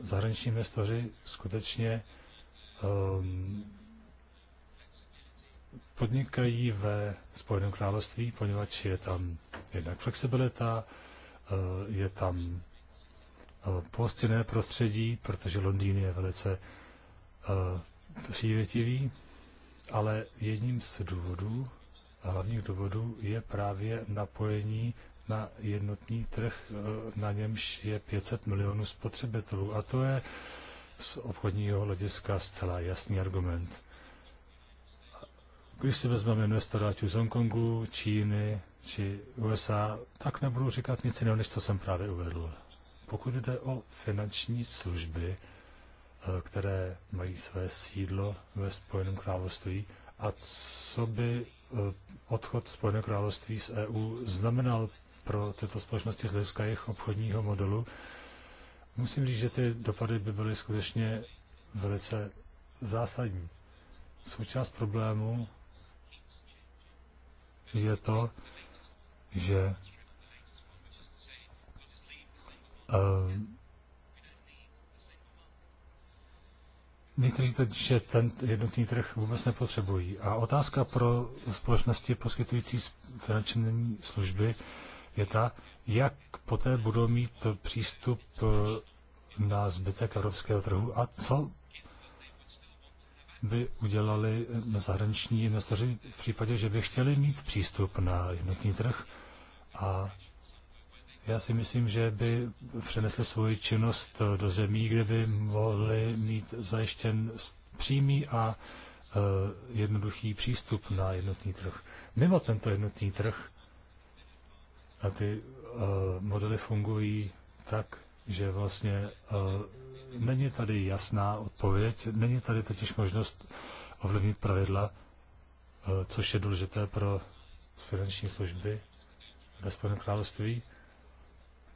zahraniční investoři skutečně ehm, podnikají ve Spojeném království, poněvadž je tam jednak flexibilita, je tam pohostinné prostředí, protože Londýn je velice eh, přívětivý, ale jedním z důvodů, hlavních důvodů, je právě napojení na jednotný trh, eh, na němž je 500 milionů spotřebitelů. A to je z obchodního hlediska zcela jasný argument. Když si vezmeme investora z Hongkongu, Číny či USA, tak nebudu říkat nic jiného, než to jsem právě uvedl. Pokud jde o finanční služby, eh, které mají své sídlo ve Spojeném království, a co by eh, odchod Spojeného království z EU znamenal pro tyto společnosti z hlediska jejich obchodního modelu, musím říct, že ty dopady by byly skutečně velice zásadní. Součást problému je to, že Ehm, někteří to, že ten jednotný trh vůbec nepotřebují. A otázka pro společnosti poskytující finanční služby je ta, jak poté budou mít přístup eh, na zbytek evropského trhu a co by udělali eh, zahraniční investoři v případě, že by chtěli mít přístup na jednotný trh a já si myslím, že by přenesli svoji činnost eh, do zemí, kde by mohli mít zajištěn přímý a eh, jednoduchý přístup na jednotný trh. Mimo tento jednotný trh a ty eh, modely fungují tak, že vlastně není tady jasná odpověď, není tady totiž možnost ovlivnit pravidla, což je důležité pro finanční služby ve Spojeném království.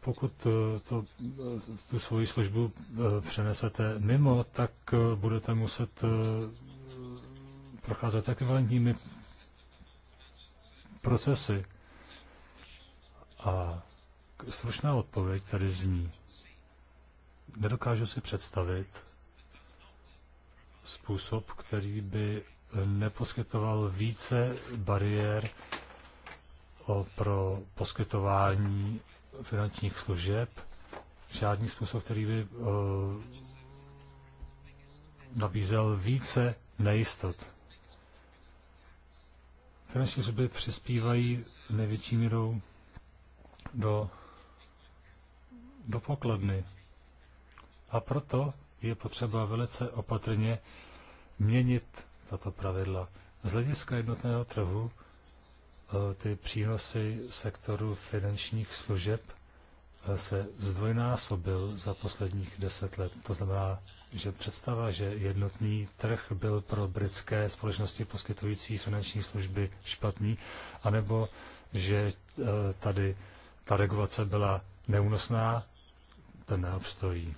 Pokud eh, to, eh, tu svoji službu eh, přenesete mimo, tak budete muset procházet ekvivalentními procesy. A stručná odpověď tady zní. Nedokážu si představit způsob, který by neposkytoval více bariér pro poskytování finančních služeb žádný způsob, který by uh, nabízel více nejistot. Finanční služby přispívají největší mírou do, do pokladny. A proto je potřeba velice opatrně měnit tato pravidla. Z hlediska jednotného trhu Eh, ty přínosy sektoru finančních služeb eh, se zdvojnásobil za posledních deset let. To znamená, že představa, že jednotný trh byl pro britské společnosti poskytující finanční služby špatný, anebo že eh, tady ta regulace byla neúnosná, ten neobstojí.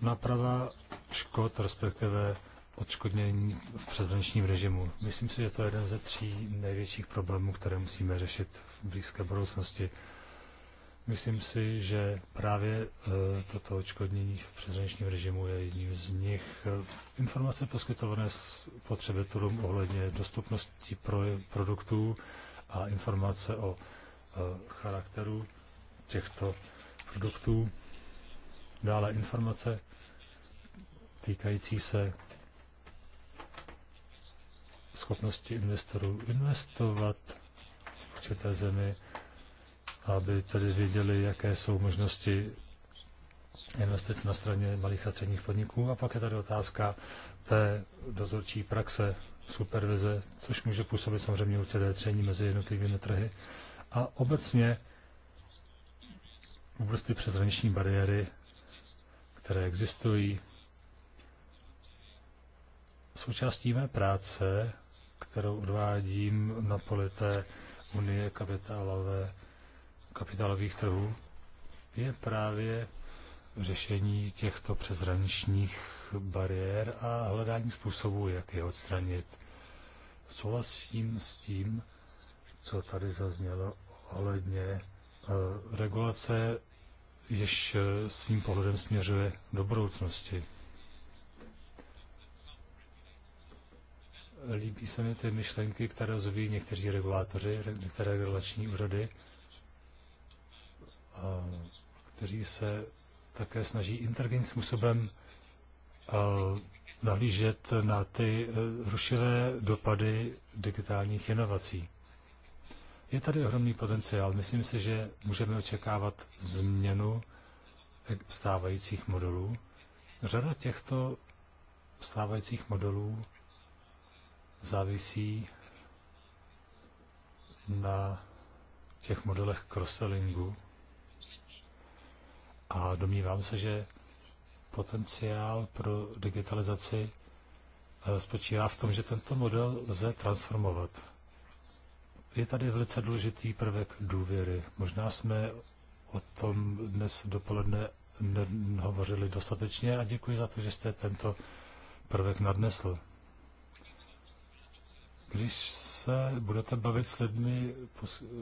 Naprava škod, respektive odškodnění v přezrančním režimu. Myslím si, že to je jeden ze tří největších problémů, které musíme řešit v blízké budoucnosti. Myslím si, že právě e, toto odškodnění v přezrančním režimu je jedním z nich. Informace poskytované spotřebitelům ohledně dostupnosti produktů a informace o e, charakteru těchto produktů, dále informace týkající se schopnosti investorů investovat v určité zemi, aby tedy věděli, jaké jsou možnosti investic na straně malých a středních podniků. A pak je tady otázka té dozorčí praxe, supervize, což může působit samozřejmě určité tření mezi jednotlivými trhy. A obecně vůbec ty přeshraniční bariéry, které existují, součástí mé práce kterou odvádím na polité unie kapitálové, kapitálových trhů, je právě řešení těchto přeshraničních bariér a hledání způsobů, jak je odstranit. Souhlasím s tím, co tady zaznělo ohledně eh, regulace, jež eh, svým pohledem směřuje do budoucnosti. Líbí se mi ty myšlenky, které rozvíjí někteří regulátoři, některé regulační úřady, kteří se také snaží inteligentním způsobem nahlížet na ty e, rušivé dopady digitálních inovací. Je tady ohromný potenciál. Myslím si, že můžeme očekávat změnu stávajících modelů. Řada těchto stávajících modelů závisí na těch modelech crosselingu. a domnívám se, že potenciál pro digitalizaci eh, spočívá v tom, že tento model lze transformovat. Je tady velice důležitý prvek důvěry. Možná jsme o tom dnes dopoledne hovořili dostatečně a děkuji za to, že jste tento prvek nadnesl. Když se budete bavit s lidmi,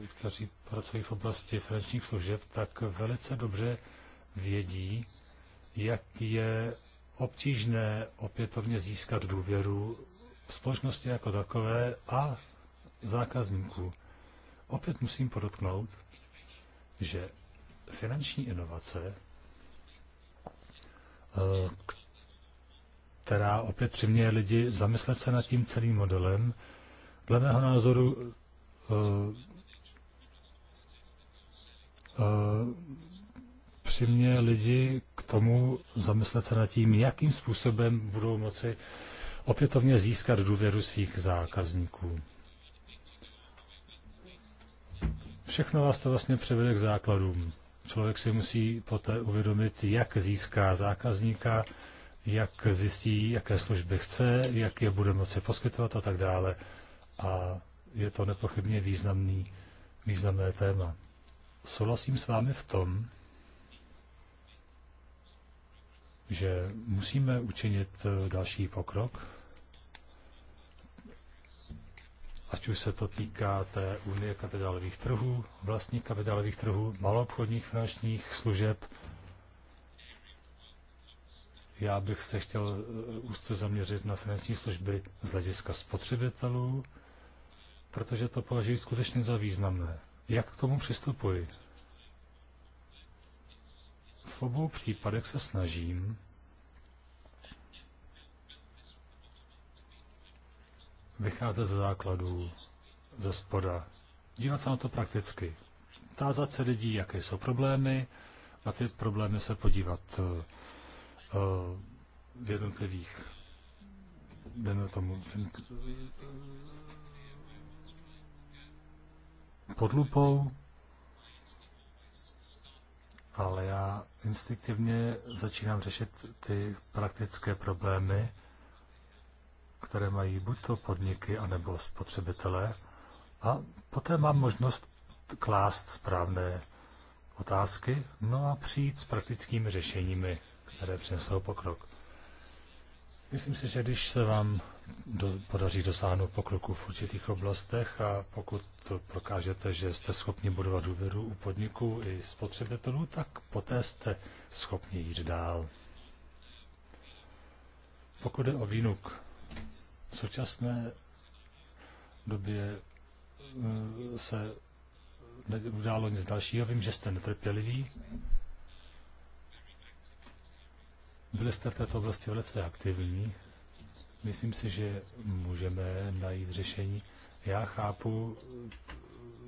kteří pracují v oblasti finančních služeb, tak velice dobře vědí, jak je obtížné opětovně získat důvěru v společnosti jako takové a zákazníků. Opět musím podotknout, že finanční inovace, eh, která opět přiměje lidi zamyslet se nad tím celým modelem, Dle mého názoru eh, eh, přimě lidi k tomu zamyslet se nad tím, jakým způsobem budou moci opětovně získat důvěru svých zákazníků. Všechno vás to vlastně přivede k základům. Člověk si musí poté uvědomit, jak získá zákazníka, jak zjistí, jaké služby chce, jak je bude moci poskytovat a tak dále a je to nepochybně významný, významné téma. Souhlasím s vámi v tom, že musíme učinit eh, další pokrok, ať už se to týká té unie kapitálových trhů, vlastních kapitálových trhů, maloobchodních finančních služeb. Já bych se chtěl eh, úzce zaměřit na finanční služby z hlediska spotřebitelů, protože to považuji skutečně za významné. Jak k tomu přistupuji? V obou případech se snažím vycházet ze základů, ze spoda, dívat se na to prakticky, tázat se lidí, jaké jsou problémy, na ty problémy se podívat eh, eh, v jednotlivých, jdeme tomu, pod lupou, ale já instinktivně začínám řešit ty praktické problémy, které mají buď to podniky, anebo spotřebitelé. A poté mám možnost klást správné otázky, no a přijít s praktickými řešeními, které přinesou pokrok. Myslím si, že když se vám do, podaří dosáhnout pokroku v určitých oblastech a pokud prokážete, že jste schopni budovat důvěru u podniků i spotřebitelů, tak poté jste schopni jít dál. Pokud je o výnuk, v současné době eh, se neudálo nic dalšího. Vím, že jste netrpěliví. Byli jste v této oblasti velice aktivní. Myslím si, že můžeme najít řešení. Já chápu,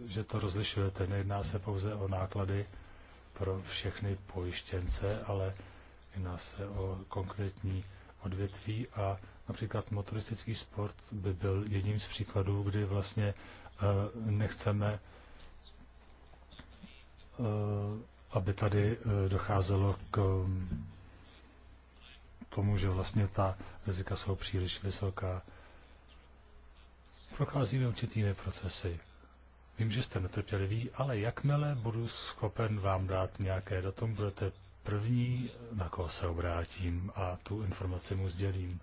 že to rozlišujete. Nejedná se pouze o náklady pro všechny pojištěnce, ale jedná se o konkrétní odvětví a například motoristický sport by byl jedním z příkladů, kdy vlastně eh, nechceme, eh, aby tady eh, docházelo k tomu, že vlastně ta rizika jsou příliš vysoká. Procházíme určitými procesy. Vím, že jste netrpěliví, ale jakmile budu schopen vám dát nějaké datum, budete první, na koho se obrátím a tu informaci mu sdělím.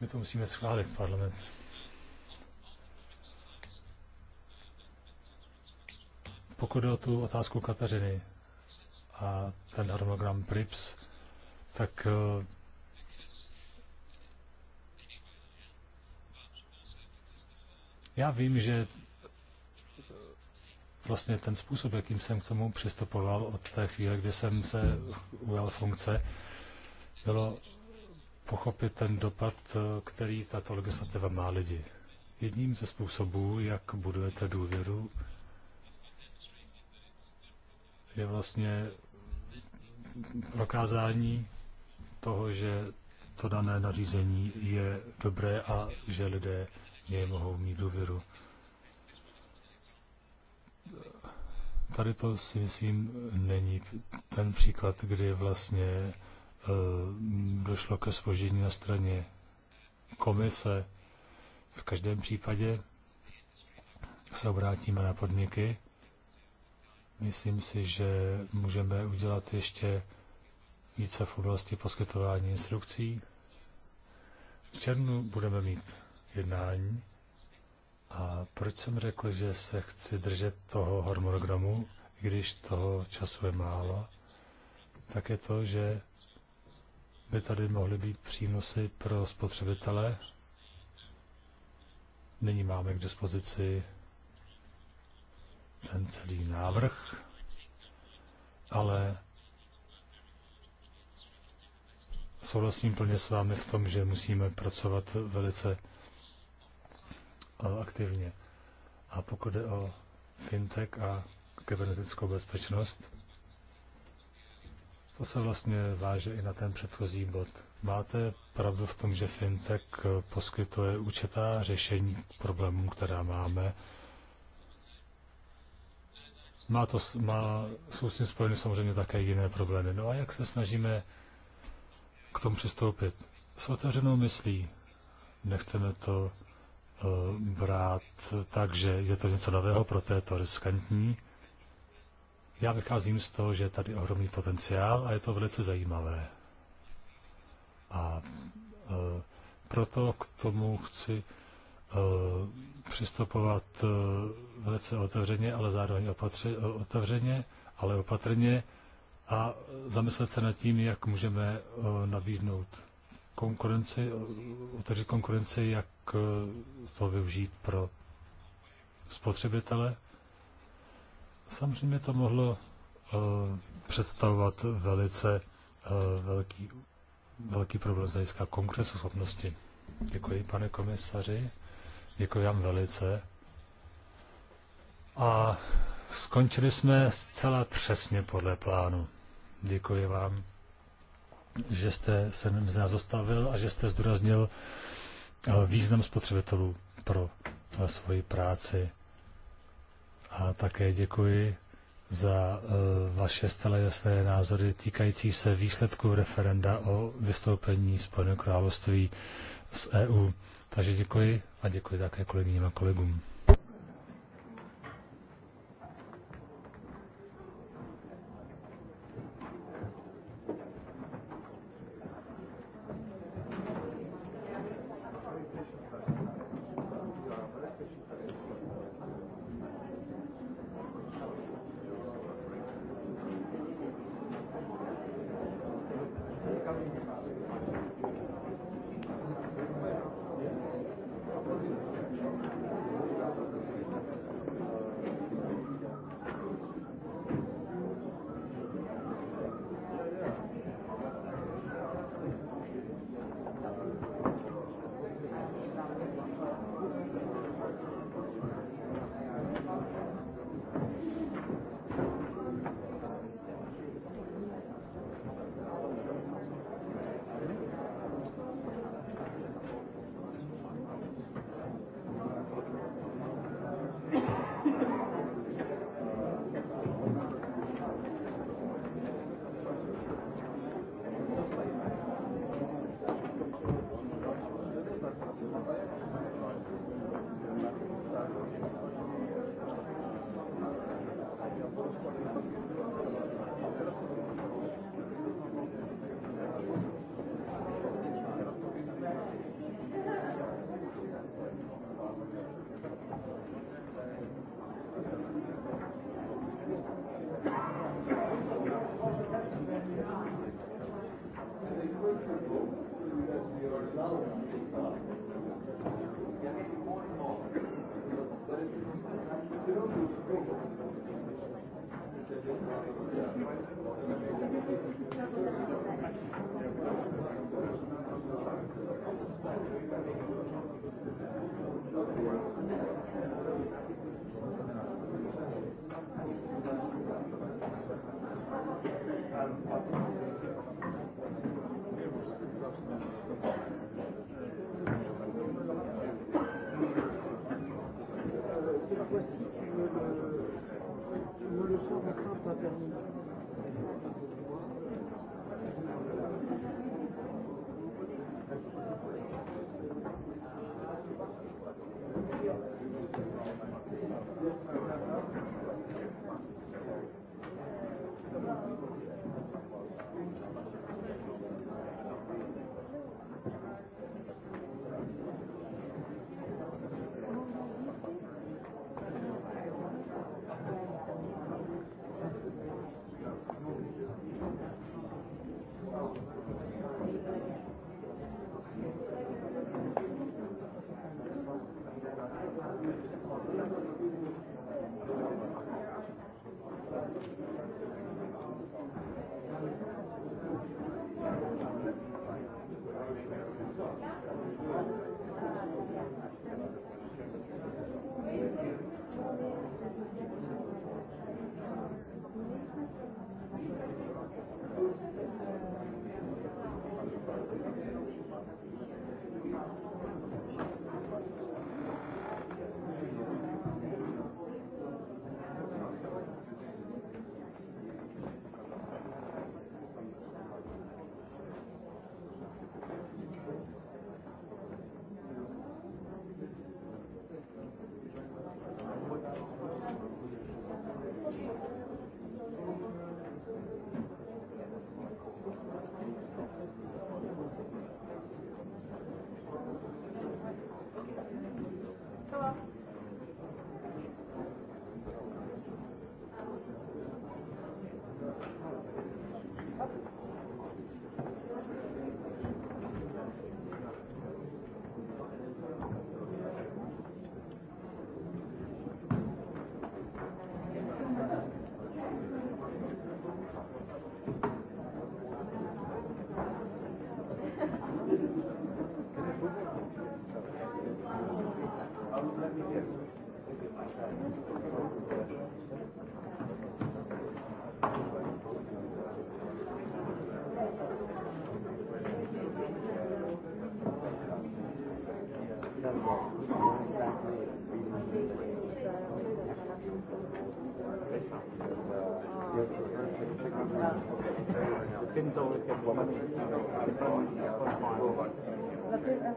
My to musíme schválit v parlamentu. Pokud o tu otázku Kateřiny a ten harmonogram PRIPS, tak eh, já vím, že vlastně ten způsob, jakým jsem k tomu přistupoval od té chvíle, kdy jsem se ujal funkce, bylo pochopit ten dopad, eh, který tato legislativa má lidi. Jedním ze způsobů, jak budujete důvěru, je vlastně prokázání toho, že to dané nařízení je dobré a že lidé něj mohou mít důvěru. Tady to si myslím není ten příklad, kdy vlastně e, došlo ke spoždění na straně komise. V každém případě se obrátíme na podniky. Myslím si, že můžeme udělat ještě více v oblasti poskytování instrukcí. V červnu budeme mít jednání a proč jsem řekl, že se chci držet toho harmonogramu, i když toho času je málo, tak je to, že by tady mohly být přínosy pro spotřebitele. Nyní máme k dispozici ten celý návrh, ale souhlasím plně s vámi v tom, že musíme pracovat velice eh, aktivně. A pokud jde o fintech a kybernetickou bezpečnost, to se vlastně váže i na ten předchozí bod. Máte pravdu v tom, že fintech eh, poskytuje účetá řešení problémů, problémům, která máme. Má to, má, jsou s tím spojeny samozřejmě také jiné problémy. No a jak se snažíme k tomu přistoupit s otevřenou myslí. Nechceme to uh, brát tak, že je to něco nového, proto je to riskantní. Já vycházím z toho, že je tady ohromný potenciál a je to velice zajímavé. A uh, proto k tomu chci uh, přistupovat uh, velice otevřeně, ale zároveň opatře, uh, otevřeně, ale opatrně a zamyslet se nad tím, jak můžeme eh, nabídnout konkurenci, otevřít konkurenci, jak eh, to využít pro spotřebitele. Samozřejmě to mohlo eh, představovat velice velký, velký problém z hlediska konkurenceschopnosti. Děkuji, pane komisaři. Děkuji vám velice. A skončili jsme zcela přesně podle plánu. Děkuji vám, že jste se z nás zastavil a že jste zdůraznil eh, význam spotřebitelů pro eh, svoji práci. A také děkuji za eh, vaše zcela jasné názory týkající se výsledku referenda o vystoupení Spojeného království z EU. Takže děkuji a děkuji také kolegyním a kolegům.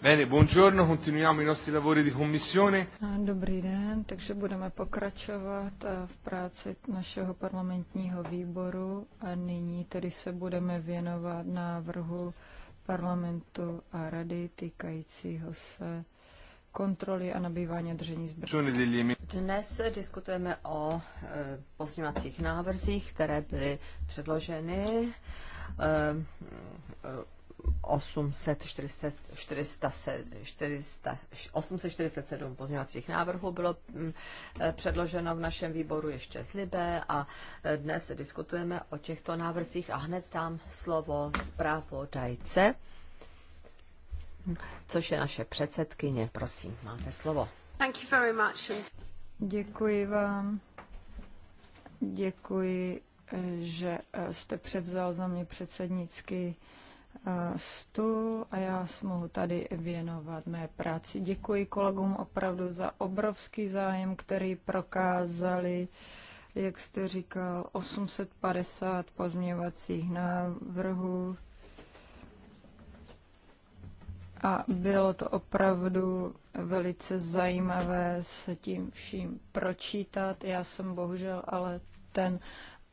Bene, buongiorno, continuiamo i nostri lavori di commissione. Dobrý den, takže budeme pokračovat eh, v práci našeho parlamentního výboru a nyní tedy se budeme věnovat návrhu parlamentu a rady týkajícího se kontroly a nabývání držení zbraní. Dnes diskutujeme o eh, pozměňovacích návrzích, které byly předloženy eh, 800, 400, 400, 400, 847 pozměňovacích návrhů bylo mm, eh, předloženo v našem výboru ještě z Libé a eh, dnes diskutujeme o těchto návrzích a hned tam slovo zprávodajce, což je naše předsedkyně. Prosím, máte slovo. Thank you very much. Děkuji vám. Děkuji, eh, že jste převzal za mě předsednický stůl a já se mohu tady věnovat mé práci. Děkuji kolegům opravdu za obrovský zájem, který prokázali, jak jste říkal, 850 pozměňovacích návrhů. A bylo to opravdu velice zajímavé se tím vším pročítat. Já jsem bohužel ale ten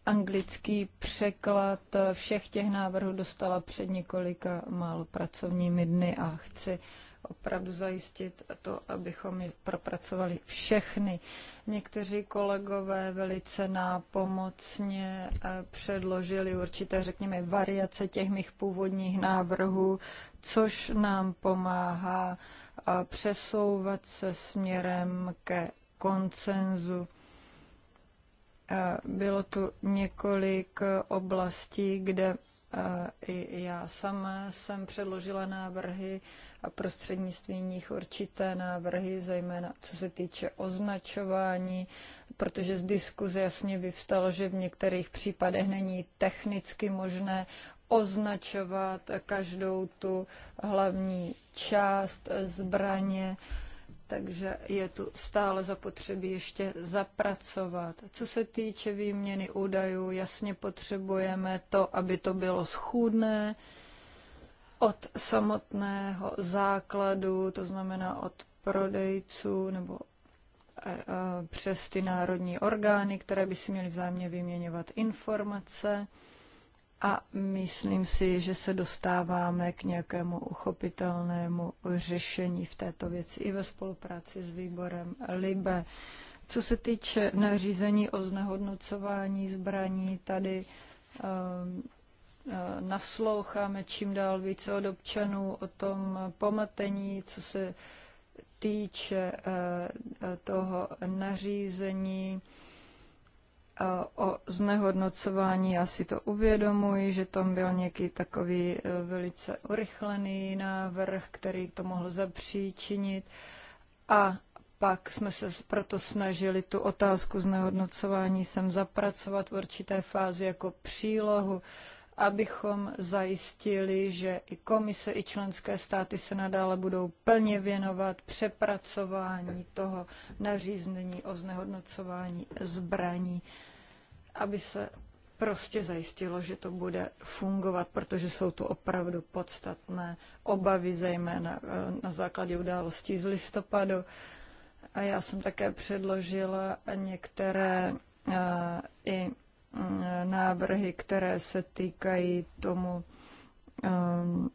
Anglický překlad všech těch návrhů dostala před několika málo pracovními dny a chci opravdu zajistit to, abychom je propracovali všechny. Někteří kolegové velice nápomocně eh, předložili určité, řekněme, variace těch mých původních návrhů, což nám pomáhá eh, přesouvat se směrem ke koncenzu bylo tu několik oblastí, kde i já sama jsem předložila návrhy a prostřednictvím nich určité návrhy, zejména co se týče označování, protože z diskuze jasně vyvstalo, že v některých případech není technicky možné označovat každou tu hlavní část zbraně takže je tu stále zapotřebí ještě zapracovat. Co se týče výměny údajů, jasně potřebujeme to, aby to bylo schůdné od samotného základu, to znamená od prodejců nebo eh, eh, přes ty národní orgány, které by si měly vzájemně vyměňovat informace a myslím si, že se dostáváme k nějakému uchopitelnému řešení v této věci i ve spolupráci s výborem LIBE. Co se týče nařízení o znehodnocování zbraní, tady um, nasloucháme čím dál více od občanů o tom pomatení, co se týče uh, toho nařízení o znehodnocování. Já si to uvědomuji, že tam byl nějaký takový eh, velice urychlený návrh, který to mohl zapříčinit. A pak jsme se proto snažili tu otázku znehodnocování sem zapracovat v určité fázi jako přílohu abychom zajistili, že i komise, i členské státy se nadále budou plně věnovat přepracování toho nařízení o znehodnocování zbraní, aby se prostě zajistilo, že to bude fungovat, protože jsou tu opravdu podstatné obavy, zejména eh, na základě událostí z listopadu. A já jsem také předložila některé eh, i Eh, návrhy, které se týkají tomu um,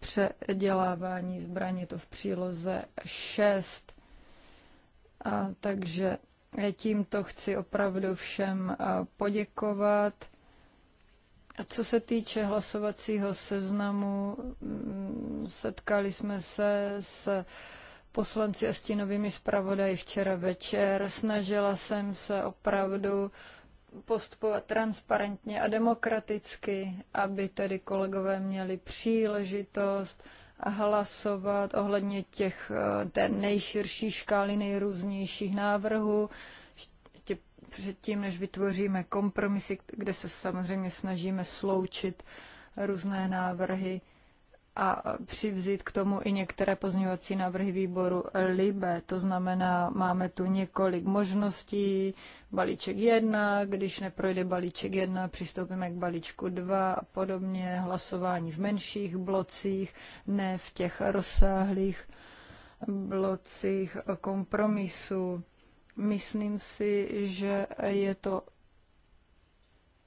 předělávání zbraní, to v příloze 6. A, takže tímto chci opravdu všem eh, poděkovat. A co se týče hlasovacího seznamu, mm, setkali jsme se s poslanci a stínovými zpravodaji včera večer. Snažila jsem se opravdu uh, postupovat transparentně a demokraticky, aby tedy kolegové měli příležitost hlasovat ohledně těch, eh, té nejširší škály nejrůznějších návrhů, předtím, než vytvoříme kompromisy, kde se samozřejmě snažíme sloučit různé návrhy a přivzít k tomu i některé pozměňovací návrhy výboru LIBE. To znamená, máme tu několik možností. Balíček 1, když neprojde balíček 1, přistoupíme k balíčku 2 a podobně. Hlasování v menších blocích, ne v těch rozsáhlých blocích kompromisu. Myslím si, že je to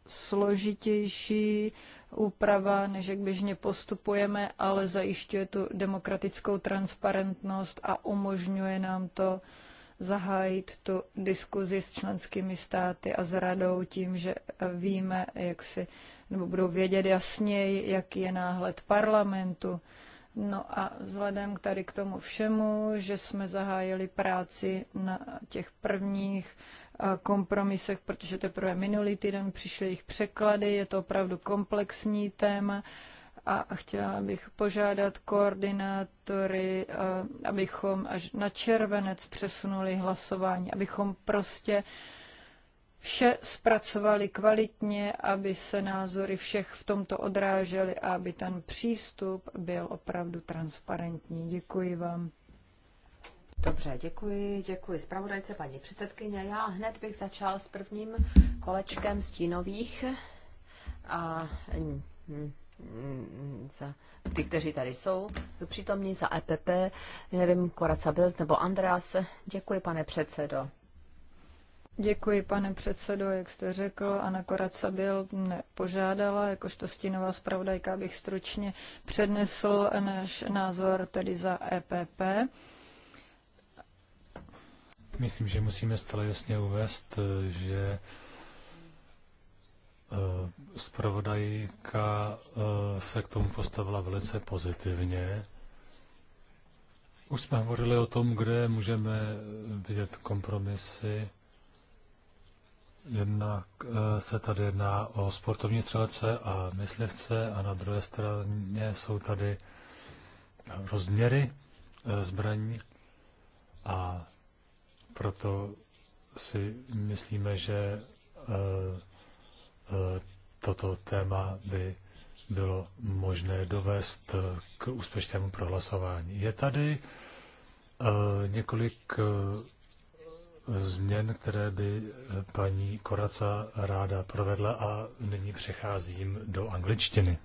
složitější úprava, než jak běžně postupujeme, ale zajišťuje tu demokratickou transparentnost a umožňuje nám to zahájit tu diskuzi s členskými státy a s radou tím, že víme, jak si, nebo budou vědět jasněji, jaký je náhled parlamentu. No a vzhledem k tady k tomu všemu, že jsme zahájili práci na těch prvních Eh, kompromisech, protože teprve minulý týden přišly jejich překlady, je to opravdu komplexní téma a chtěla bych požádat koordinátory, eh, abychom až na červenec přesunuli hlasování, abychom prostě vše zpracovali kvalitně, aby se názory všech v tomto odrážely a aby ten přístup byl opravdu transparentní. Děkuji vám. Dobře, děkuji, děkuji zpravodajce paní předsedkyně. Já hned bych začal s prvním kolečkem stínových a mm, mm, za ty, kteří tady jsou přítomní za EPP, nevím, Koraca byl nebo Andreas. Děkuji, pane předsedo. Děkuji, pane předsedo, jak jste řekl. Ana Koraca byl požádala, jakožto stínová zpravodajka, abych stručně přednesl náš názor tedy za EPP. Myslím, že musíme stále jasně uvést, eh, že eh, zpravodajka eh, se k tomu postavila velice pozitivně. Už jsme hovořili o tom, kde můžeme vidět kompromisy. Jednak se tady jedná o sportovní střelce a myslivce a na druhé straně jsou tady rozměry zbraní a proto si myslíme, že eh, eh, toto téma by bylo možné dovést k úspěšnému prohlasování. Je tady eh, několik změn, které by paní Koraca ráda provedla a nyní přecházím do angličtiny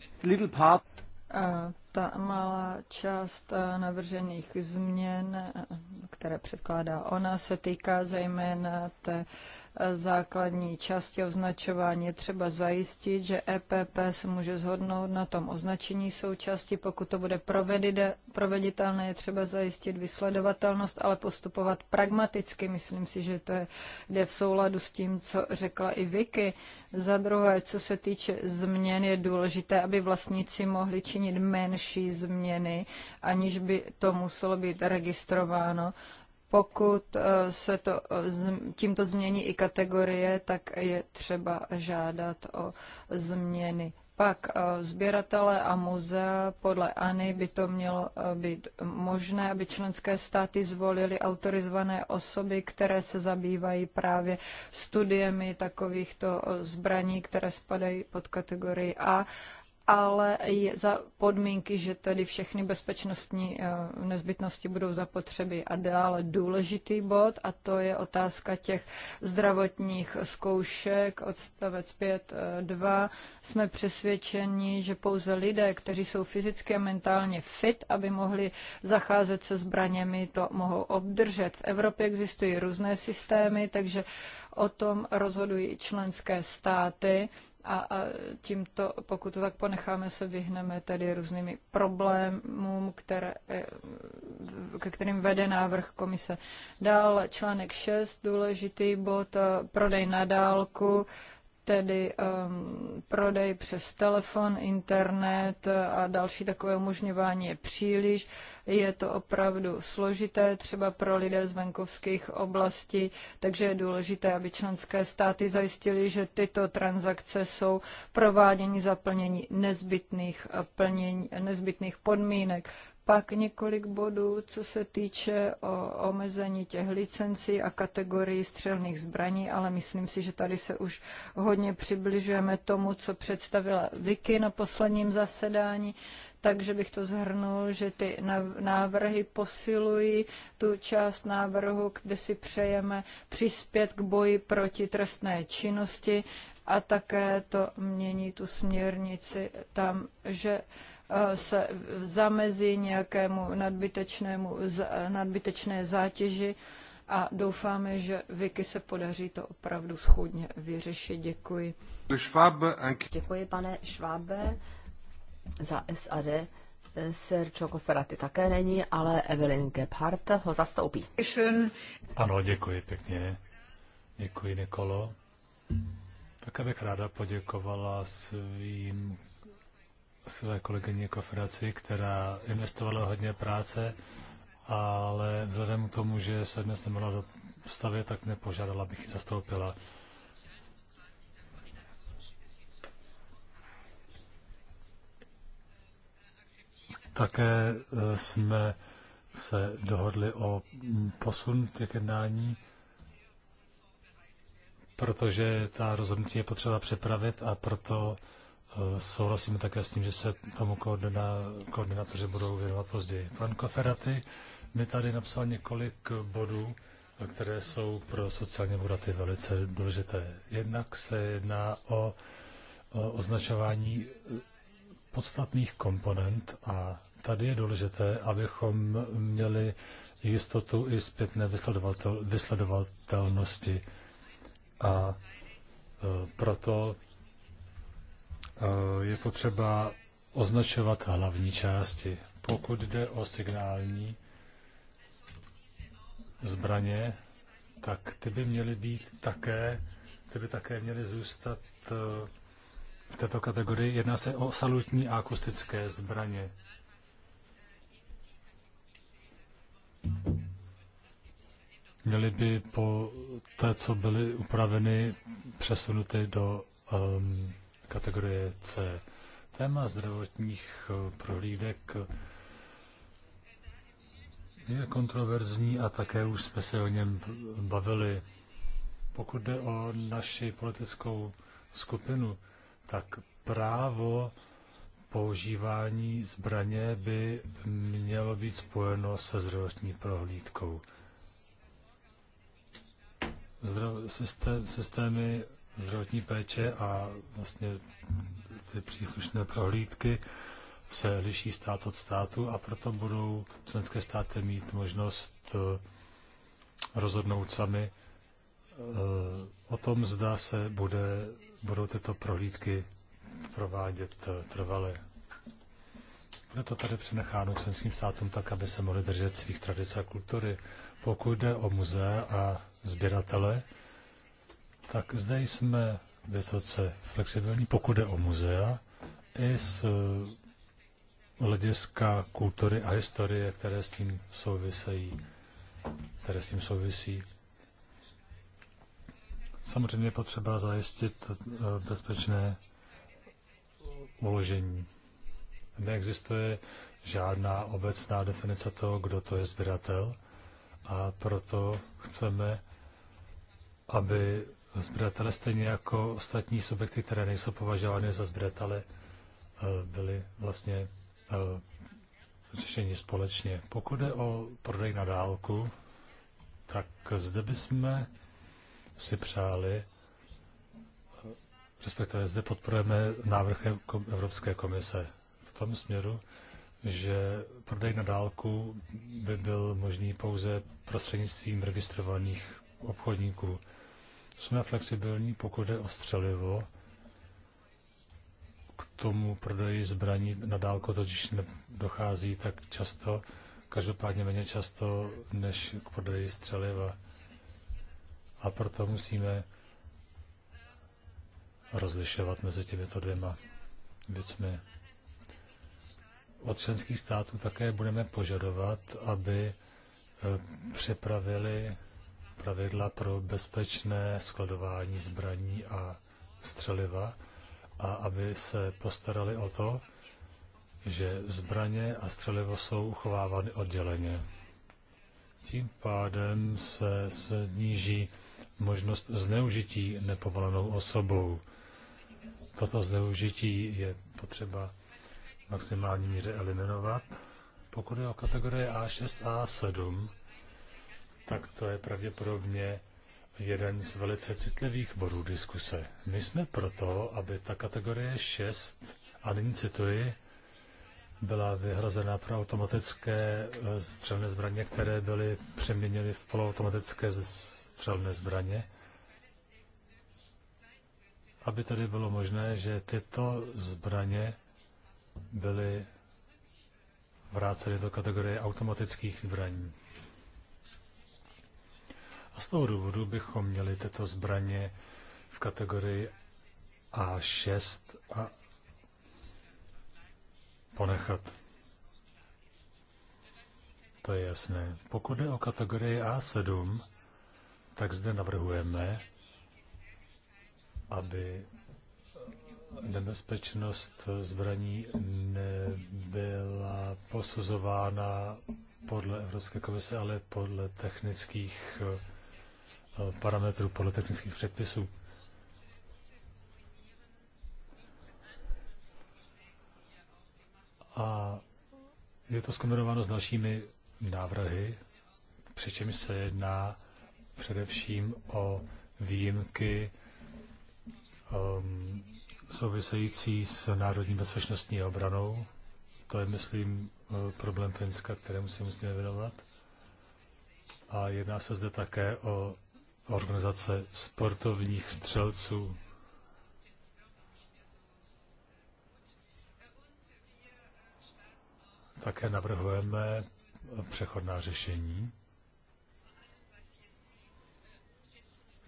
ta malá část eh, navržených změn, eh, které předkládá ona, se týká zejména té základní části označování. Je třeba zajistit, že EPP se může zhodnout na tom označení součásti. Pokud to bude proveditelné, je třeba zajistit vysledovatelnost, ale postupovat pragmaticky. Myslím si, že to je, jde v souladu s tím, co řekla i Vicky. Za druhé, co se týče změn, je důležité, aby vlastníci mohli činit menší změny, aniž by to muselo být registrováno pokud eh, se to, eh, tímto změní i kategorie, tak je třeba žádat o změny. Pak eh, sběratele a muzea podle ANY by to mělo být možné, aby členské státy zvolily autorizované osoby, které se zabývají právě studiemi takovýchto zbraní, které spadají pod kategorii A ale je za podmínky, že tedy všechny bezpečnostní eh, nezbytnosti budou zapotřeby. A dále důležitý bod, a to je otázka těch zdravotních zkoušek, odstavec 5.2. Eh, Jsme přesvědčeni, že pouze lidé, kteří jsou fyzicky a mentálně fit, aby mohli zacházet se zbraněmi, to mohou obdržet. V Evropě existují různé systémy, takže o tom rozhodují členské státy a, a tímto, pokud to tak ponecháme, se vyhneme tady různými problémům, které, eh, ke kterým vede návrh komise. Dále článek 6, důležitý bod, eh, prodej na dálku tedy um, prodej přes telefon, internet a další takové umožňování je příliš. Je to opravdu složité třeba pro lidé z venkovských oblastí, takže je důležité, aby členské státy zajistili, že tyto transakce jsou provádění zaplnění nezbytných, eh, plnění, nezbytných podmínek. Pak několik bodů, co se týče o omezení těch licencí a kategorii střelných zbraní, ale myslím si, že tady se už hodně přibližujeme tomu, co představila Vicky na posledním zasedání. Takže bych to zhrnul, že ty návrhy posilují tu část návrhu, kde si přejeme přispět k boji proti trestné činnosti a také to mění tu směrnici tam, že Eh, se zamezí nějakému nadbytečnému, eh, nadbytečné zátěži a doufáme, že Vicky se podaří to opravdu schůdně vyřešit. Děkuji. Děkuji, pane Švábe, za SAD. Eh, Sergio Cofferati také není, ale Evelyn Gebhardt ho zastoupí. Ano, děkuji pěkně. Děkuji, Nikolo. Také bych ráda poděkovala svým své kolegyně Kofraci, jako která investovala hodně práce, ale vzhledem k tomu, že se dnes nemohla dostavit, tak nepožádala, abych ji zastoupila. Také eh, jsme se dohodli o posun těch jednání, protože ta rozhodnutí je potřeba přepravit a proto Eh, souhlasíme také s tím, že se tomu koordina, koordinátoři budou věnovat později. Pan Koferaty mi tady napsal několik bodů, které jsou pro sociální bodaty velice důležité. Jednak se jedná o, o označování eh, podstatných komponent a tady je důležité, abychom měli jistotu i zpětné vysledovatel, vysledovatelnosti. A eh, proto Eh, je potřeba označovat hlavní části. Pokud jde o signální zbraně, tak ty by měly být také, ty by také měly zůstat eh, v této kategorii. Jedná se o salutní a akustické zbraně. Měly by po té, co byly upraveny, přesunuty do um, kategorie C. Téma zdravotních eh, prohlídek eh, je kontroverzní a také už jsme se o něm bavili. Pokud jde o naši politickou skupinu, tak právo používání zbraně by mělo být spojeno se zdravotní prohlídkou. Zdrav- systémy zdravotní péče a vlastně ty příslušné prohlídky se liší stát od státu a proto budou členské státy mít možnost eh, rozhodnout sami eh, o tom, zda se bude, budou tyto prohlídky provádět eh, trvale. Bude to tady přenecháno členským státům tak, aby se mohli držet svých tradic a kultury. Pokud jde o muzea a sběratele, tak zde jsme vysoce flexibilní, pokud jde o muzea, i z eh, hlediska kultury a historie, které s tím souvisejí, které s tím souvisí. Samozřejmě je potřeba zajistit eh, bezpečné uložení. Neexistuje žádná obecná definice toho, kdo to je sběratel a proto chceme, aby sběratele, stejně jako ostatní subjekty, které nejsou považovány za sběratele, eh, byly vlastně eh, řešení společně. Pokud je o prodej na dálku, tak zde bychom si přáli, eh, respektive zde podporujeme návrh Evropské komise v tom směru, že prodej na dálku by byl možný pouze prostřednictvím registrovaných obchodníků. Jsme flexibilní, pokud je o střelivo. K tomu prodeji zbraní na dálku totiž nedochází tak často, každopádně méně často, než k prodeji střeliva. A proto musíme rozlišovat mezi těmito dvěma věcmi. Od členských států také budeme požadovat, aby eh, připravili pravidla pro bezpečné skladování zbraní a střeliva a aby se postarali o to, že zbraně a střelivo jsou uchovávány odděleně. Tím pádem se sníží možnost zneužití nepovolenou osobou. Toto zneužití je potřeba v maximální míře eliminovat. Pokud je o kategorie A6 a A7, tak to je pravděpodobně jeden z velice citlivých bodů diskuse. My jsme proto, aby ta kategorie 6, a nyní cituji, byla vyhrazena pro automatické eh, střelné zbraně, které byly přeměněny v poloautomatické střelné zbraně, aby tady bylo možné, že tyto zbraně byly vráceny do kategorie automatických zbraní. A z toho důvodu bychom měli tyto zbraně v kategorii A6 a ponechat. To je jasné. Pokud je o kategorii A7, tak zde navrhujeme, aby nebezpečnost zbraní nebyla posuzována podle Evropské komise, ale podle technických parametrů podle technických předpisů. A je to zkombinováno s dalšími návrhy, přičemž se jedná především o výjimky um, související s národní bezpečnostní obranou. To je, myslím, uh, problém Finska, kterému se musíme věnovat. A jedná se zde také o organizace sportovních střelců. Také navrhujeme přechodná řešení.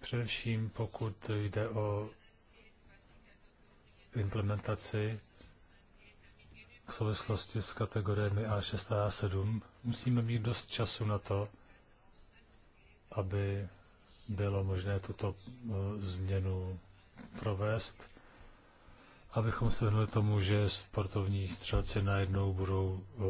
Především pokud jde o implementaci v souvislosti s kategoriemi A6 a A7, musíme mít dost času na to, aby bylo možné tuto eh, změnu provést, abychom se vyhnuli tomu, že sportovní střelci najednou budou eh,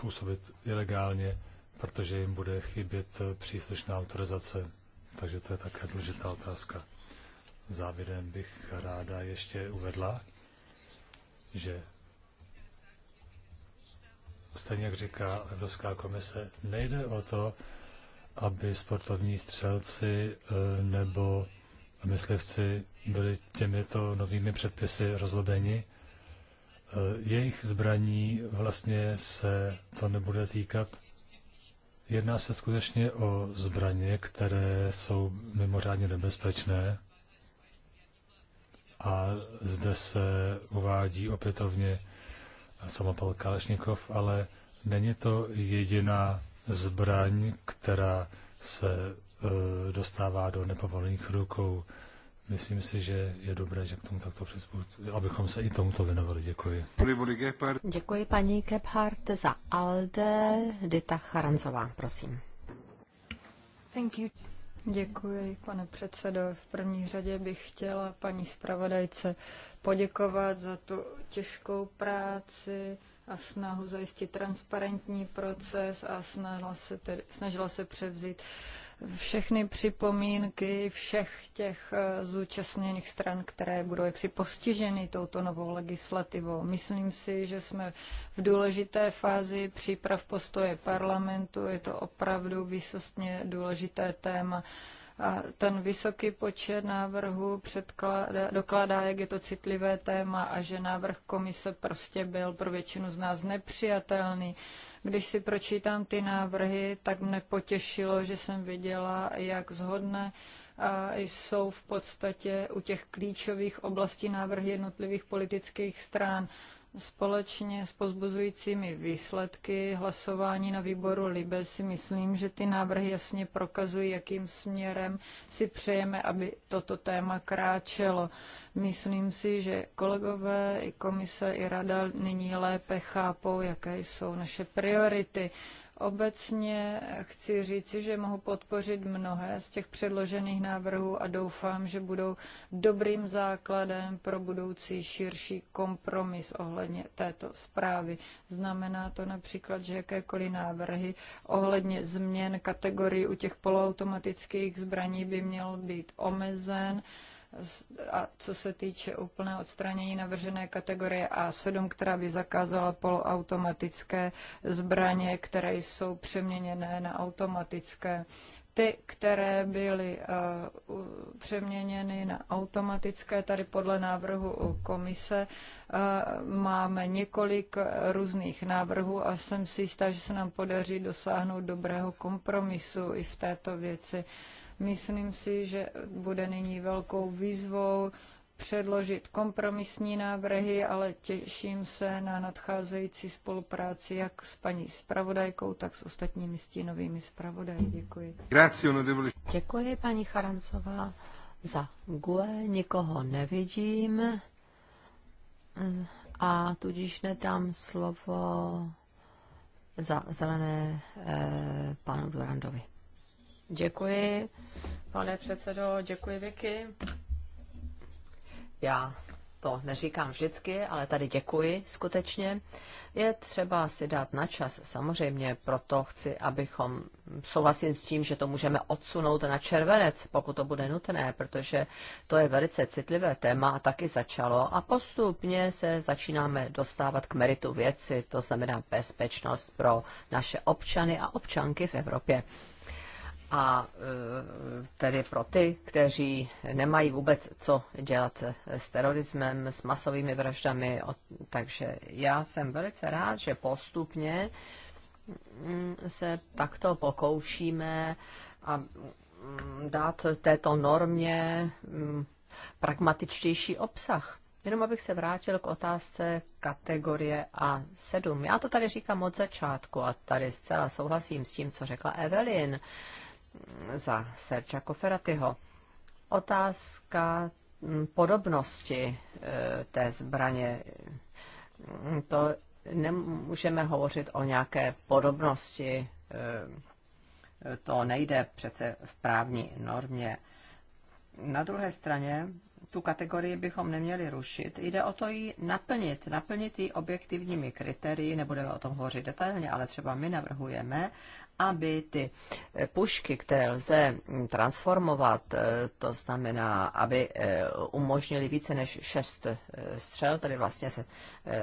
působit ilegálně, protože jim bude chybět eh, příslušná autorizace. Takže to je také důležitá otázka. Závěrem bych ráda ještě uvedla, že stejně jak říká Evropská komise, nejde o to, aby sportovní střelci eh, nebo myslivci byli těmito novými předpisy rozlobeni. Eh, jejich zbraní vlastně se to nebude týkat. Jedná se skutečně o zbraně, které jsou mimořádně nebezpečné. A zde se uvádí opětovně samopal Kalešnikov, ale není to jediná zbraň, která se e, dostává do nepovolených rukou. Myslím si, že je dobré, že k tomu takto přizpůj, abychom se i tomuto věnovali. Děkuji. Děkuji paní Gebhardt za ALDE. Dita Charanzová, prosím. Thank you. Děkuji, pane předsedo. V první řadě bych chtěla paní zpravodajce poděkovat za tu těžkou práci, a snahu zajistit transparentní proces a snažila se, tedy, snažila se převzít všechny připomínky všech těch eh, zúčastněných stran, které budou jaksi postiženy touto novou legislativou. Myslím si, že jsme v důležité fázi příprav postoje parlamentu. Je to opravdu výsostně důležité téma a ten vysoký počet návrhů předkládá, dokládá, jak je to citlivé téma a že návrh komise prostě byl pro většinu z nás nepřijatelný. Když si pročítám ty návrhy, tak mne potěšilo, že jsem viděla, jak zhodné jsou v podstatě u těch klíčových oblastí návrhy jednotlivých politických stran společně s pozbuzujícími výsledky hlasování na výboru Libe si myslím, že ty návrhy jasně prokazují, jakým směrem si přejeme, aby toto téma kráčelo. Myslím si, že kolegové i komise i rada nyní lépe chápou, jaké jsou naše priority. Obecně chci říci, že mohu podpořit mnohé z těch předložených návrhů a doufám, že budou dobrým základem pro budoucí širší kompromis ohledně této zprávy. Znamená to například, že jakékoliv návrhy ohledně změn kategorii u těch poloautomatických zbraní by měl být omezen a co se týče úplného odstranění navržené kategorie A7, která by zakázala poloautomatické zbraně, které jsou přeměněné na automatické. Ty, které byly uh, přeměněny na automatické, tady podle návrhu komise uh, máme několik různých návrhů a jsem si jistá, že se nám podaří dosáhnout dobrého kompromisu i v této věci. Uh, Myslím si, že bude nyní velkou výzvou předložit kompromisní návrhy, ale těším se na nadcházející spolupráci jak s paní spravodajkou, tak s ostatními stínovými spravodaji. Děkuji. Děkuji, paní Charancová, za GUE. Nikoho nevidím a tudíž nedám slovo za zelené eh, panu Durandovi. Děkuji, pane předsedo, děkuji Vicky. Já to neříkám vždycky, ale tady děkuji skutečně. Je třeba si dát na čas, samozřejmě proto chci, abychom souhlasím s tím, že to můžeme odsunout na červenec, pokud to bude nutné, protože to je velice citlivé téma a taky začalo a postupně se začínáme dostávat k meritu věci, to znamená bezpečnost pro naše občany a občanky v Evropě a e, tedy pro ty, kteří nemají vůbec co dělat s terorismem, s masovými vraždami. Takže já jsem velice rád, že postupně mm, se takto pokoušíme a mm, dát této normě mm, pragmatičtější obsah. Jenom abych se vrátil k otázce kategorie A7. Já to tady říkám od začátku a tady zcela souhlasím s tím, co řekla Evelyn za Serča Koferatyho. Otázka mm, podobnosti e, té zbraně. Mm, to nemůžeme hovořit o nějaké podobnosti, e, to nejde přece v právní normě. Na druhé straně tu kategorii bychom neměli rušit. Jde o to ji naplnit, naplnit ji objektivními kritérii, nebudeme o tom hovořit detailně, ale třeba my navrhujeme, aby ty eh, pušky, které lze mm, transformovat, eh, to znamená, aby eh, umožnili více než šest střel, tedy vlastně se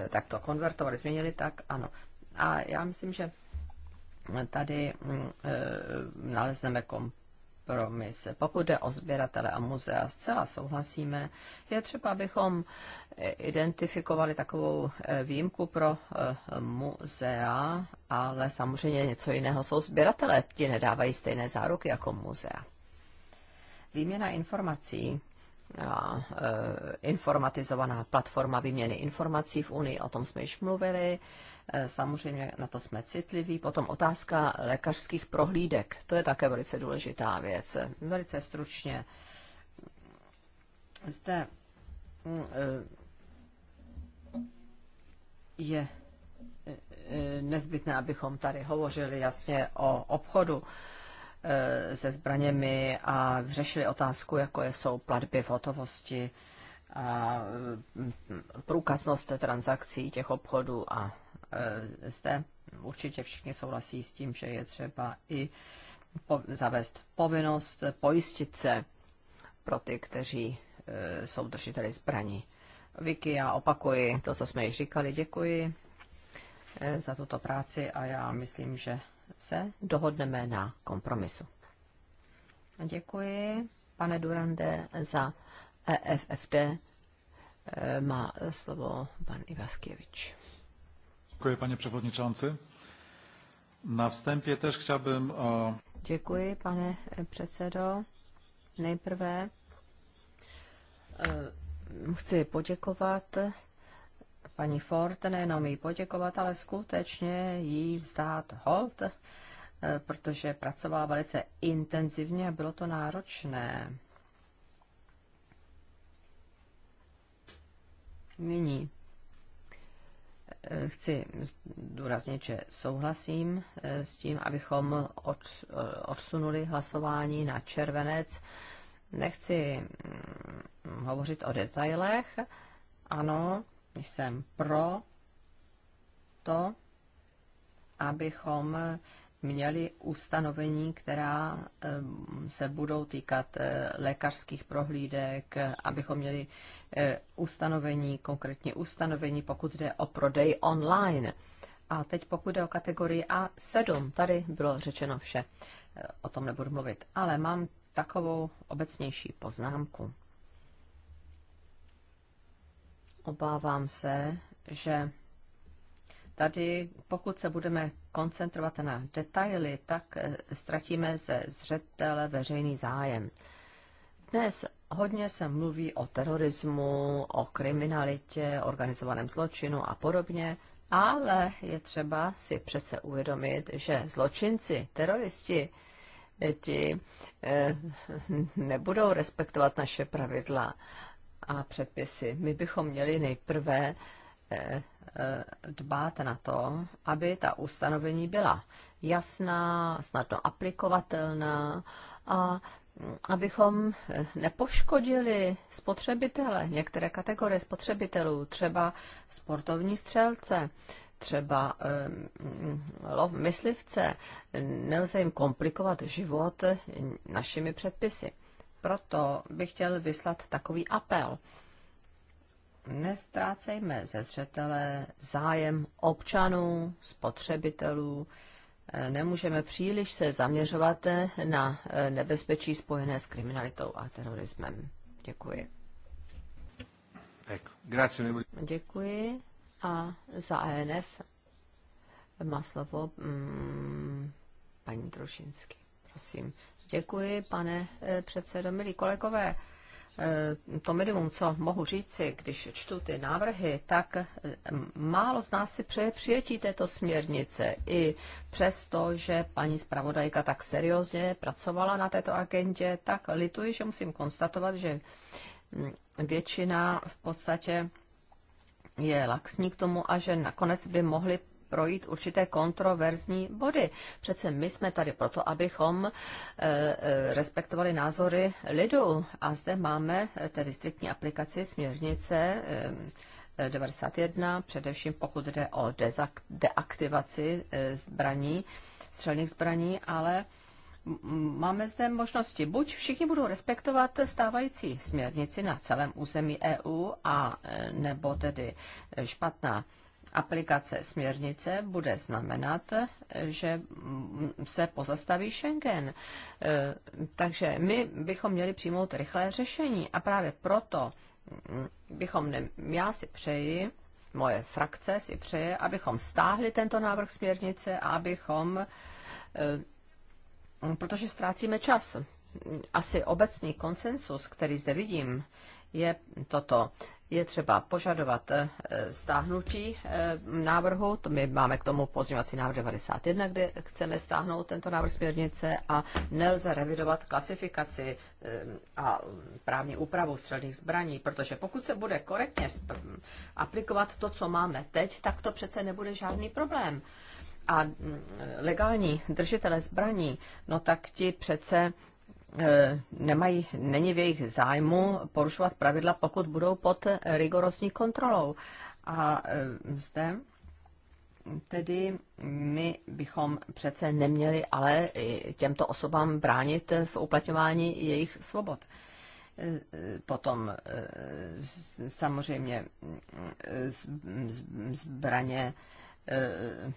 takto konvertovali, změnili, tak ano. A já myslím, že tady mm, nalezneme kompromis kompromis. Pokud jde o sběratele a muzea, zcela souhlasíme. Je třeba, abychom identifikovali takovou eh, výjimku pro eh, muzea, ale samozřejmě něco jiného jsou sběratele. Ti nedávají stejné záruky jako muzea. Výměna informací a eh, informatizovaná platforma výměny informací v Unii, o tom jsme již mluvili. Eh, samozřejmě na to jsme citliví. Potom otázka lékařských prohlídek. To je také velice důležitá věc. Velice stručně. Zde mm, eh, je eh, nezbytné, abychom tady hovořili jasně o obchodu se zbraněmi a řešili otázku, jako jsou platby v hotovosti a mm, průkaznost transakcí těch obchodů a Eh, zde určitě všichni souhlasí s tím, že je třeba i po, zavést povinnost pojistit se pro ty, kteří e, jsou držiteli zbraní. Vicky, já opakuji to, co jsme již říkali. Děkuji e, za tuto práci a já myslím, že se dohodneme na kompromisu. Děkuji, pane Durande, za EFFD. E, má slovo pan Ivaskevič. Děkuji, pane předsedající. Na vstępie też chciałbym o... Děkuji, pane předsedo. Nejprve e, chci poděkovat paní Ford, nejenom jí poděkovat, ale skutečně jí vzdát hold, e, protože pracovala velice intenzivně a bylo to náročné. Nyní Eh, chci důraznit, že souhlasím eh, s tím, abychom od, eh, odsunuli hlasování na červenec. Nechci mm, hovořit o detailech. Ano, jsem pro to, abychom měli ustanovení, která se budou týkat eh, lékařských prohlídek, abychom měli eh, ustanovení, konkrétně ustanovení, pokud jde o prodej online. A teď pokud jde o kategorii A7, tady bylo řečeno vše, eh, o tom nebudu mluvit, ale mám takovou obecnější poznámku. Obávám se, že tady, pokud se budeme koncentrovat na detaily, tak eh, ztratíme ze zřetele veřejný zájem. Dnes hodně se mluví o terorismu, o kriminalitě, organizovaném zločinu a podobně, ale je třeba si přece uvědomit, že zločinci, teroristi, eh, ti eh, nebudou respektovat naše pravidla a předpisy. My bychom měli nejprve dbát na to, aby ta ustanovení byla jasná, snadno aplikovatelná a abychom nepoškodili spotřebitele, některé kategorie spotřebitelů, třeba sportovní střelce, třeba eh, lov myslivce. Nelze jim komplikovat život našimi předpisy. Proto bych chtěl vyslat takový apel nestrácejme ze zřetele zájem občanů, spotřebitelů, eh, nemůžeme příliš se zaměřovat eh, na eh, nebezpečí spojené s kriminalitou a terorismem. Děkuji. Děkuji. A za ANF e má slovo mm, paní Trošinsky. Prosím. Děkuji, pane předsedo, milí kolegové. Eh, to minimum, co mohu říci, když čtu ty návrhy, tak eh, málo z nás si přeje přijetí této směrnice. I přesto, že paní zpravodajka tak seriózně pracovala na této agendě, tak lituji, že musím konstatovat, že hm, většina v podstatě je laxní k tomu a že nakonec by mohli projít určité kontroverzní body. Přece my jsme tady proto, abychom eh, eh, respektovali názory lidu. A zde máme eh, tedy striktní aplikaci směrnice 91, především pokud jde o deaktivaci zbraní, střelných zbraní, ale máme zde možnosti. Buď všichni budou respektovat stávající směrnici na celém území EU, a nebo tedy špatná aplikace směrnice bude znamenat, že se pozastaví Schengen. E, takže my bychom měli přijmout rychlé řešení a právě proto bychom, ne, já si přeji, moje frakce si přeje, abychom stáhli tento návrh směrnice a abychom, e, protože ztrácíme čas, asi obecný konsensus, který zde vidím, je toto je třeba požadovat eh, stáhnutí eh, návrhu. To my máme k tomu pozměňovací návrh 91, kde chceme stáhnout tento návrh směrnice a nelze revidovat klasifikaci eh, a právní úpravu střelných zbraní, protože pokud se bude korektně aplikovat to, co máme teď, tak to přece nebude žádný problém. A mm, legální držitele zbraní, no tak ti přece E, nemají, není v jejich zájmu porušovat pravidla, pokud budou pod rigorózní kontrolou. A e, zde tedy my bychom přece neměli ale těmto osobám bránit v uplatňování jejich svobod. E, potom samozřejmě zbraně Eh,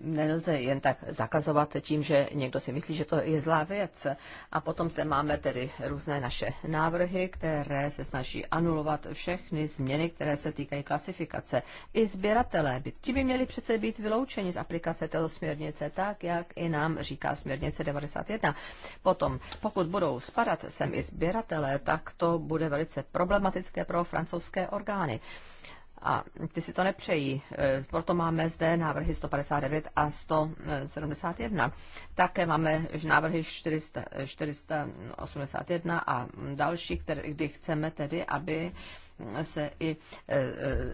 nelze jen tak zakazovat tím, že někdo si myslí, že to je zlá věc. A potom zde máme tedy různé naše návrhy, které se snaží anulovat všechny změny, které se týkají klasifikace. I sběratelé, ti by měli přece být vyloučeni z aplikace této směrnice, tak jak i nám říká směrnice 91. Potom, pokud budou spadat sem i sběratelé, tak to bude velice problematické pro francouzské orgány a ty si to nepřejí. E, proto máme zde návrhy 159 a 171. Také máme návrhy 400, 481 a další, které, kdy chceme tedy, aby se i e,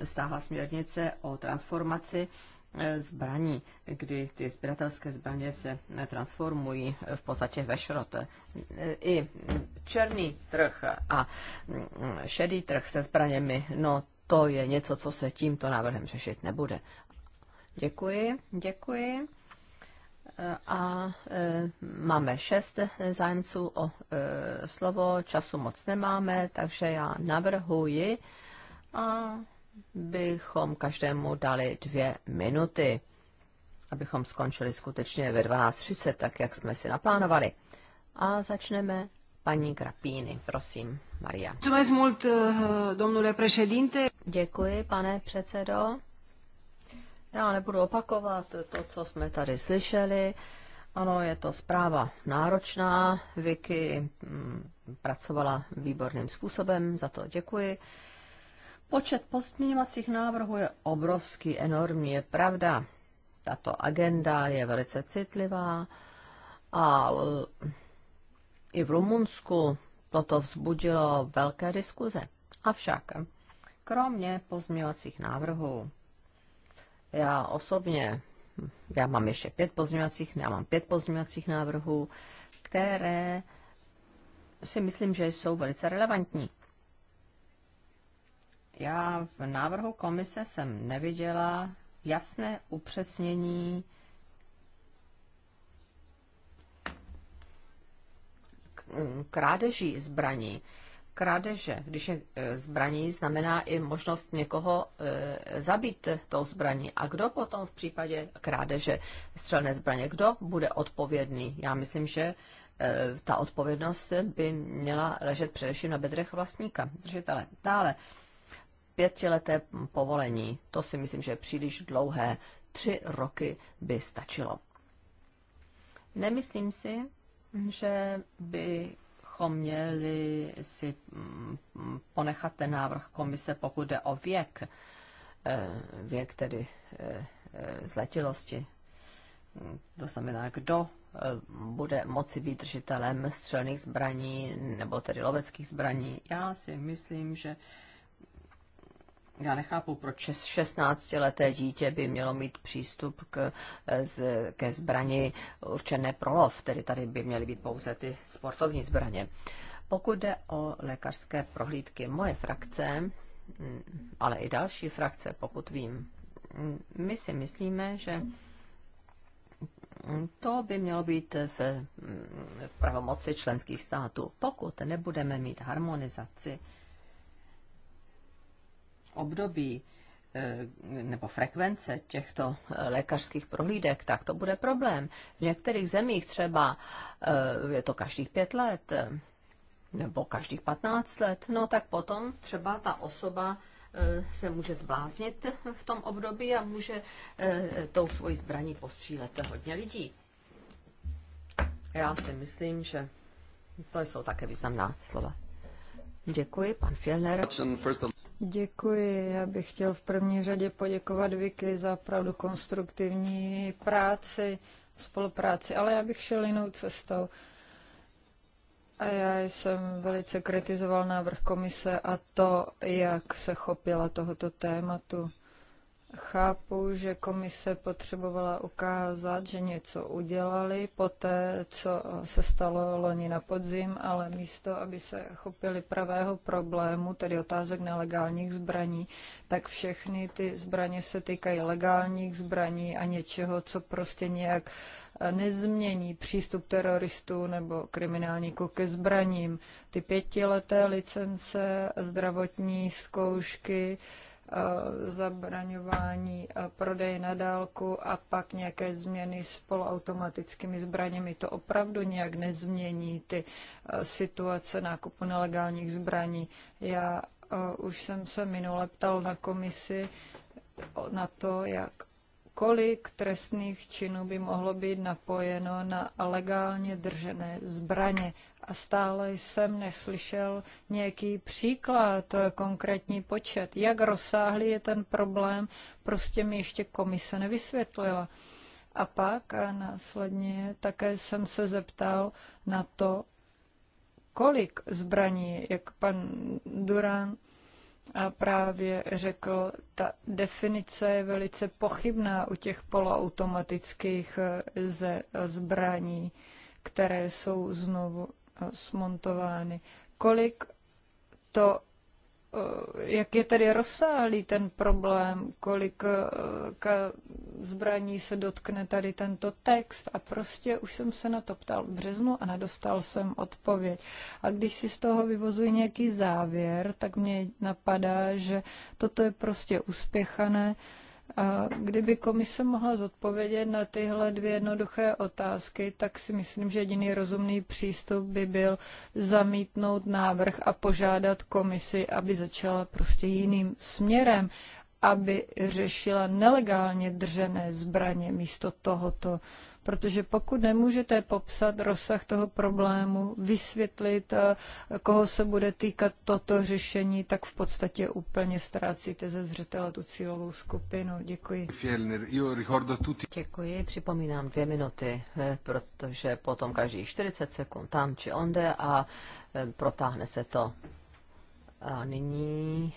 e, stáhla směrnice o transformaci zbraní, kdy ty sběratelské zbraně se transformují v podstatě ve šrot. I černý trh a šedý trh se zbraněmi, no to je něco, co se tímto návrhem řešit nebude. Děkuji, děkuji. A e, máme šest zájemců o e, slovo, času moc nemáme, takže já navrhuji, abychom každému dali dvě minuty, abychom skončili skutečně ve 12.30, tak jak jsme si naplánovali. A začneme paní Grapíny, prosím, Maria. Mulțumesc mult, e, domnule președinte. Děkuji, pane předsedo. Já nebudu opakovat to, co jsme tady slyšeli. Ano, je to zpráva náročná. Vicky mm, pracovala výborným způsobem, za to děkuji. Počet pozměňovacích návrhů je obrovský, enormní, je pravda. Tato agenda je velice citlivá a i v Rumunsku toto vzbudilo velké diskuze. Avšak kromě pozměňovacích návrhů. Já osobně, já mám ještě pět pozměňovacích, já mám pět pozměňovacích návrhů, které si myslím, že jsou velice relevantní. Já v návrhu komise jsem neviděla jasné upřesnění krádeží zbraní krádeže, když je e, zbraní, znamená i možnost někoho e, zabít tou zbraní. A kdo potom v případě krádeže střelné zbraně, kdo bude odpovědný? Já myslím, že e, ta odpovědnost by měla ležet především na bedrech vlastníka, držitele. Dále, pětileté povolení, to si myslím, že je příliš dlouhé, tři roky by stačilo. Nemyslím si, že by bychom měli si mm, ponechat ten návrh komise, pokud jde o věk, eh, věk tedy eh, eh, zletilosti. To znamená, kdo bude moci být držitelem střelných zbraní nebo tedy loveckých zbraní. Já si myslím, že já nechápu, proč 16-leté dítě by mělo mít přístup k, eh, z, ke zbrani určené pro lov, tedy tady by měly být pouze ty sportovní zbraně. Pokud jde o lékařské prohlídky, moje frakce, mm, ale i další frakce, pokud vím, mm, my si myslíme, že to by mělo být v, mm, v pravomoci členských států. Pokud nebudeme mít harmonizaci, období eh, nebo frekvence těchto eh, lékařských prohlídek, tak to bude problém. V některých zemích třeba eh, je to každých pět let nebo každých patnáct let, no tak potom třeba ta osoba se může zbláznit v tom období a může tou svojí zbraní postřílet hodně lidí. Já si myslím, že to jsou také významná slova. Děkuji, pan Fjellner. Děkuji. Já bych chtěl v první řadě poděkovat Vicky za opravdu konstruktivní práci, spolupráci, ale já bych šel jinou cestou. A já jsem velice kritizoval návrh komise a to, jak se chopila tohoto tématu. Chápu, že komise potřebovala ukázat, že něco udělali po té, co se stalo loni na podzim, ale místo, aby se chopili pravého problému, tedy otázek nelegálních zbraní, tak všechny ty zbraně se týkají legálních zbraní a něčeho, co prostě nějak eh, nezmění přístup teroristů nebo kriminálníků ke zbraním. Ty pětileté licence, zdravotní zkoušky, Eh, zabraňování eh, prodeje na dálku a pak nějaké změny s poloautomatickými zbraněmi. To opravdu nějak nezmění ty eh, situace nákupu nelegálních zbraní. Já už jsem se minule ptal na komisi na to, jak kolik trestných činů by mohlo být napojeno na legálně držené zbraně a stále jsem neslyšel nějaký příklad, eh, konkrétní počet. Jak rozsáhlý je ten problém, prostě mi ještě komise nevysvětlila. A pak a eh, následně také jsem se zeptal na to, kolik zbraní, jak pan Duran a právě řekl, ta definice je velice pochybná u těch poloautomatických eh, zbraní, které jsou znovu Eh, smontovány. Kolik to, eh, jak je tedy rozsáhlý ten problém, kolik eh, zbraní se dotkne tady tento text a prostě už jsem se na to ptal v březnu a nedostal jsem odpověď. A když si z toho vyvozuji nějaký závěr, tak mě napadá, že toto je prostě uspěchané, kdyby komise mohla zodpovědět na tyhle dvě jednoduché otázky, tak si myslím, že jediný rozumný přístup by byl zamítnout návrh a požádat komisi, aby začala prostě jiným směrem, aby řešila nelegálně držené zbraně místo tohoto uh, Protože pokud nemůžete popsat rozsah toho problému, vysvětlit, eh, koho se bude týkat toto řešení, tak v podstatě úplně ztrácíte ze zřetela tu cílovou skupinu. Děkuji. Děkuji, připomínám dvě minuty, eh, protože potom každý 40 sekund tam či onde a eh, protáhne se to. A nyní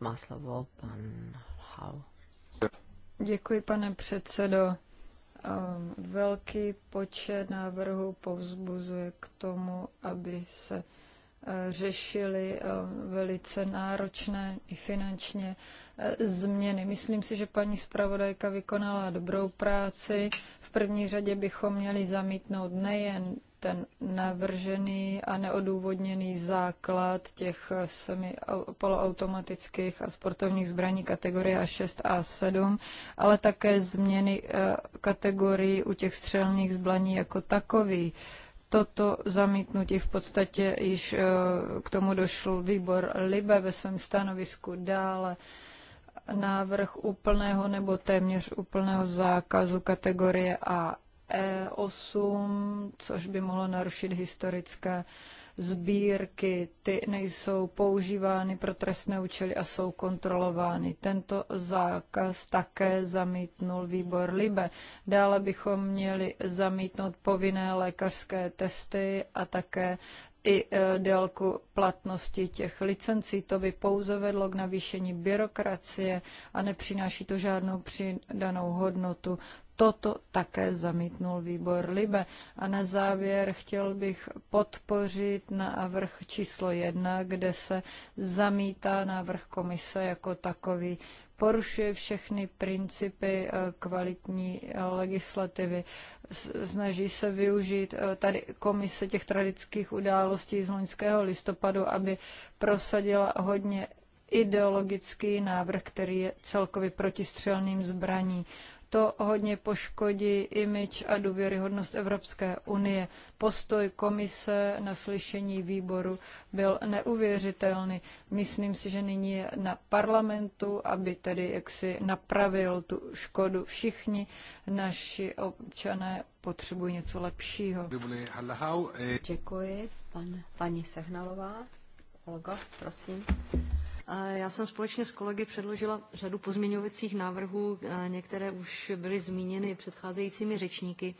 má slovo pan Hau. Děkuji, pane předsedo. Um, velký počet návrhů povzbuzuje k tomu, aby se uh, řešili um, velice náročné i finančně uh, změny. Myslím si, že paní zpravodajka vykonala dobrou práci. V první řadě bychom měli zamítnout nejen ten navržený a neodůvodněný základ těch semi poloautomatických a sportovních zbraní kategorie A6 a 7, ale také změny eh, kategorii u těch střelných zbraní jako takový. Toto zamítnutí v podstatě již eh, k tomu došel výbor Libe ve svém stanovisku dále návrh úplného nebo téměř úplného zákazu kategorie A E8, což by mohlo narušit historické sbírky. Ty nejsou používány pro trestné účely a jsou kontrolovány. Tento zákaz také zamítnul výbor Libe. Dále bychom měli zamítnout povinné lékařské testy a také i e, délku platnosti těch licencí. To by pouze vedlo k navýšení byrokracie a nepřináší to žádnou přidanou hodnotu toto také zamítnul výbor Libe. A na závěr chtěl bych podpořit návrh číslo jedna, kde se zamítá návrh komise jako takový. Porušuje všechny principy eh, kvalitní legislativy. Snaží se využít eh, tady komise těch tradických událostí z loňského listopadu, aby prosadila hodně ideologický návrh, který je celkově protistřelným zbraní. To hodně poškodí imič a důvěryhodnost Evropské unie. Postoj komise na slyšení výboru byl neuvěřitelný. Myslím si, že nyní je na parlamentu, aby tedy jaksi napravil tu škodu. Všichni naši občané potřebují něco lepšího. Děkuji, pan, paní Sehnalová. Olga, prosím. Já jsem společně s kolegy předložila řadu pozměňovacích návrhů, některé už byly zmíněny předcházejícími řečníky.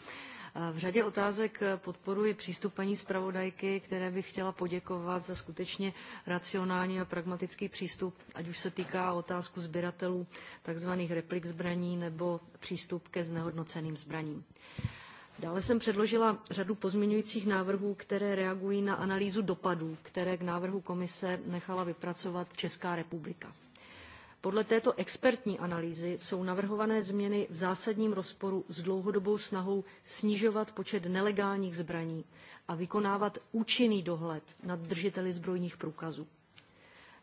V řadě otázek podporuji přístup paní zpravodajky, které bych chtěla poděkovat za skutečně racionální a pragmatický přístup, ať už se týká otázku sběratelů tzv. replik zbraní nebo přístup ke znehodnoceným zbraním. Dále jsem předložila řadu pozměňujících návrhů, které reagují na analýzu dopadů, které k návrhu komise nechala vypracovat Česká republika. Podle této expertní analýzy jsou navrhované změny v zásadním rozporu s dlouhodobou snahou snižovat počet nelegálních zbraní a vykonávat účinný dohled nad držiteli zbrojních průkazů.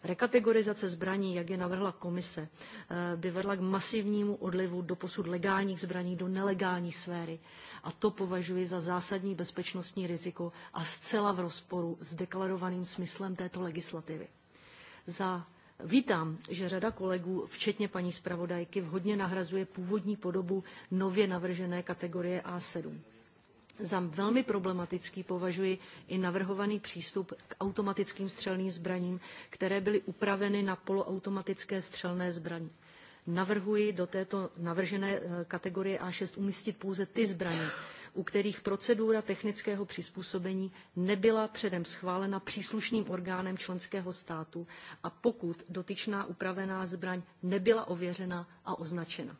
Rekategorizace zbraní, jak je navrhla komise, eh, by vedla k masivnímu odlivu doposud legálních zbraní do nelegální sféry. A to považuji za zásadní bezpečnostní riziko a zcela v rozporu s deklarovaným smyslem této legislativy. Za Vítám, že řada kolegů, včetně paní zpravodajky, vhodně nahrazuje původní podobu nově navržené kategorie A7. Za velmi problematický považuji i navrhovaný přístup k automatickým střelným zbraním, které byly upraveny na poloautomatické střelné zbraně. Navrhuji do této navržené eh, kategorie A6 umístit pouze ty zbraně, u kterých procedura technického přizpůsobení nebyla předem schválena příslušným orgánem členského státu a pokud dotyčná upravená zbraň nebyla ověřena a označena.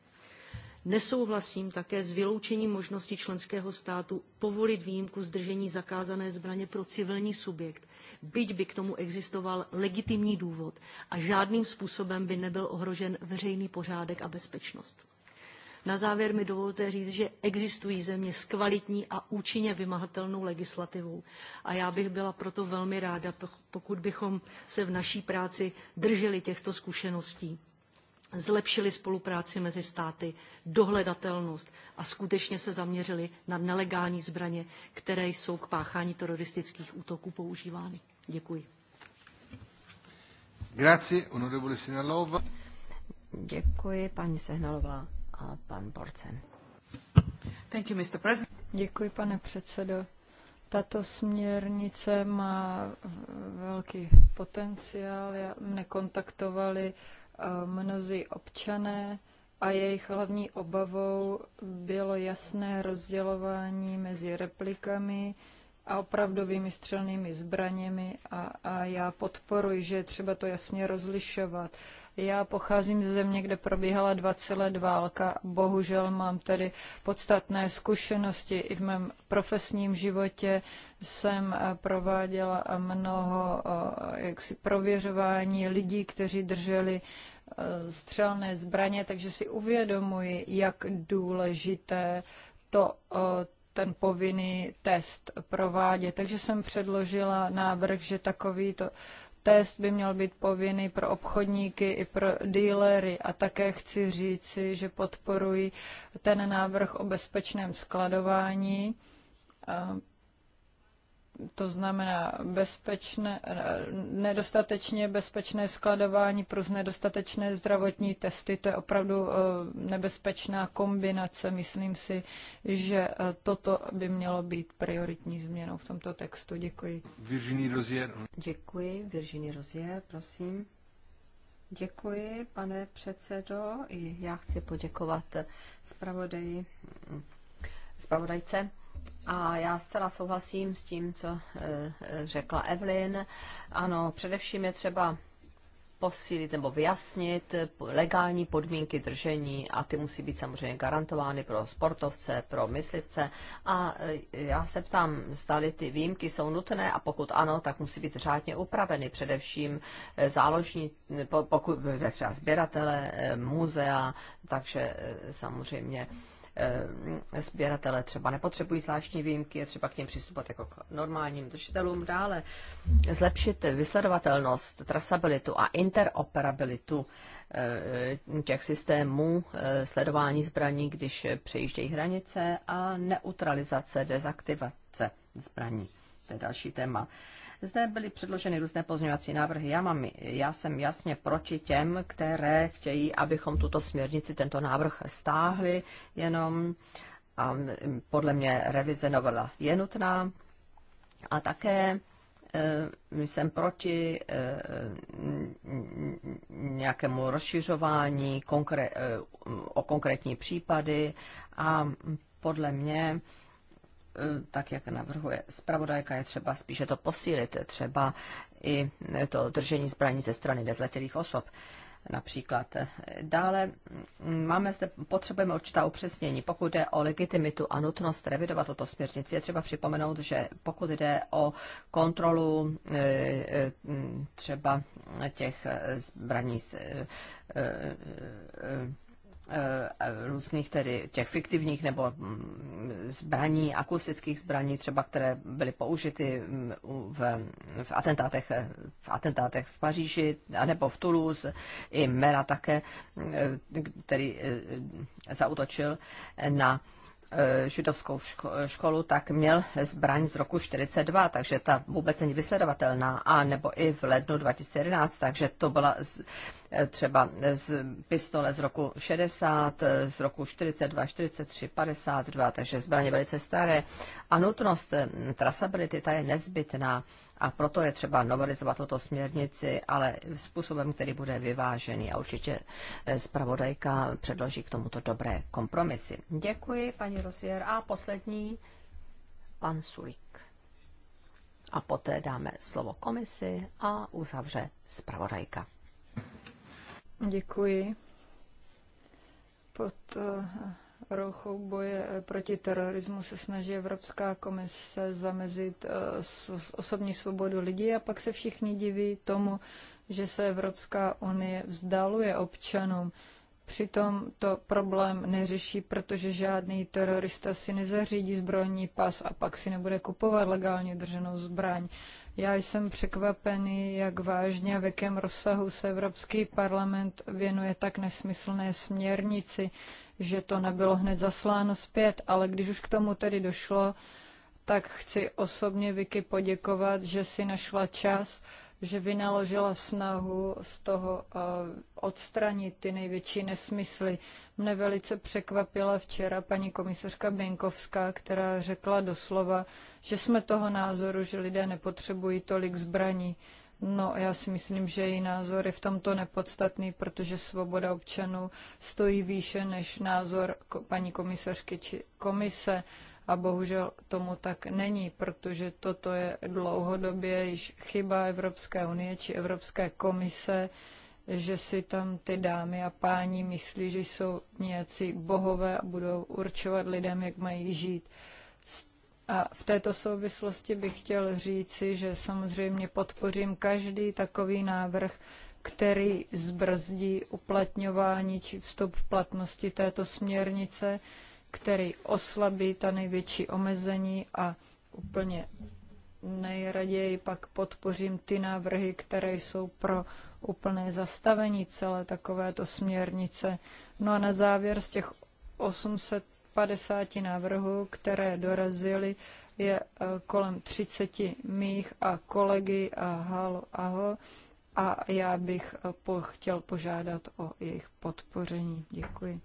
Nesouhlasím také s vyloučením možnosti členského státu povolit výjimku zdržení zakázané zbraně pro civilní subjekt, byť by k tomu existoval legitimní důvod a žádným způsobem by nebyl ohrožen veřejný pořádek a bezpečnost. Na závěr mi dovolte říct, že existují země s kvalitní a účinně vymahatelnou legislativou a já bych byla proto velmi ráda, pokud bychom se v naší práci drželi těchto zkušeností zlepšili spolupráci mezi státy, dohledatelnost a skutečně se zaměřili na nelegální zbraně, které jsou k páchání teroristických útoků používány. Děkuji. Grazie, onorevole Sinalova. Děkuji, paní Sehnalová a pan Borcen. Thank you, Mr. President. Děkuji, pane předsedo. Tato směrnice má velký potenciál. Mne kontaktovali uh, mnozí občané a jejich hlavní obavou bylo jasné rozdělování mezi replikami a opravdovými střelnými zbraněmi a, a já podporuji, že je třeba to jasně rozlišovat. Já pocházím ze země, kde probíhala 20 let válka. Bohužel mám tedy podstatné zkušenosti i v mém profesním životě jsem eh, prováděla eh, mnoho eh, jaksi, prověřování lidí, kteří drželi střelné zbraně, takže si uvědomuji, jak důležité to ten povinný test provádět. Takže jsem předložila návrh, že takovýto test by měl být povinný pro obchodníky i pro dílery. A také chci říci, že podporuji ten návrh o bezpečném skladování to znamená bezpečné, nedostatečně bezpečné skladování plus nedostatečné zdravotní testy, to je opravdu eh, nebezpečná kombinace. Myslím si, že eh, toto by mělo být prioritní změnou v tomto textu. Děkuji. Virginie Rozier. Děkuji. Virginie Rozier, prosím. Děkuji, pane předsedo. I já chci poděkovat zpravodaji, zpravodajce a já zcela souhlasím s tím, co e, e, řekla Evelyn. Ano, především je třeba posílit nebo vyjasnit legální podmínky držení a ty musí být samozřejmě garantovány pro sportovce, pro myslivce. A e, já se ptám, zdali ty výjimky jsou nutné a pokud ano, tak musí být řádně upraveny, především záložní, pokud třeba sběratele, muzea, takže samozřejmě Eh, sběratele třeba nepotřebují zvláštní výjimky, je třeba k ním přistupovat jako k normálním držitelům. Dále zlepšit vysledovatelnost, trasabilitu a interoperabilitu eh, těch systémů eh, sledování zbraní, když přejíždějí hranice a neutralizace, dezaktivace zbraní. To je další téma. Zde byly předloženy různé pozměňovací návrhy. Já, mám, já jsem jasně proti těm, které chtějí, abychom tuto směrnici, tento návrh stáhli jenom. A podle mě revize novela je nutná. A také eh, jsem proti eh, nějakému rozšiřování konkré- eh, o konkrétní případy a podle mě Eh, tak jak navrhuje zpravodajka, je třeba spíše to posílit, třeba i to držení zbraní ze strany nezletělých osob například. Eh, dále mm, máme zde, potřebujeme určitá upřesnění. Pokud jde o legitimitu a nutnost revidovat toto směrnici, je třeba připomenout, že pokud jde o kontrolu eh, mm, třeba těch zbraní Eh, různých tedy těch fiktivních nebo mm, zbraní, akustických zbraní třeba, které byly použity mm, v, v, atentátech, eh, v atentátech v Paříži nebo v Toulouse, i Mera také, eh, který zautočil na Eh, židovskou školu, tak měl zbraň z roku 42, takže ta vůbec není vysledovatelná, a nebo i v lednu 2011, takže to byla z, eh, třeba z pistole z roku 60, eh, z roku 42, 43, 52, takže zbraně velice staré. A nutnost trasability, ta je nezbytná a proto je třeba novelizovat toto směrnici, ale způsobem, který bude vyvážený a určitě eh, zpravodajka předloží k tomuto dobré kompromisy. Děkuji, paní Rosier. A poslední, pan Sulík. A poté dáme slovo komisi a uzavře zpravodajka. Děkuji. Pod eh, rochou boje eh, proti terorismu se snaží Evropská komise zamezit eh, osobní svobodu lidí a pak se všichni diví tomu, že se Evropská unie vzdaluje občanům. Přitom to problém neřeší, protože žádný terorista si nezařídí zbrojní pas a pak si nebude kupovat legálně drženou zbraň. Já jsem překvapený, jak vážně a v jakém rozsahu se Evropský parlament věnuje tak nesmyslné směrnici že to nebylo hned zasláno zpět, ale když už k tomu tedy došlo, tak chci osobně Vicky poděkovat, že si našla čas, že vynaložila snahu z toho eh, odstranit ty největší nesmysly. Mne velice překvapila včera paní komisařka Benkovská, která řekla doslova, že jsme toho názoru, že lidé nepotřebují tolik zbraní. No, já si myslím, že její názor je v tomto nepodstatný, protože svoboda občanů stojí výše než názor paní komisařky či komise. A bohužel tomu tak není, protože toto je dlouhodobě již chyba Evropské unie či Evropské komise, že si tam ty dámy a páni myslí, že jsou nějací bohové a budou určovat lidem, jak mají žít. A v této souvislosti bych chtěl říci, že samozřejmě podpořím každý takový návrh, který zbrzdí uplatňování či vstup v platnosti této směrnice, který oslabí ta největší omezení a úplně nejraději pak podpořím ty návrhy, které jsou pro úplné zastavení celé takovéto směrnice. No a na závěr z těch 800 50 návrhů, které dorazily, je e, kolem 30 mých a kolegy a halo aho a já bych e, po, chtěl požádat o jejich podpoření. Děkuji.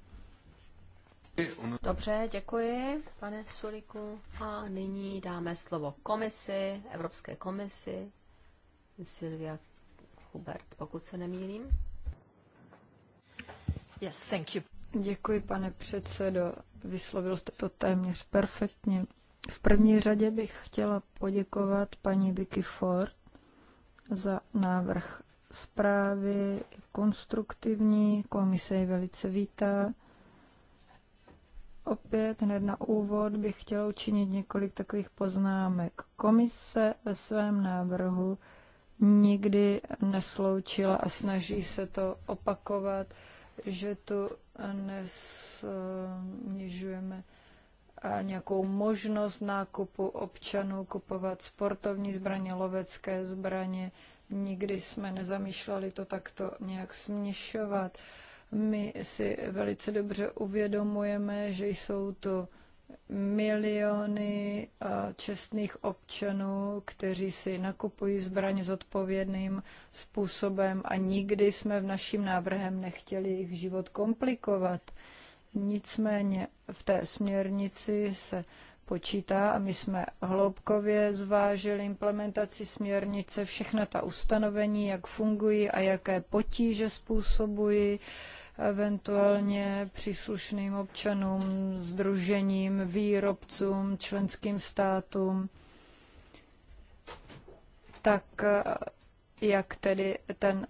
Dobře, děkuji, pane Suliku. A nyní dáme slovo komisi, Evropské komisi, Silvia Hubert, pokud se nemýlím. Yes, thank you. Děkuji, pane předsedo. Vyslovil jste to téměř perfektně. V první řadě bych chtěla poděkovat paní Vicky Ford za návrh zprávy, konstruktivní, komise ji velice vítá. Opět hned na úvod bych chtěla učinit několik takových poznámek. Komise ve svém návrhu nikdy nesloučila a snaží se to opakovat že to nesnižujeme nějakou možnost nákupu občanů, kupovat sportovní zbraně, lovecké zbraně. Nikdy jsme nezamýšleli to takto nějak směšovat. My si velice dobře uvědomujeme, že jsou to miliony čestných občanů, kteří si nakupují zbraň zodpovědným způsobem a nikdy jsme v naším návrhem nechtěli jejich život komplikovat. Nicméně v té směrnici se počítá a my jsme hloubkově zvážili implementaci směrnice, všechna ta ustanovení, jak fungují a jaké potíže způsobují eventuálně příslušným občanům, združením, výrobcům, členským státům, tak eh, jak tedy ten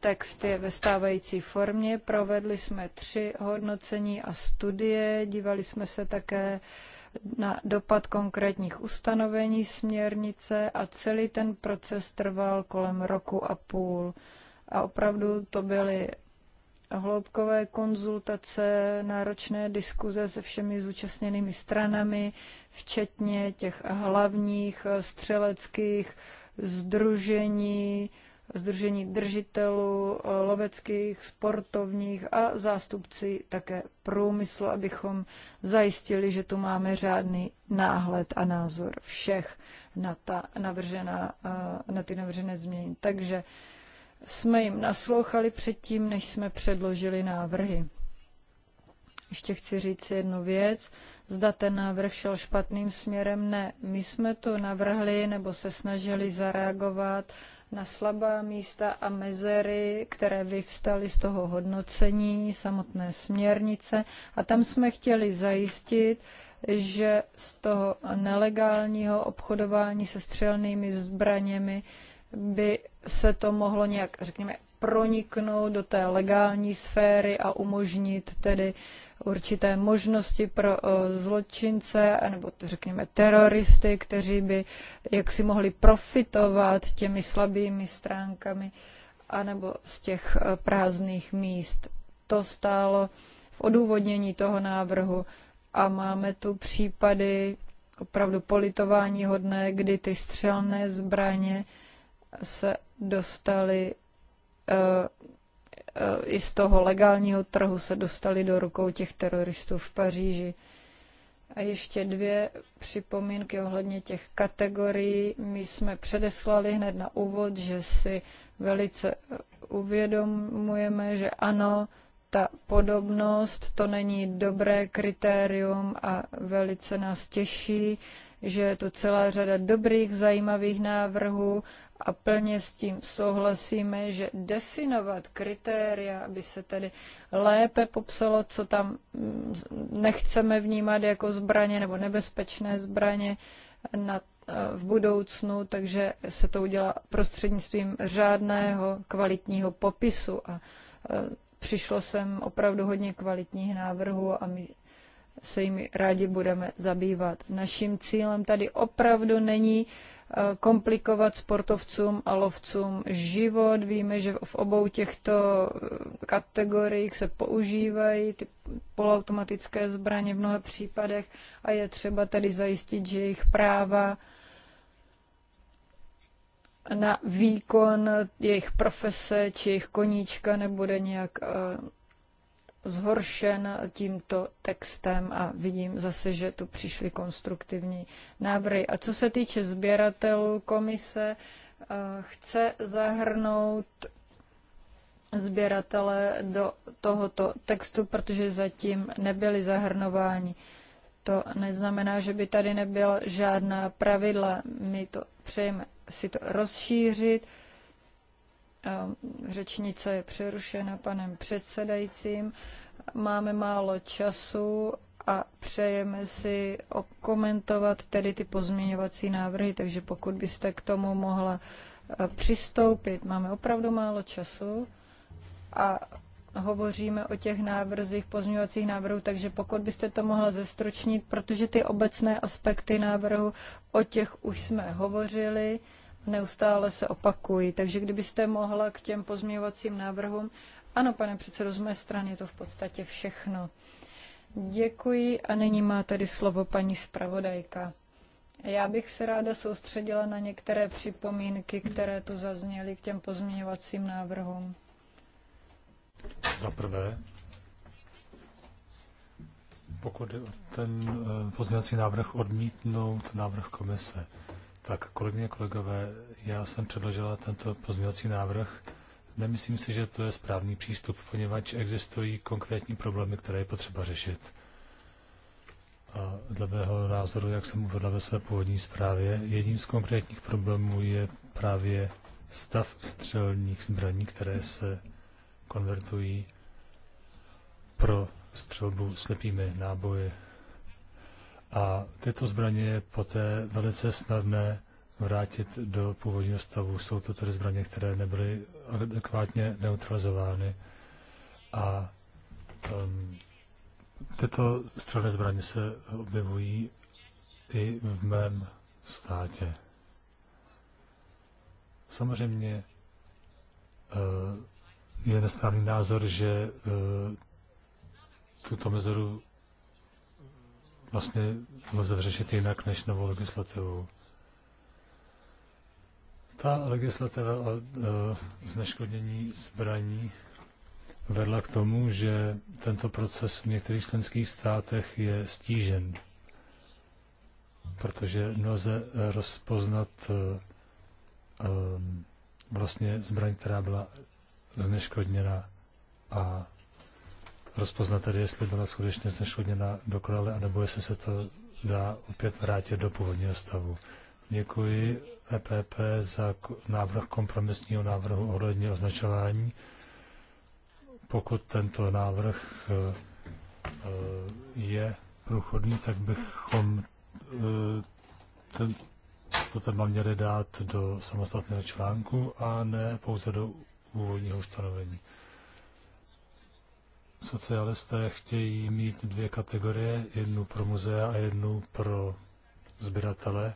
text je ve stávající formě. Provedli jsme tři hodnocení a studie, dívali jsme se také na dopad konkrétních ustanovení směrnice a celý ten proces trval kolem roku a půl. A opravdu to byly hloubkové konzultace, náročné diskuze se všemi zúčastněnými stranami, včetně těch hlavních eh, střeleckých združení, združení držitelů, eh, loveckých, sportovních a zástupci také průmyslu, abychom zajistili, že tu máme řádný náhled a názor všech na, ta navržená, eh, na ty navržené změny. Takže jsme jim naslouchali předtím, než jsme předložili návrhy. Ještě chci říct jednu věc. Zda ten návrh šel špatným směrem? Ne. My jsme to navrhli nebo se snažili zareagovat na slabá místa a mezery, které vyvstaly z toho hodnocení samotné směrnice. A tam jsme chtěli zajistit, že z toho nelegálního obchodování se střelnými zbraněmi by se to mohlo nějak, řekněme, proniknout do té legální sféry a umožnit tedy určité možnosti pro eh, zločince nebo řekněme teroristy, kteří by jaksi mohli profitovat těmi slabými stránkami anebo z těch eh, prázdných míst. To stálo v odůvodnění toho návrhu a máme tu případy opravdu politování hodné, kdy ty střelné zbraně se dostali eh, eh, i z toho legálního trhu se dostali do rukou těch teroristů v Paříži. A ještě dvě připomínky ohledně těch kategorií. My jsme předeslali hned na úvod, že si velice uvědomujeme, že ano, ta podobnost to není dobré kritérium a velice nás těší, že je tu celá řada dobrých, zajímavých návrhů a plně s tím souhlasíme, že definovat kritéria, aby se tedy lépe popsalo, co tam mm, nechceme vnímat jako zbraně nebo nebezpečné zbraně na, eh, v budoucnu, takže se to udělá prostřednictvím řádného kvalitního popisu. A eh, přišlo sem opravdu hodně kvalitních návrhů a my se jimi rádi budeme zabývat. Naším cílem tady opravdu není uh, Eh, komplikovat sportovcům a lovcům život. Víme, že v obou těchto eh, kategoriích se používají ty poloautomatické zbraně v mnoha případech a je třeba tedy zajistit, že jejich práva na výkon jejich profese či jejich koníčka nebude nějak eh, zhoršen tímto textem a vidím zase, že tu přišly konstruktivní návrhy. A co se týče sběratelů, komise eh, chce zahrnout sběratele do tohoto textu, protože zatím nebyli zahrnováni. To neznamená, že by tady nebyla žádná pravidla. My to přejeme si to rozšířit Eh, řečnice je přerušena panem předsedajícím. Máme málo času a přejeme si okomentovat tedy ty pozměňovací návrhy, takže pokud byste k tomu mohla eh, přistoupit, máme opravdu málo času a hovoříme o těch návrzích, pozměňovacích návrhů, takže pokud byste to mohla zestručnit, protože ty obecné aspekty návrhu, o těch už jsme hovořili, neustále se opakují. Takže kdybyste mohla k těm pozměňovacím návrhům. Ano, pane předsedo, z mé strany je to v podstatě všechno. Děkuji a nyní má tady slovo paní zpravodajka. Já bych se ráda soustředila na některé připomínky, které tu zazněly k těm pozměňovacím návrhům. Za prvé, pokud ten eh, pozměňovací návrh odmítnout návrh komise. Tak, kolegyně, kolegové, já jsem předložila tento pozměňovací návrh. Nemyslím si, že to je správný přístup, poněvadž existují konkrétní problémy, které je potřeba řešit. A dle mého názoru, jak jsem uvedla ve své původní zprávě, jedním z konkrétních problémů je právě stav střelních zbraní, které se konvertují pro střelbu slepými náboji a tyto zbraně je poté velice snadné vrátit do původního stavu. Jsou to tedy zbraně, které nebyly adekvátně neutralizovány a um, tyto střelné zbraně se objevují i v mém státě. Samozřejmě uh, je nesprávný názor, že uh, tuto mezeru vlastně lze řešit jinak než novou legislativou. Ta legislativa o e, zneškodnění zbraní vedla k tomu, že tento proces v některých členských státech je stížen, protože nelze rozpoznat e, e, vlastně zbraň, která byla zneškodněna a rozpoznat tady, jestli byla skutečně zneškodněna dokonale, anebo jestli se to dá opět vrátit do původního stavu. Děkuji EPP za návrh kompromisního návrhu ohledně označování. Pokud tento návrh eh, eh, je průchodný, tak bychom eh, to téma měli dát do samostatného článku a ne pouze do úvodního ustanovení. Socialisté chtějí mít dvě kategorie, jednu pro muzea a jednu pro sběratele.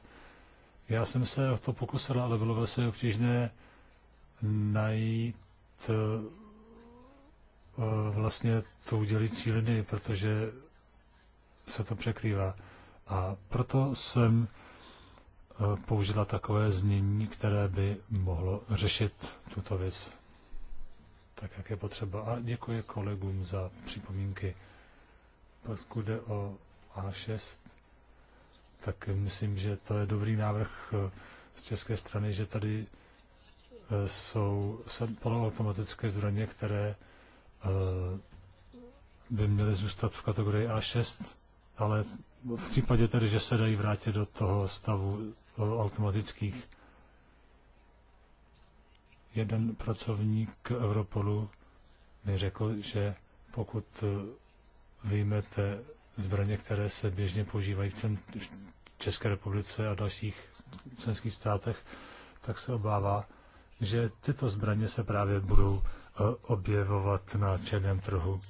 Já jsem se o to pokusila, ale bylo velice vlastně obtížné najít eh, vlastně tu dělící linii, protože se to překrývá. A proto jsem eh, použila takové znění, které by mohlo řešit tuto věc tak, jak je potřeba. A děkuji kolegům za připomínky. Pokud jde o A6, tak myslím, že to je dobrý návrh eh, z české strany, že tady eh, jsou poloautomatické zbraně, které eh, by měly zůstat v kategorii A6, ale v případě tedy, že se dají vrátit do toho stavu automatických Jeden pracovník Europolu mi řekl, že pokud vyjmete zbraně, které se běžně používají v, České republice a dalších členských státech, tak se obává, že tyto zbraně se právě budou eh, objevovat na černém trhu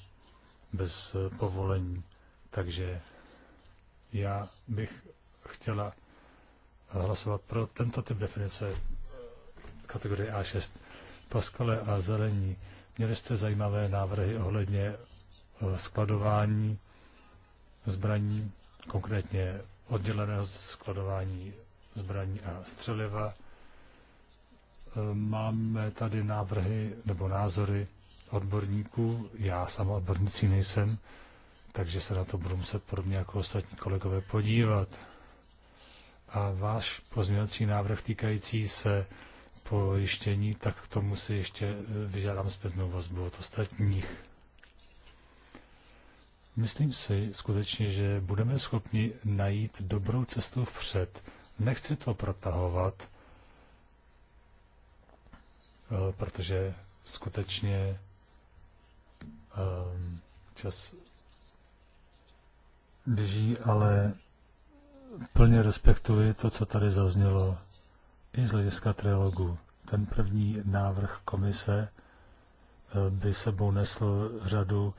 bez eh, povolení. Takže já bych chtěla hlasovat pro tento typ definice kategorie A6. Paskale a zelení, měli jste zajímavé návrhy ohledně eh, skladování zbraní, konkrétně odděleného skladování zbraní a střeliva. Eh, máme tady návrhy nebo názory odborníků. Já sám odborníci nejsem, takže se na to budu muset podobně jako ostatní kolegové podívat. A váš pozměňovací návrh týkající se pojištění, tak k tomu si ještě e, vyžádám zpětnou vazbu od ostatních. Myslím si skutečně, že budeme schopni najít dobrou cestu vpřed. Nechci to protahovat, e, protože skutečně e, čas běží, ale plně respektuji to, co tady zaznělo i z hlediska trilogu. Ten první návrh komise eh, by sebou nesl řadu eh,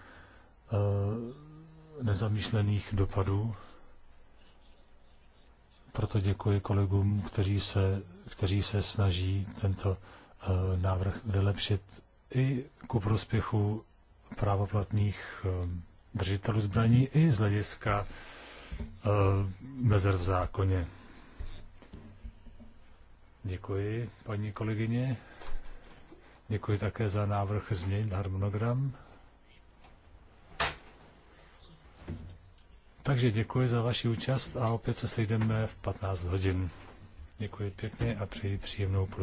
nezamýšlených dopadů. Proto děkuji kolegům, kteří se, kteří se snaží tento eh, návrh vylepšit i ku prospěchu právoplatných držitelů zbraní i z hlediska mezer v zákoně. Děkuji, paní kolegyně. Děkuji také za návrh změnit harmonogram. Takže děkuji za vaši účast a opět se sejdeme v 15 hodin. Děkuji pěkně a přeji příjemnou půl.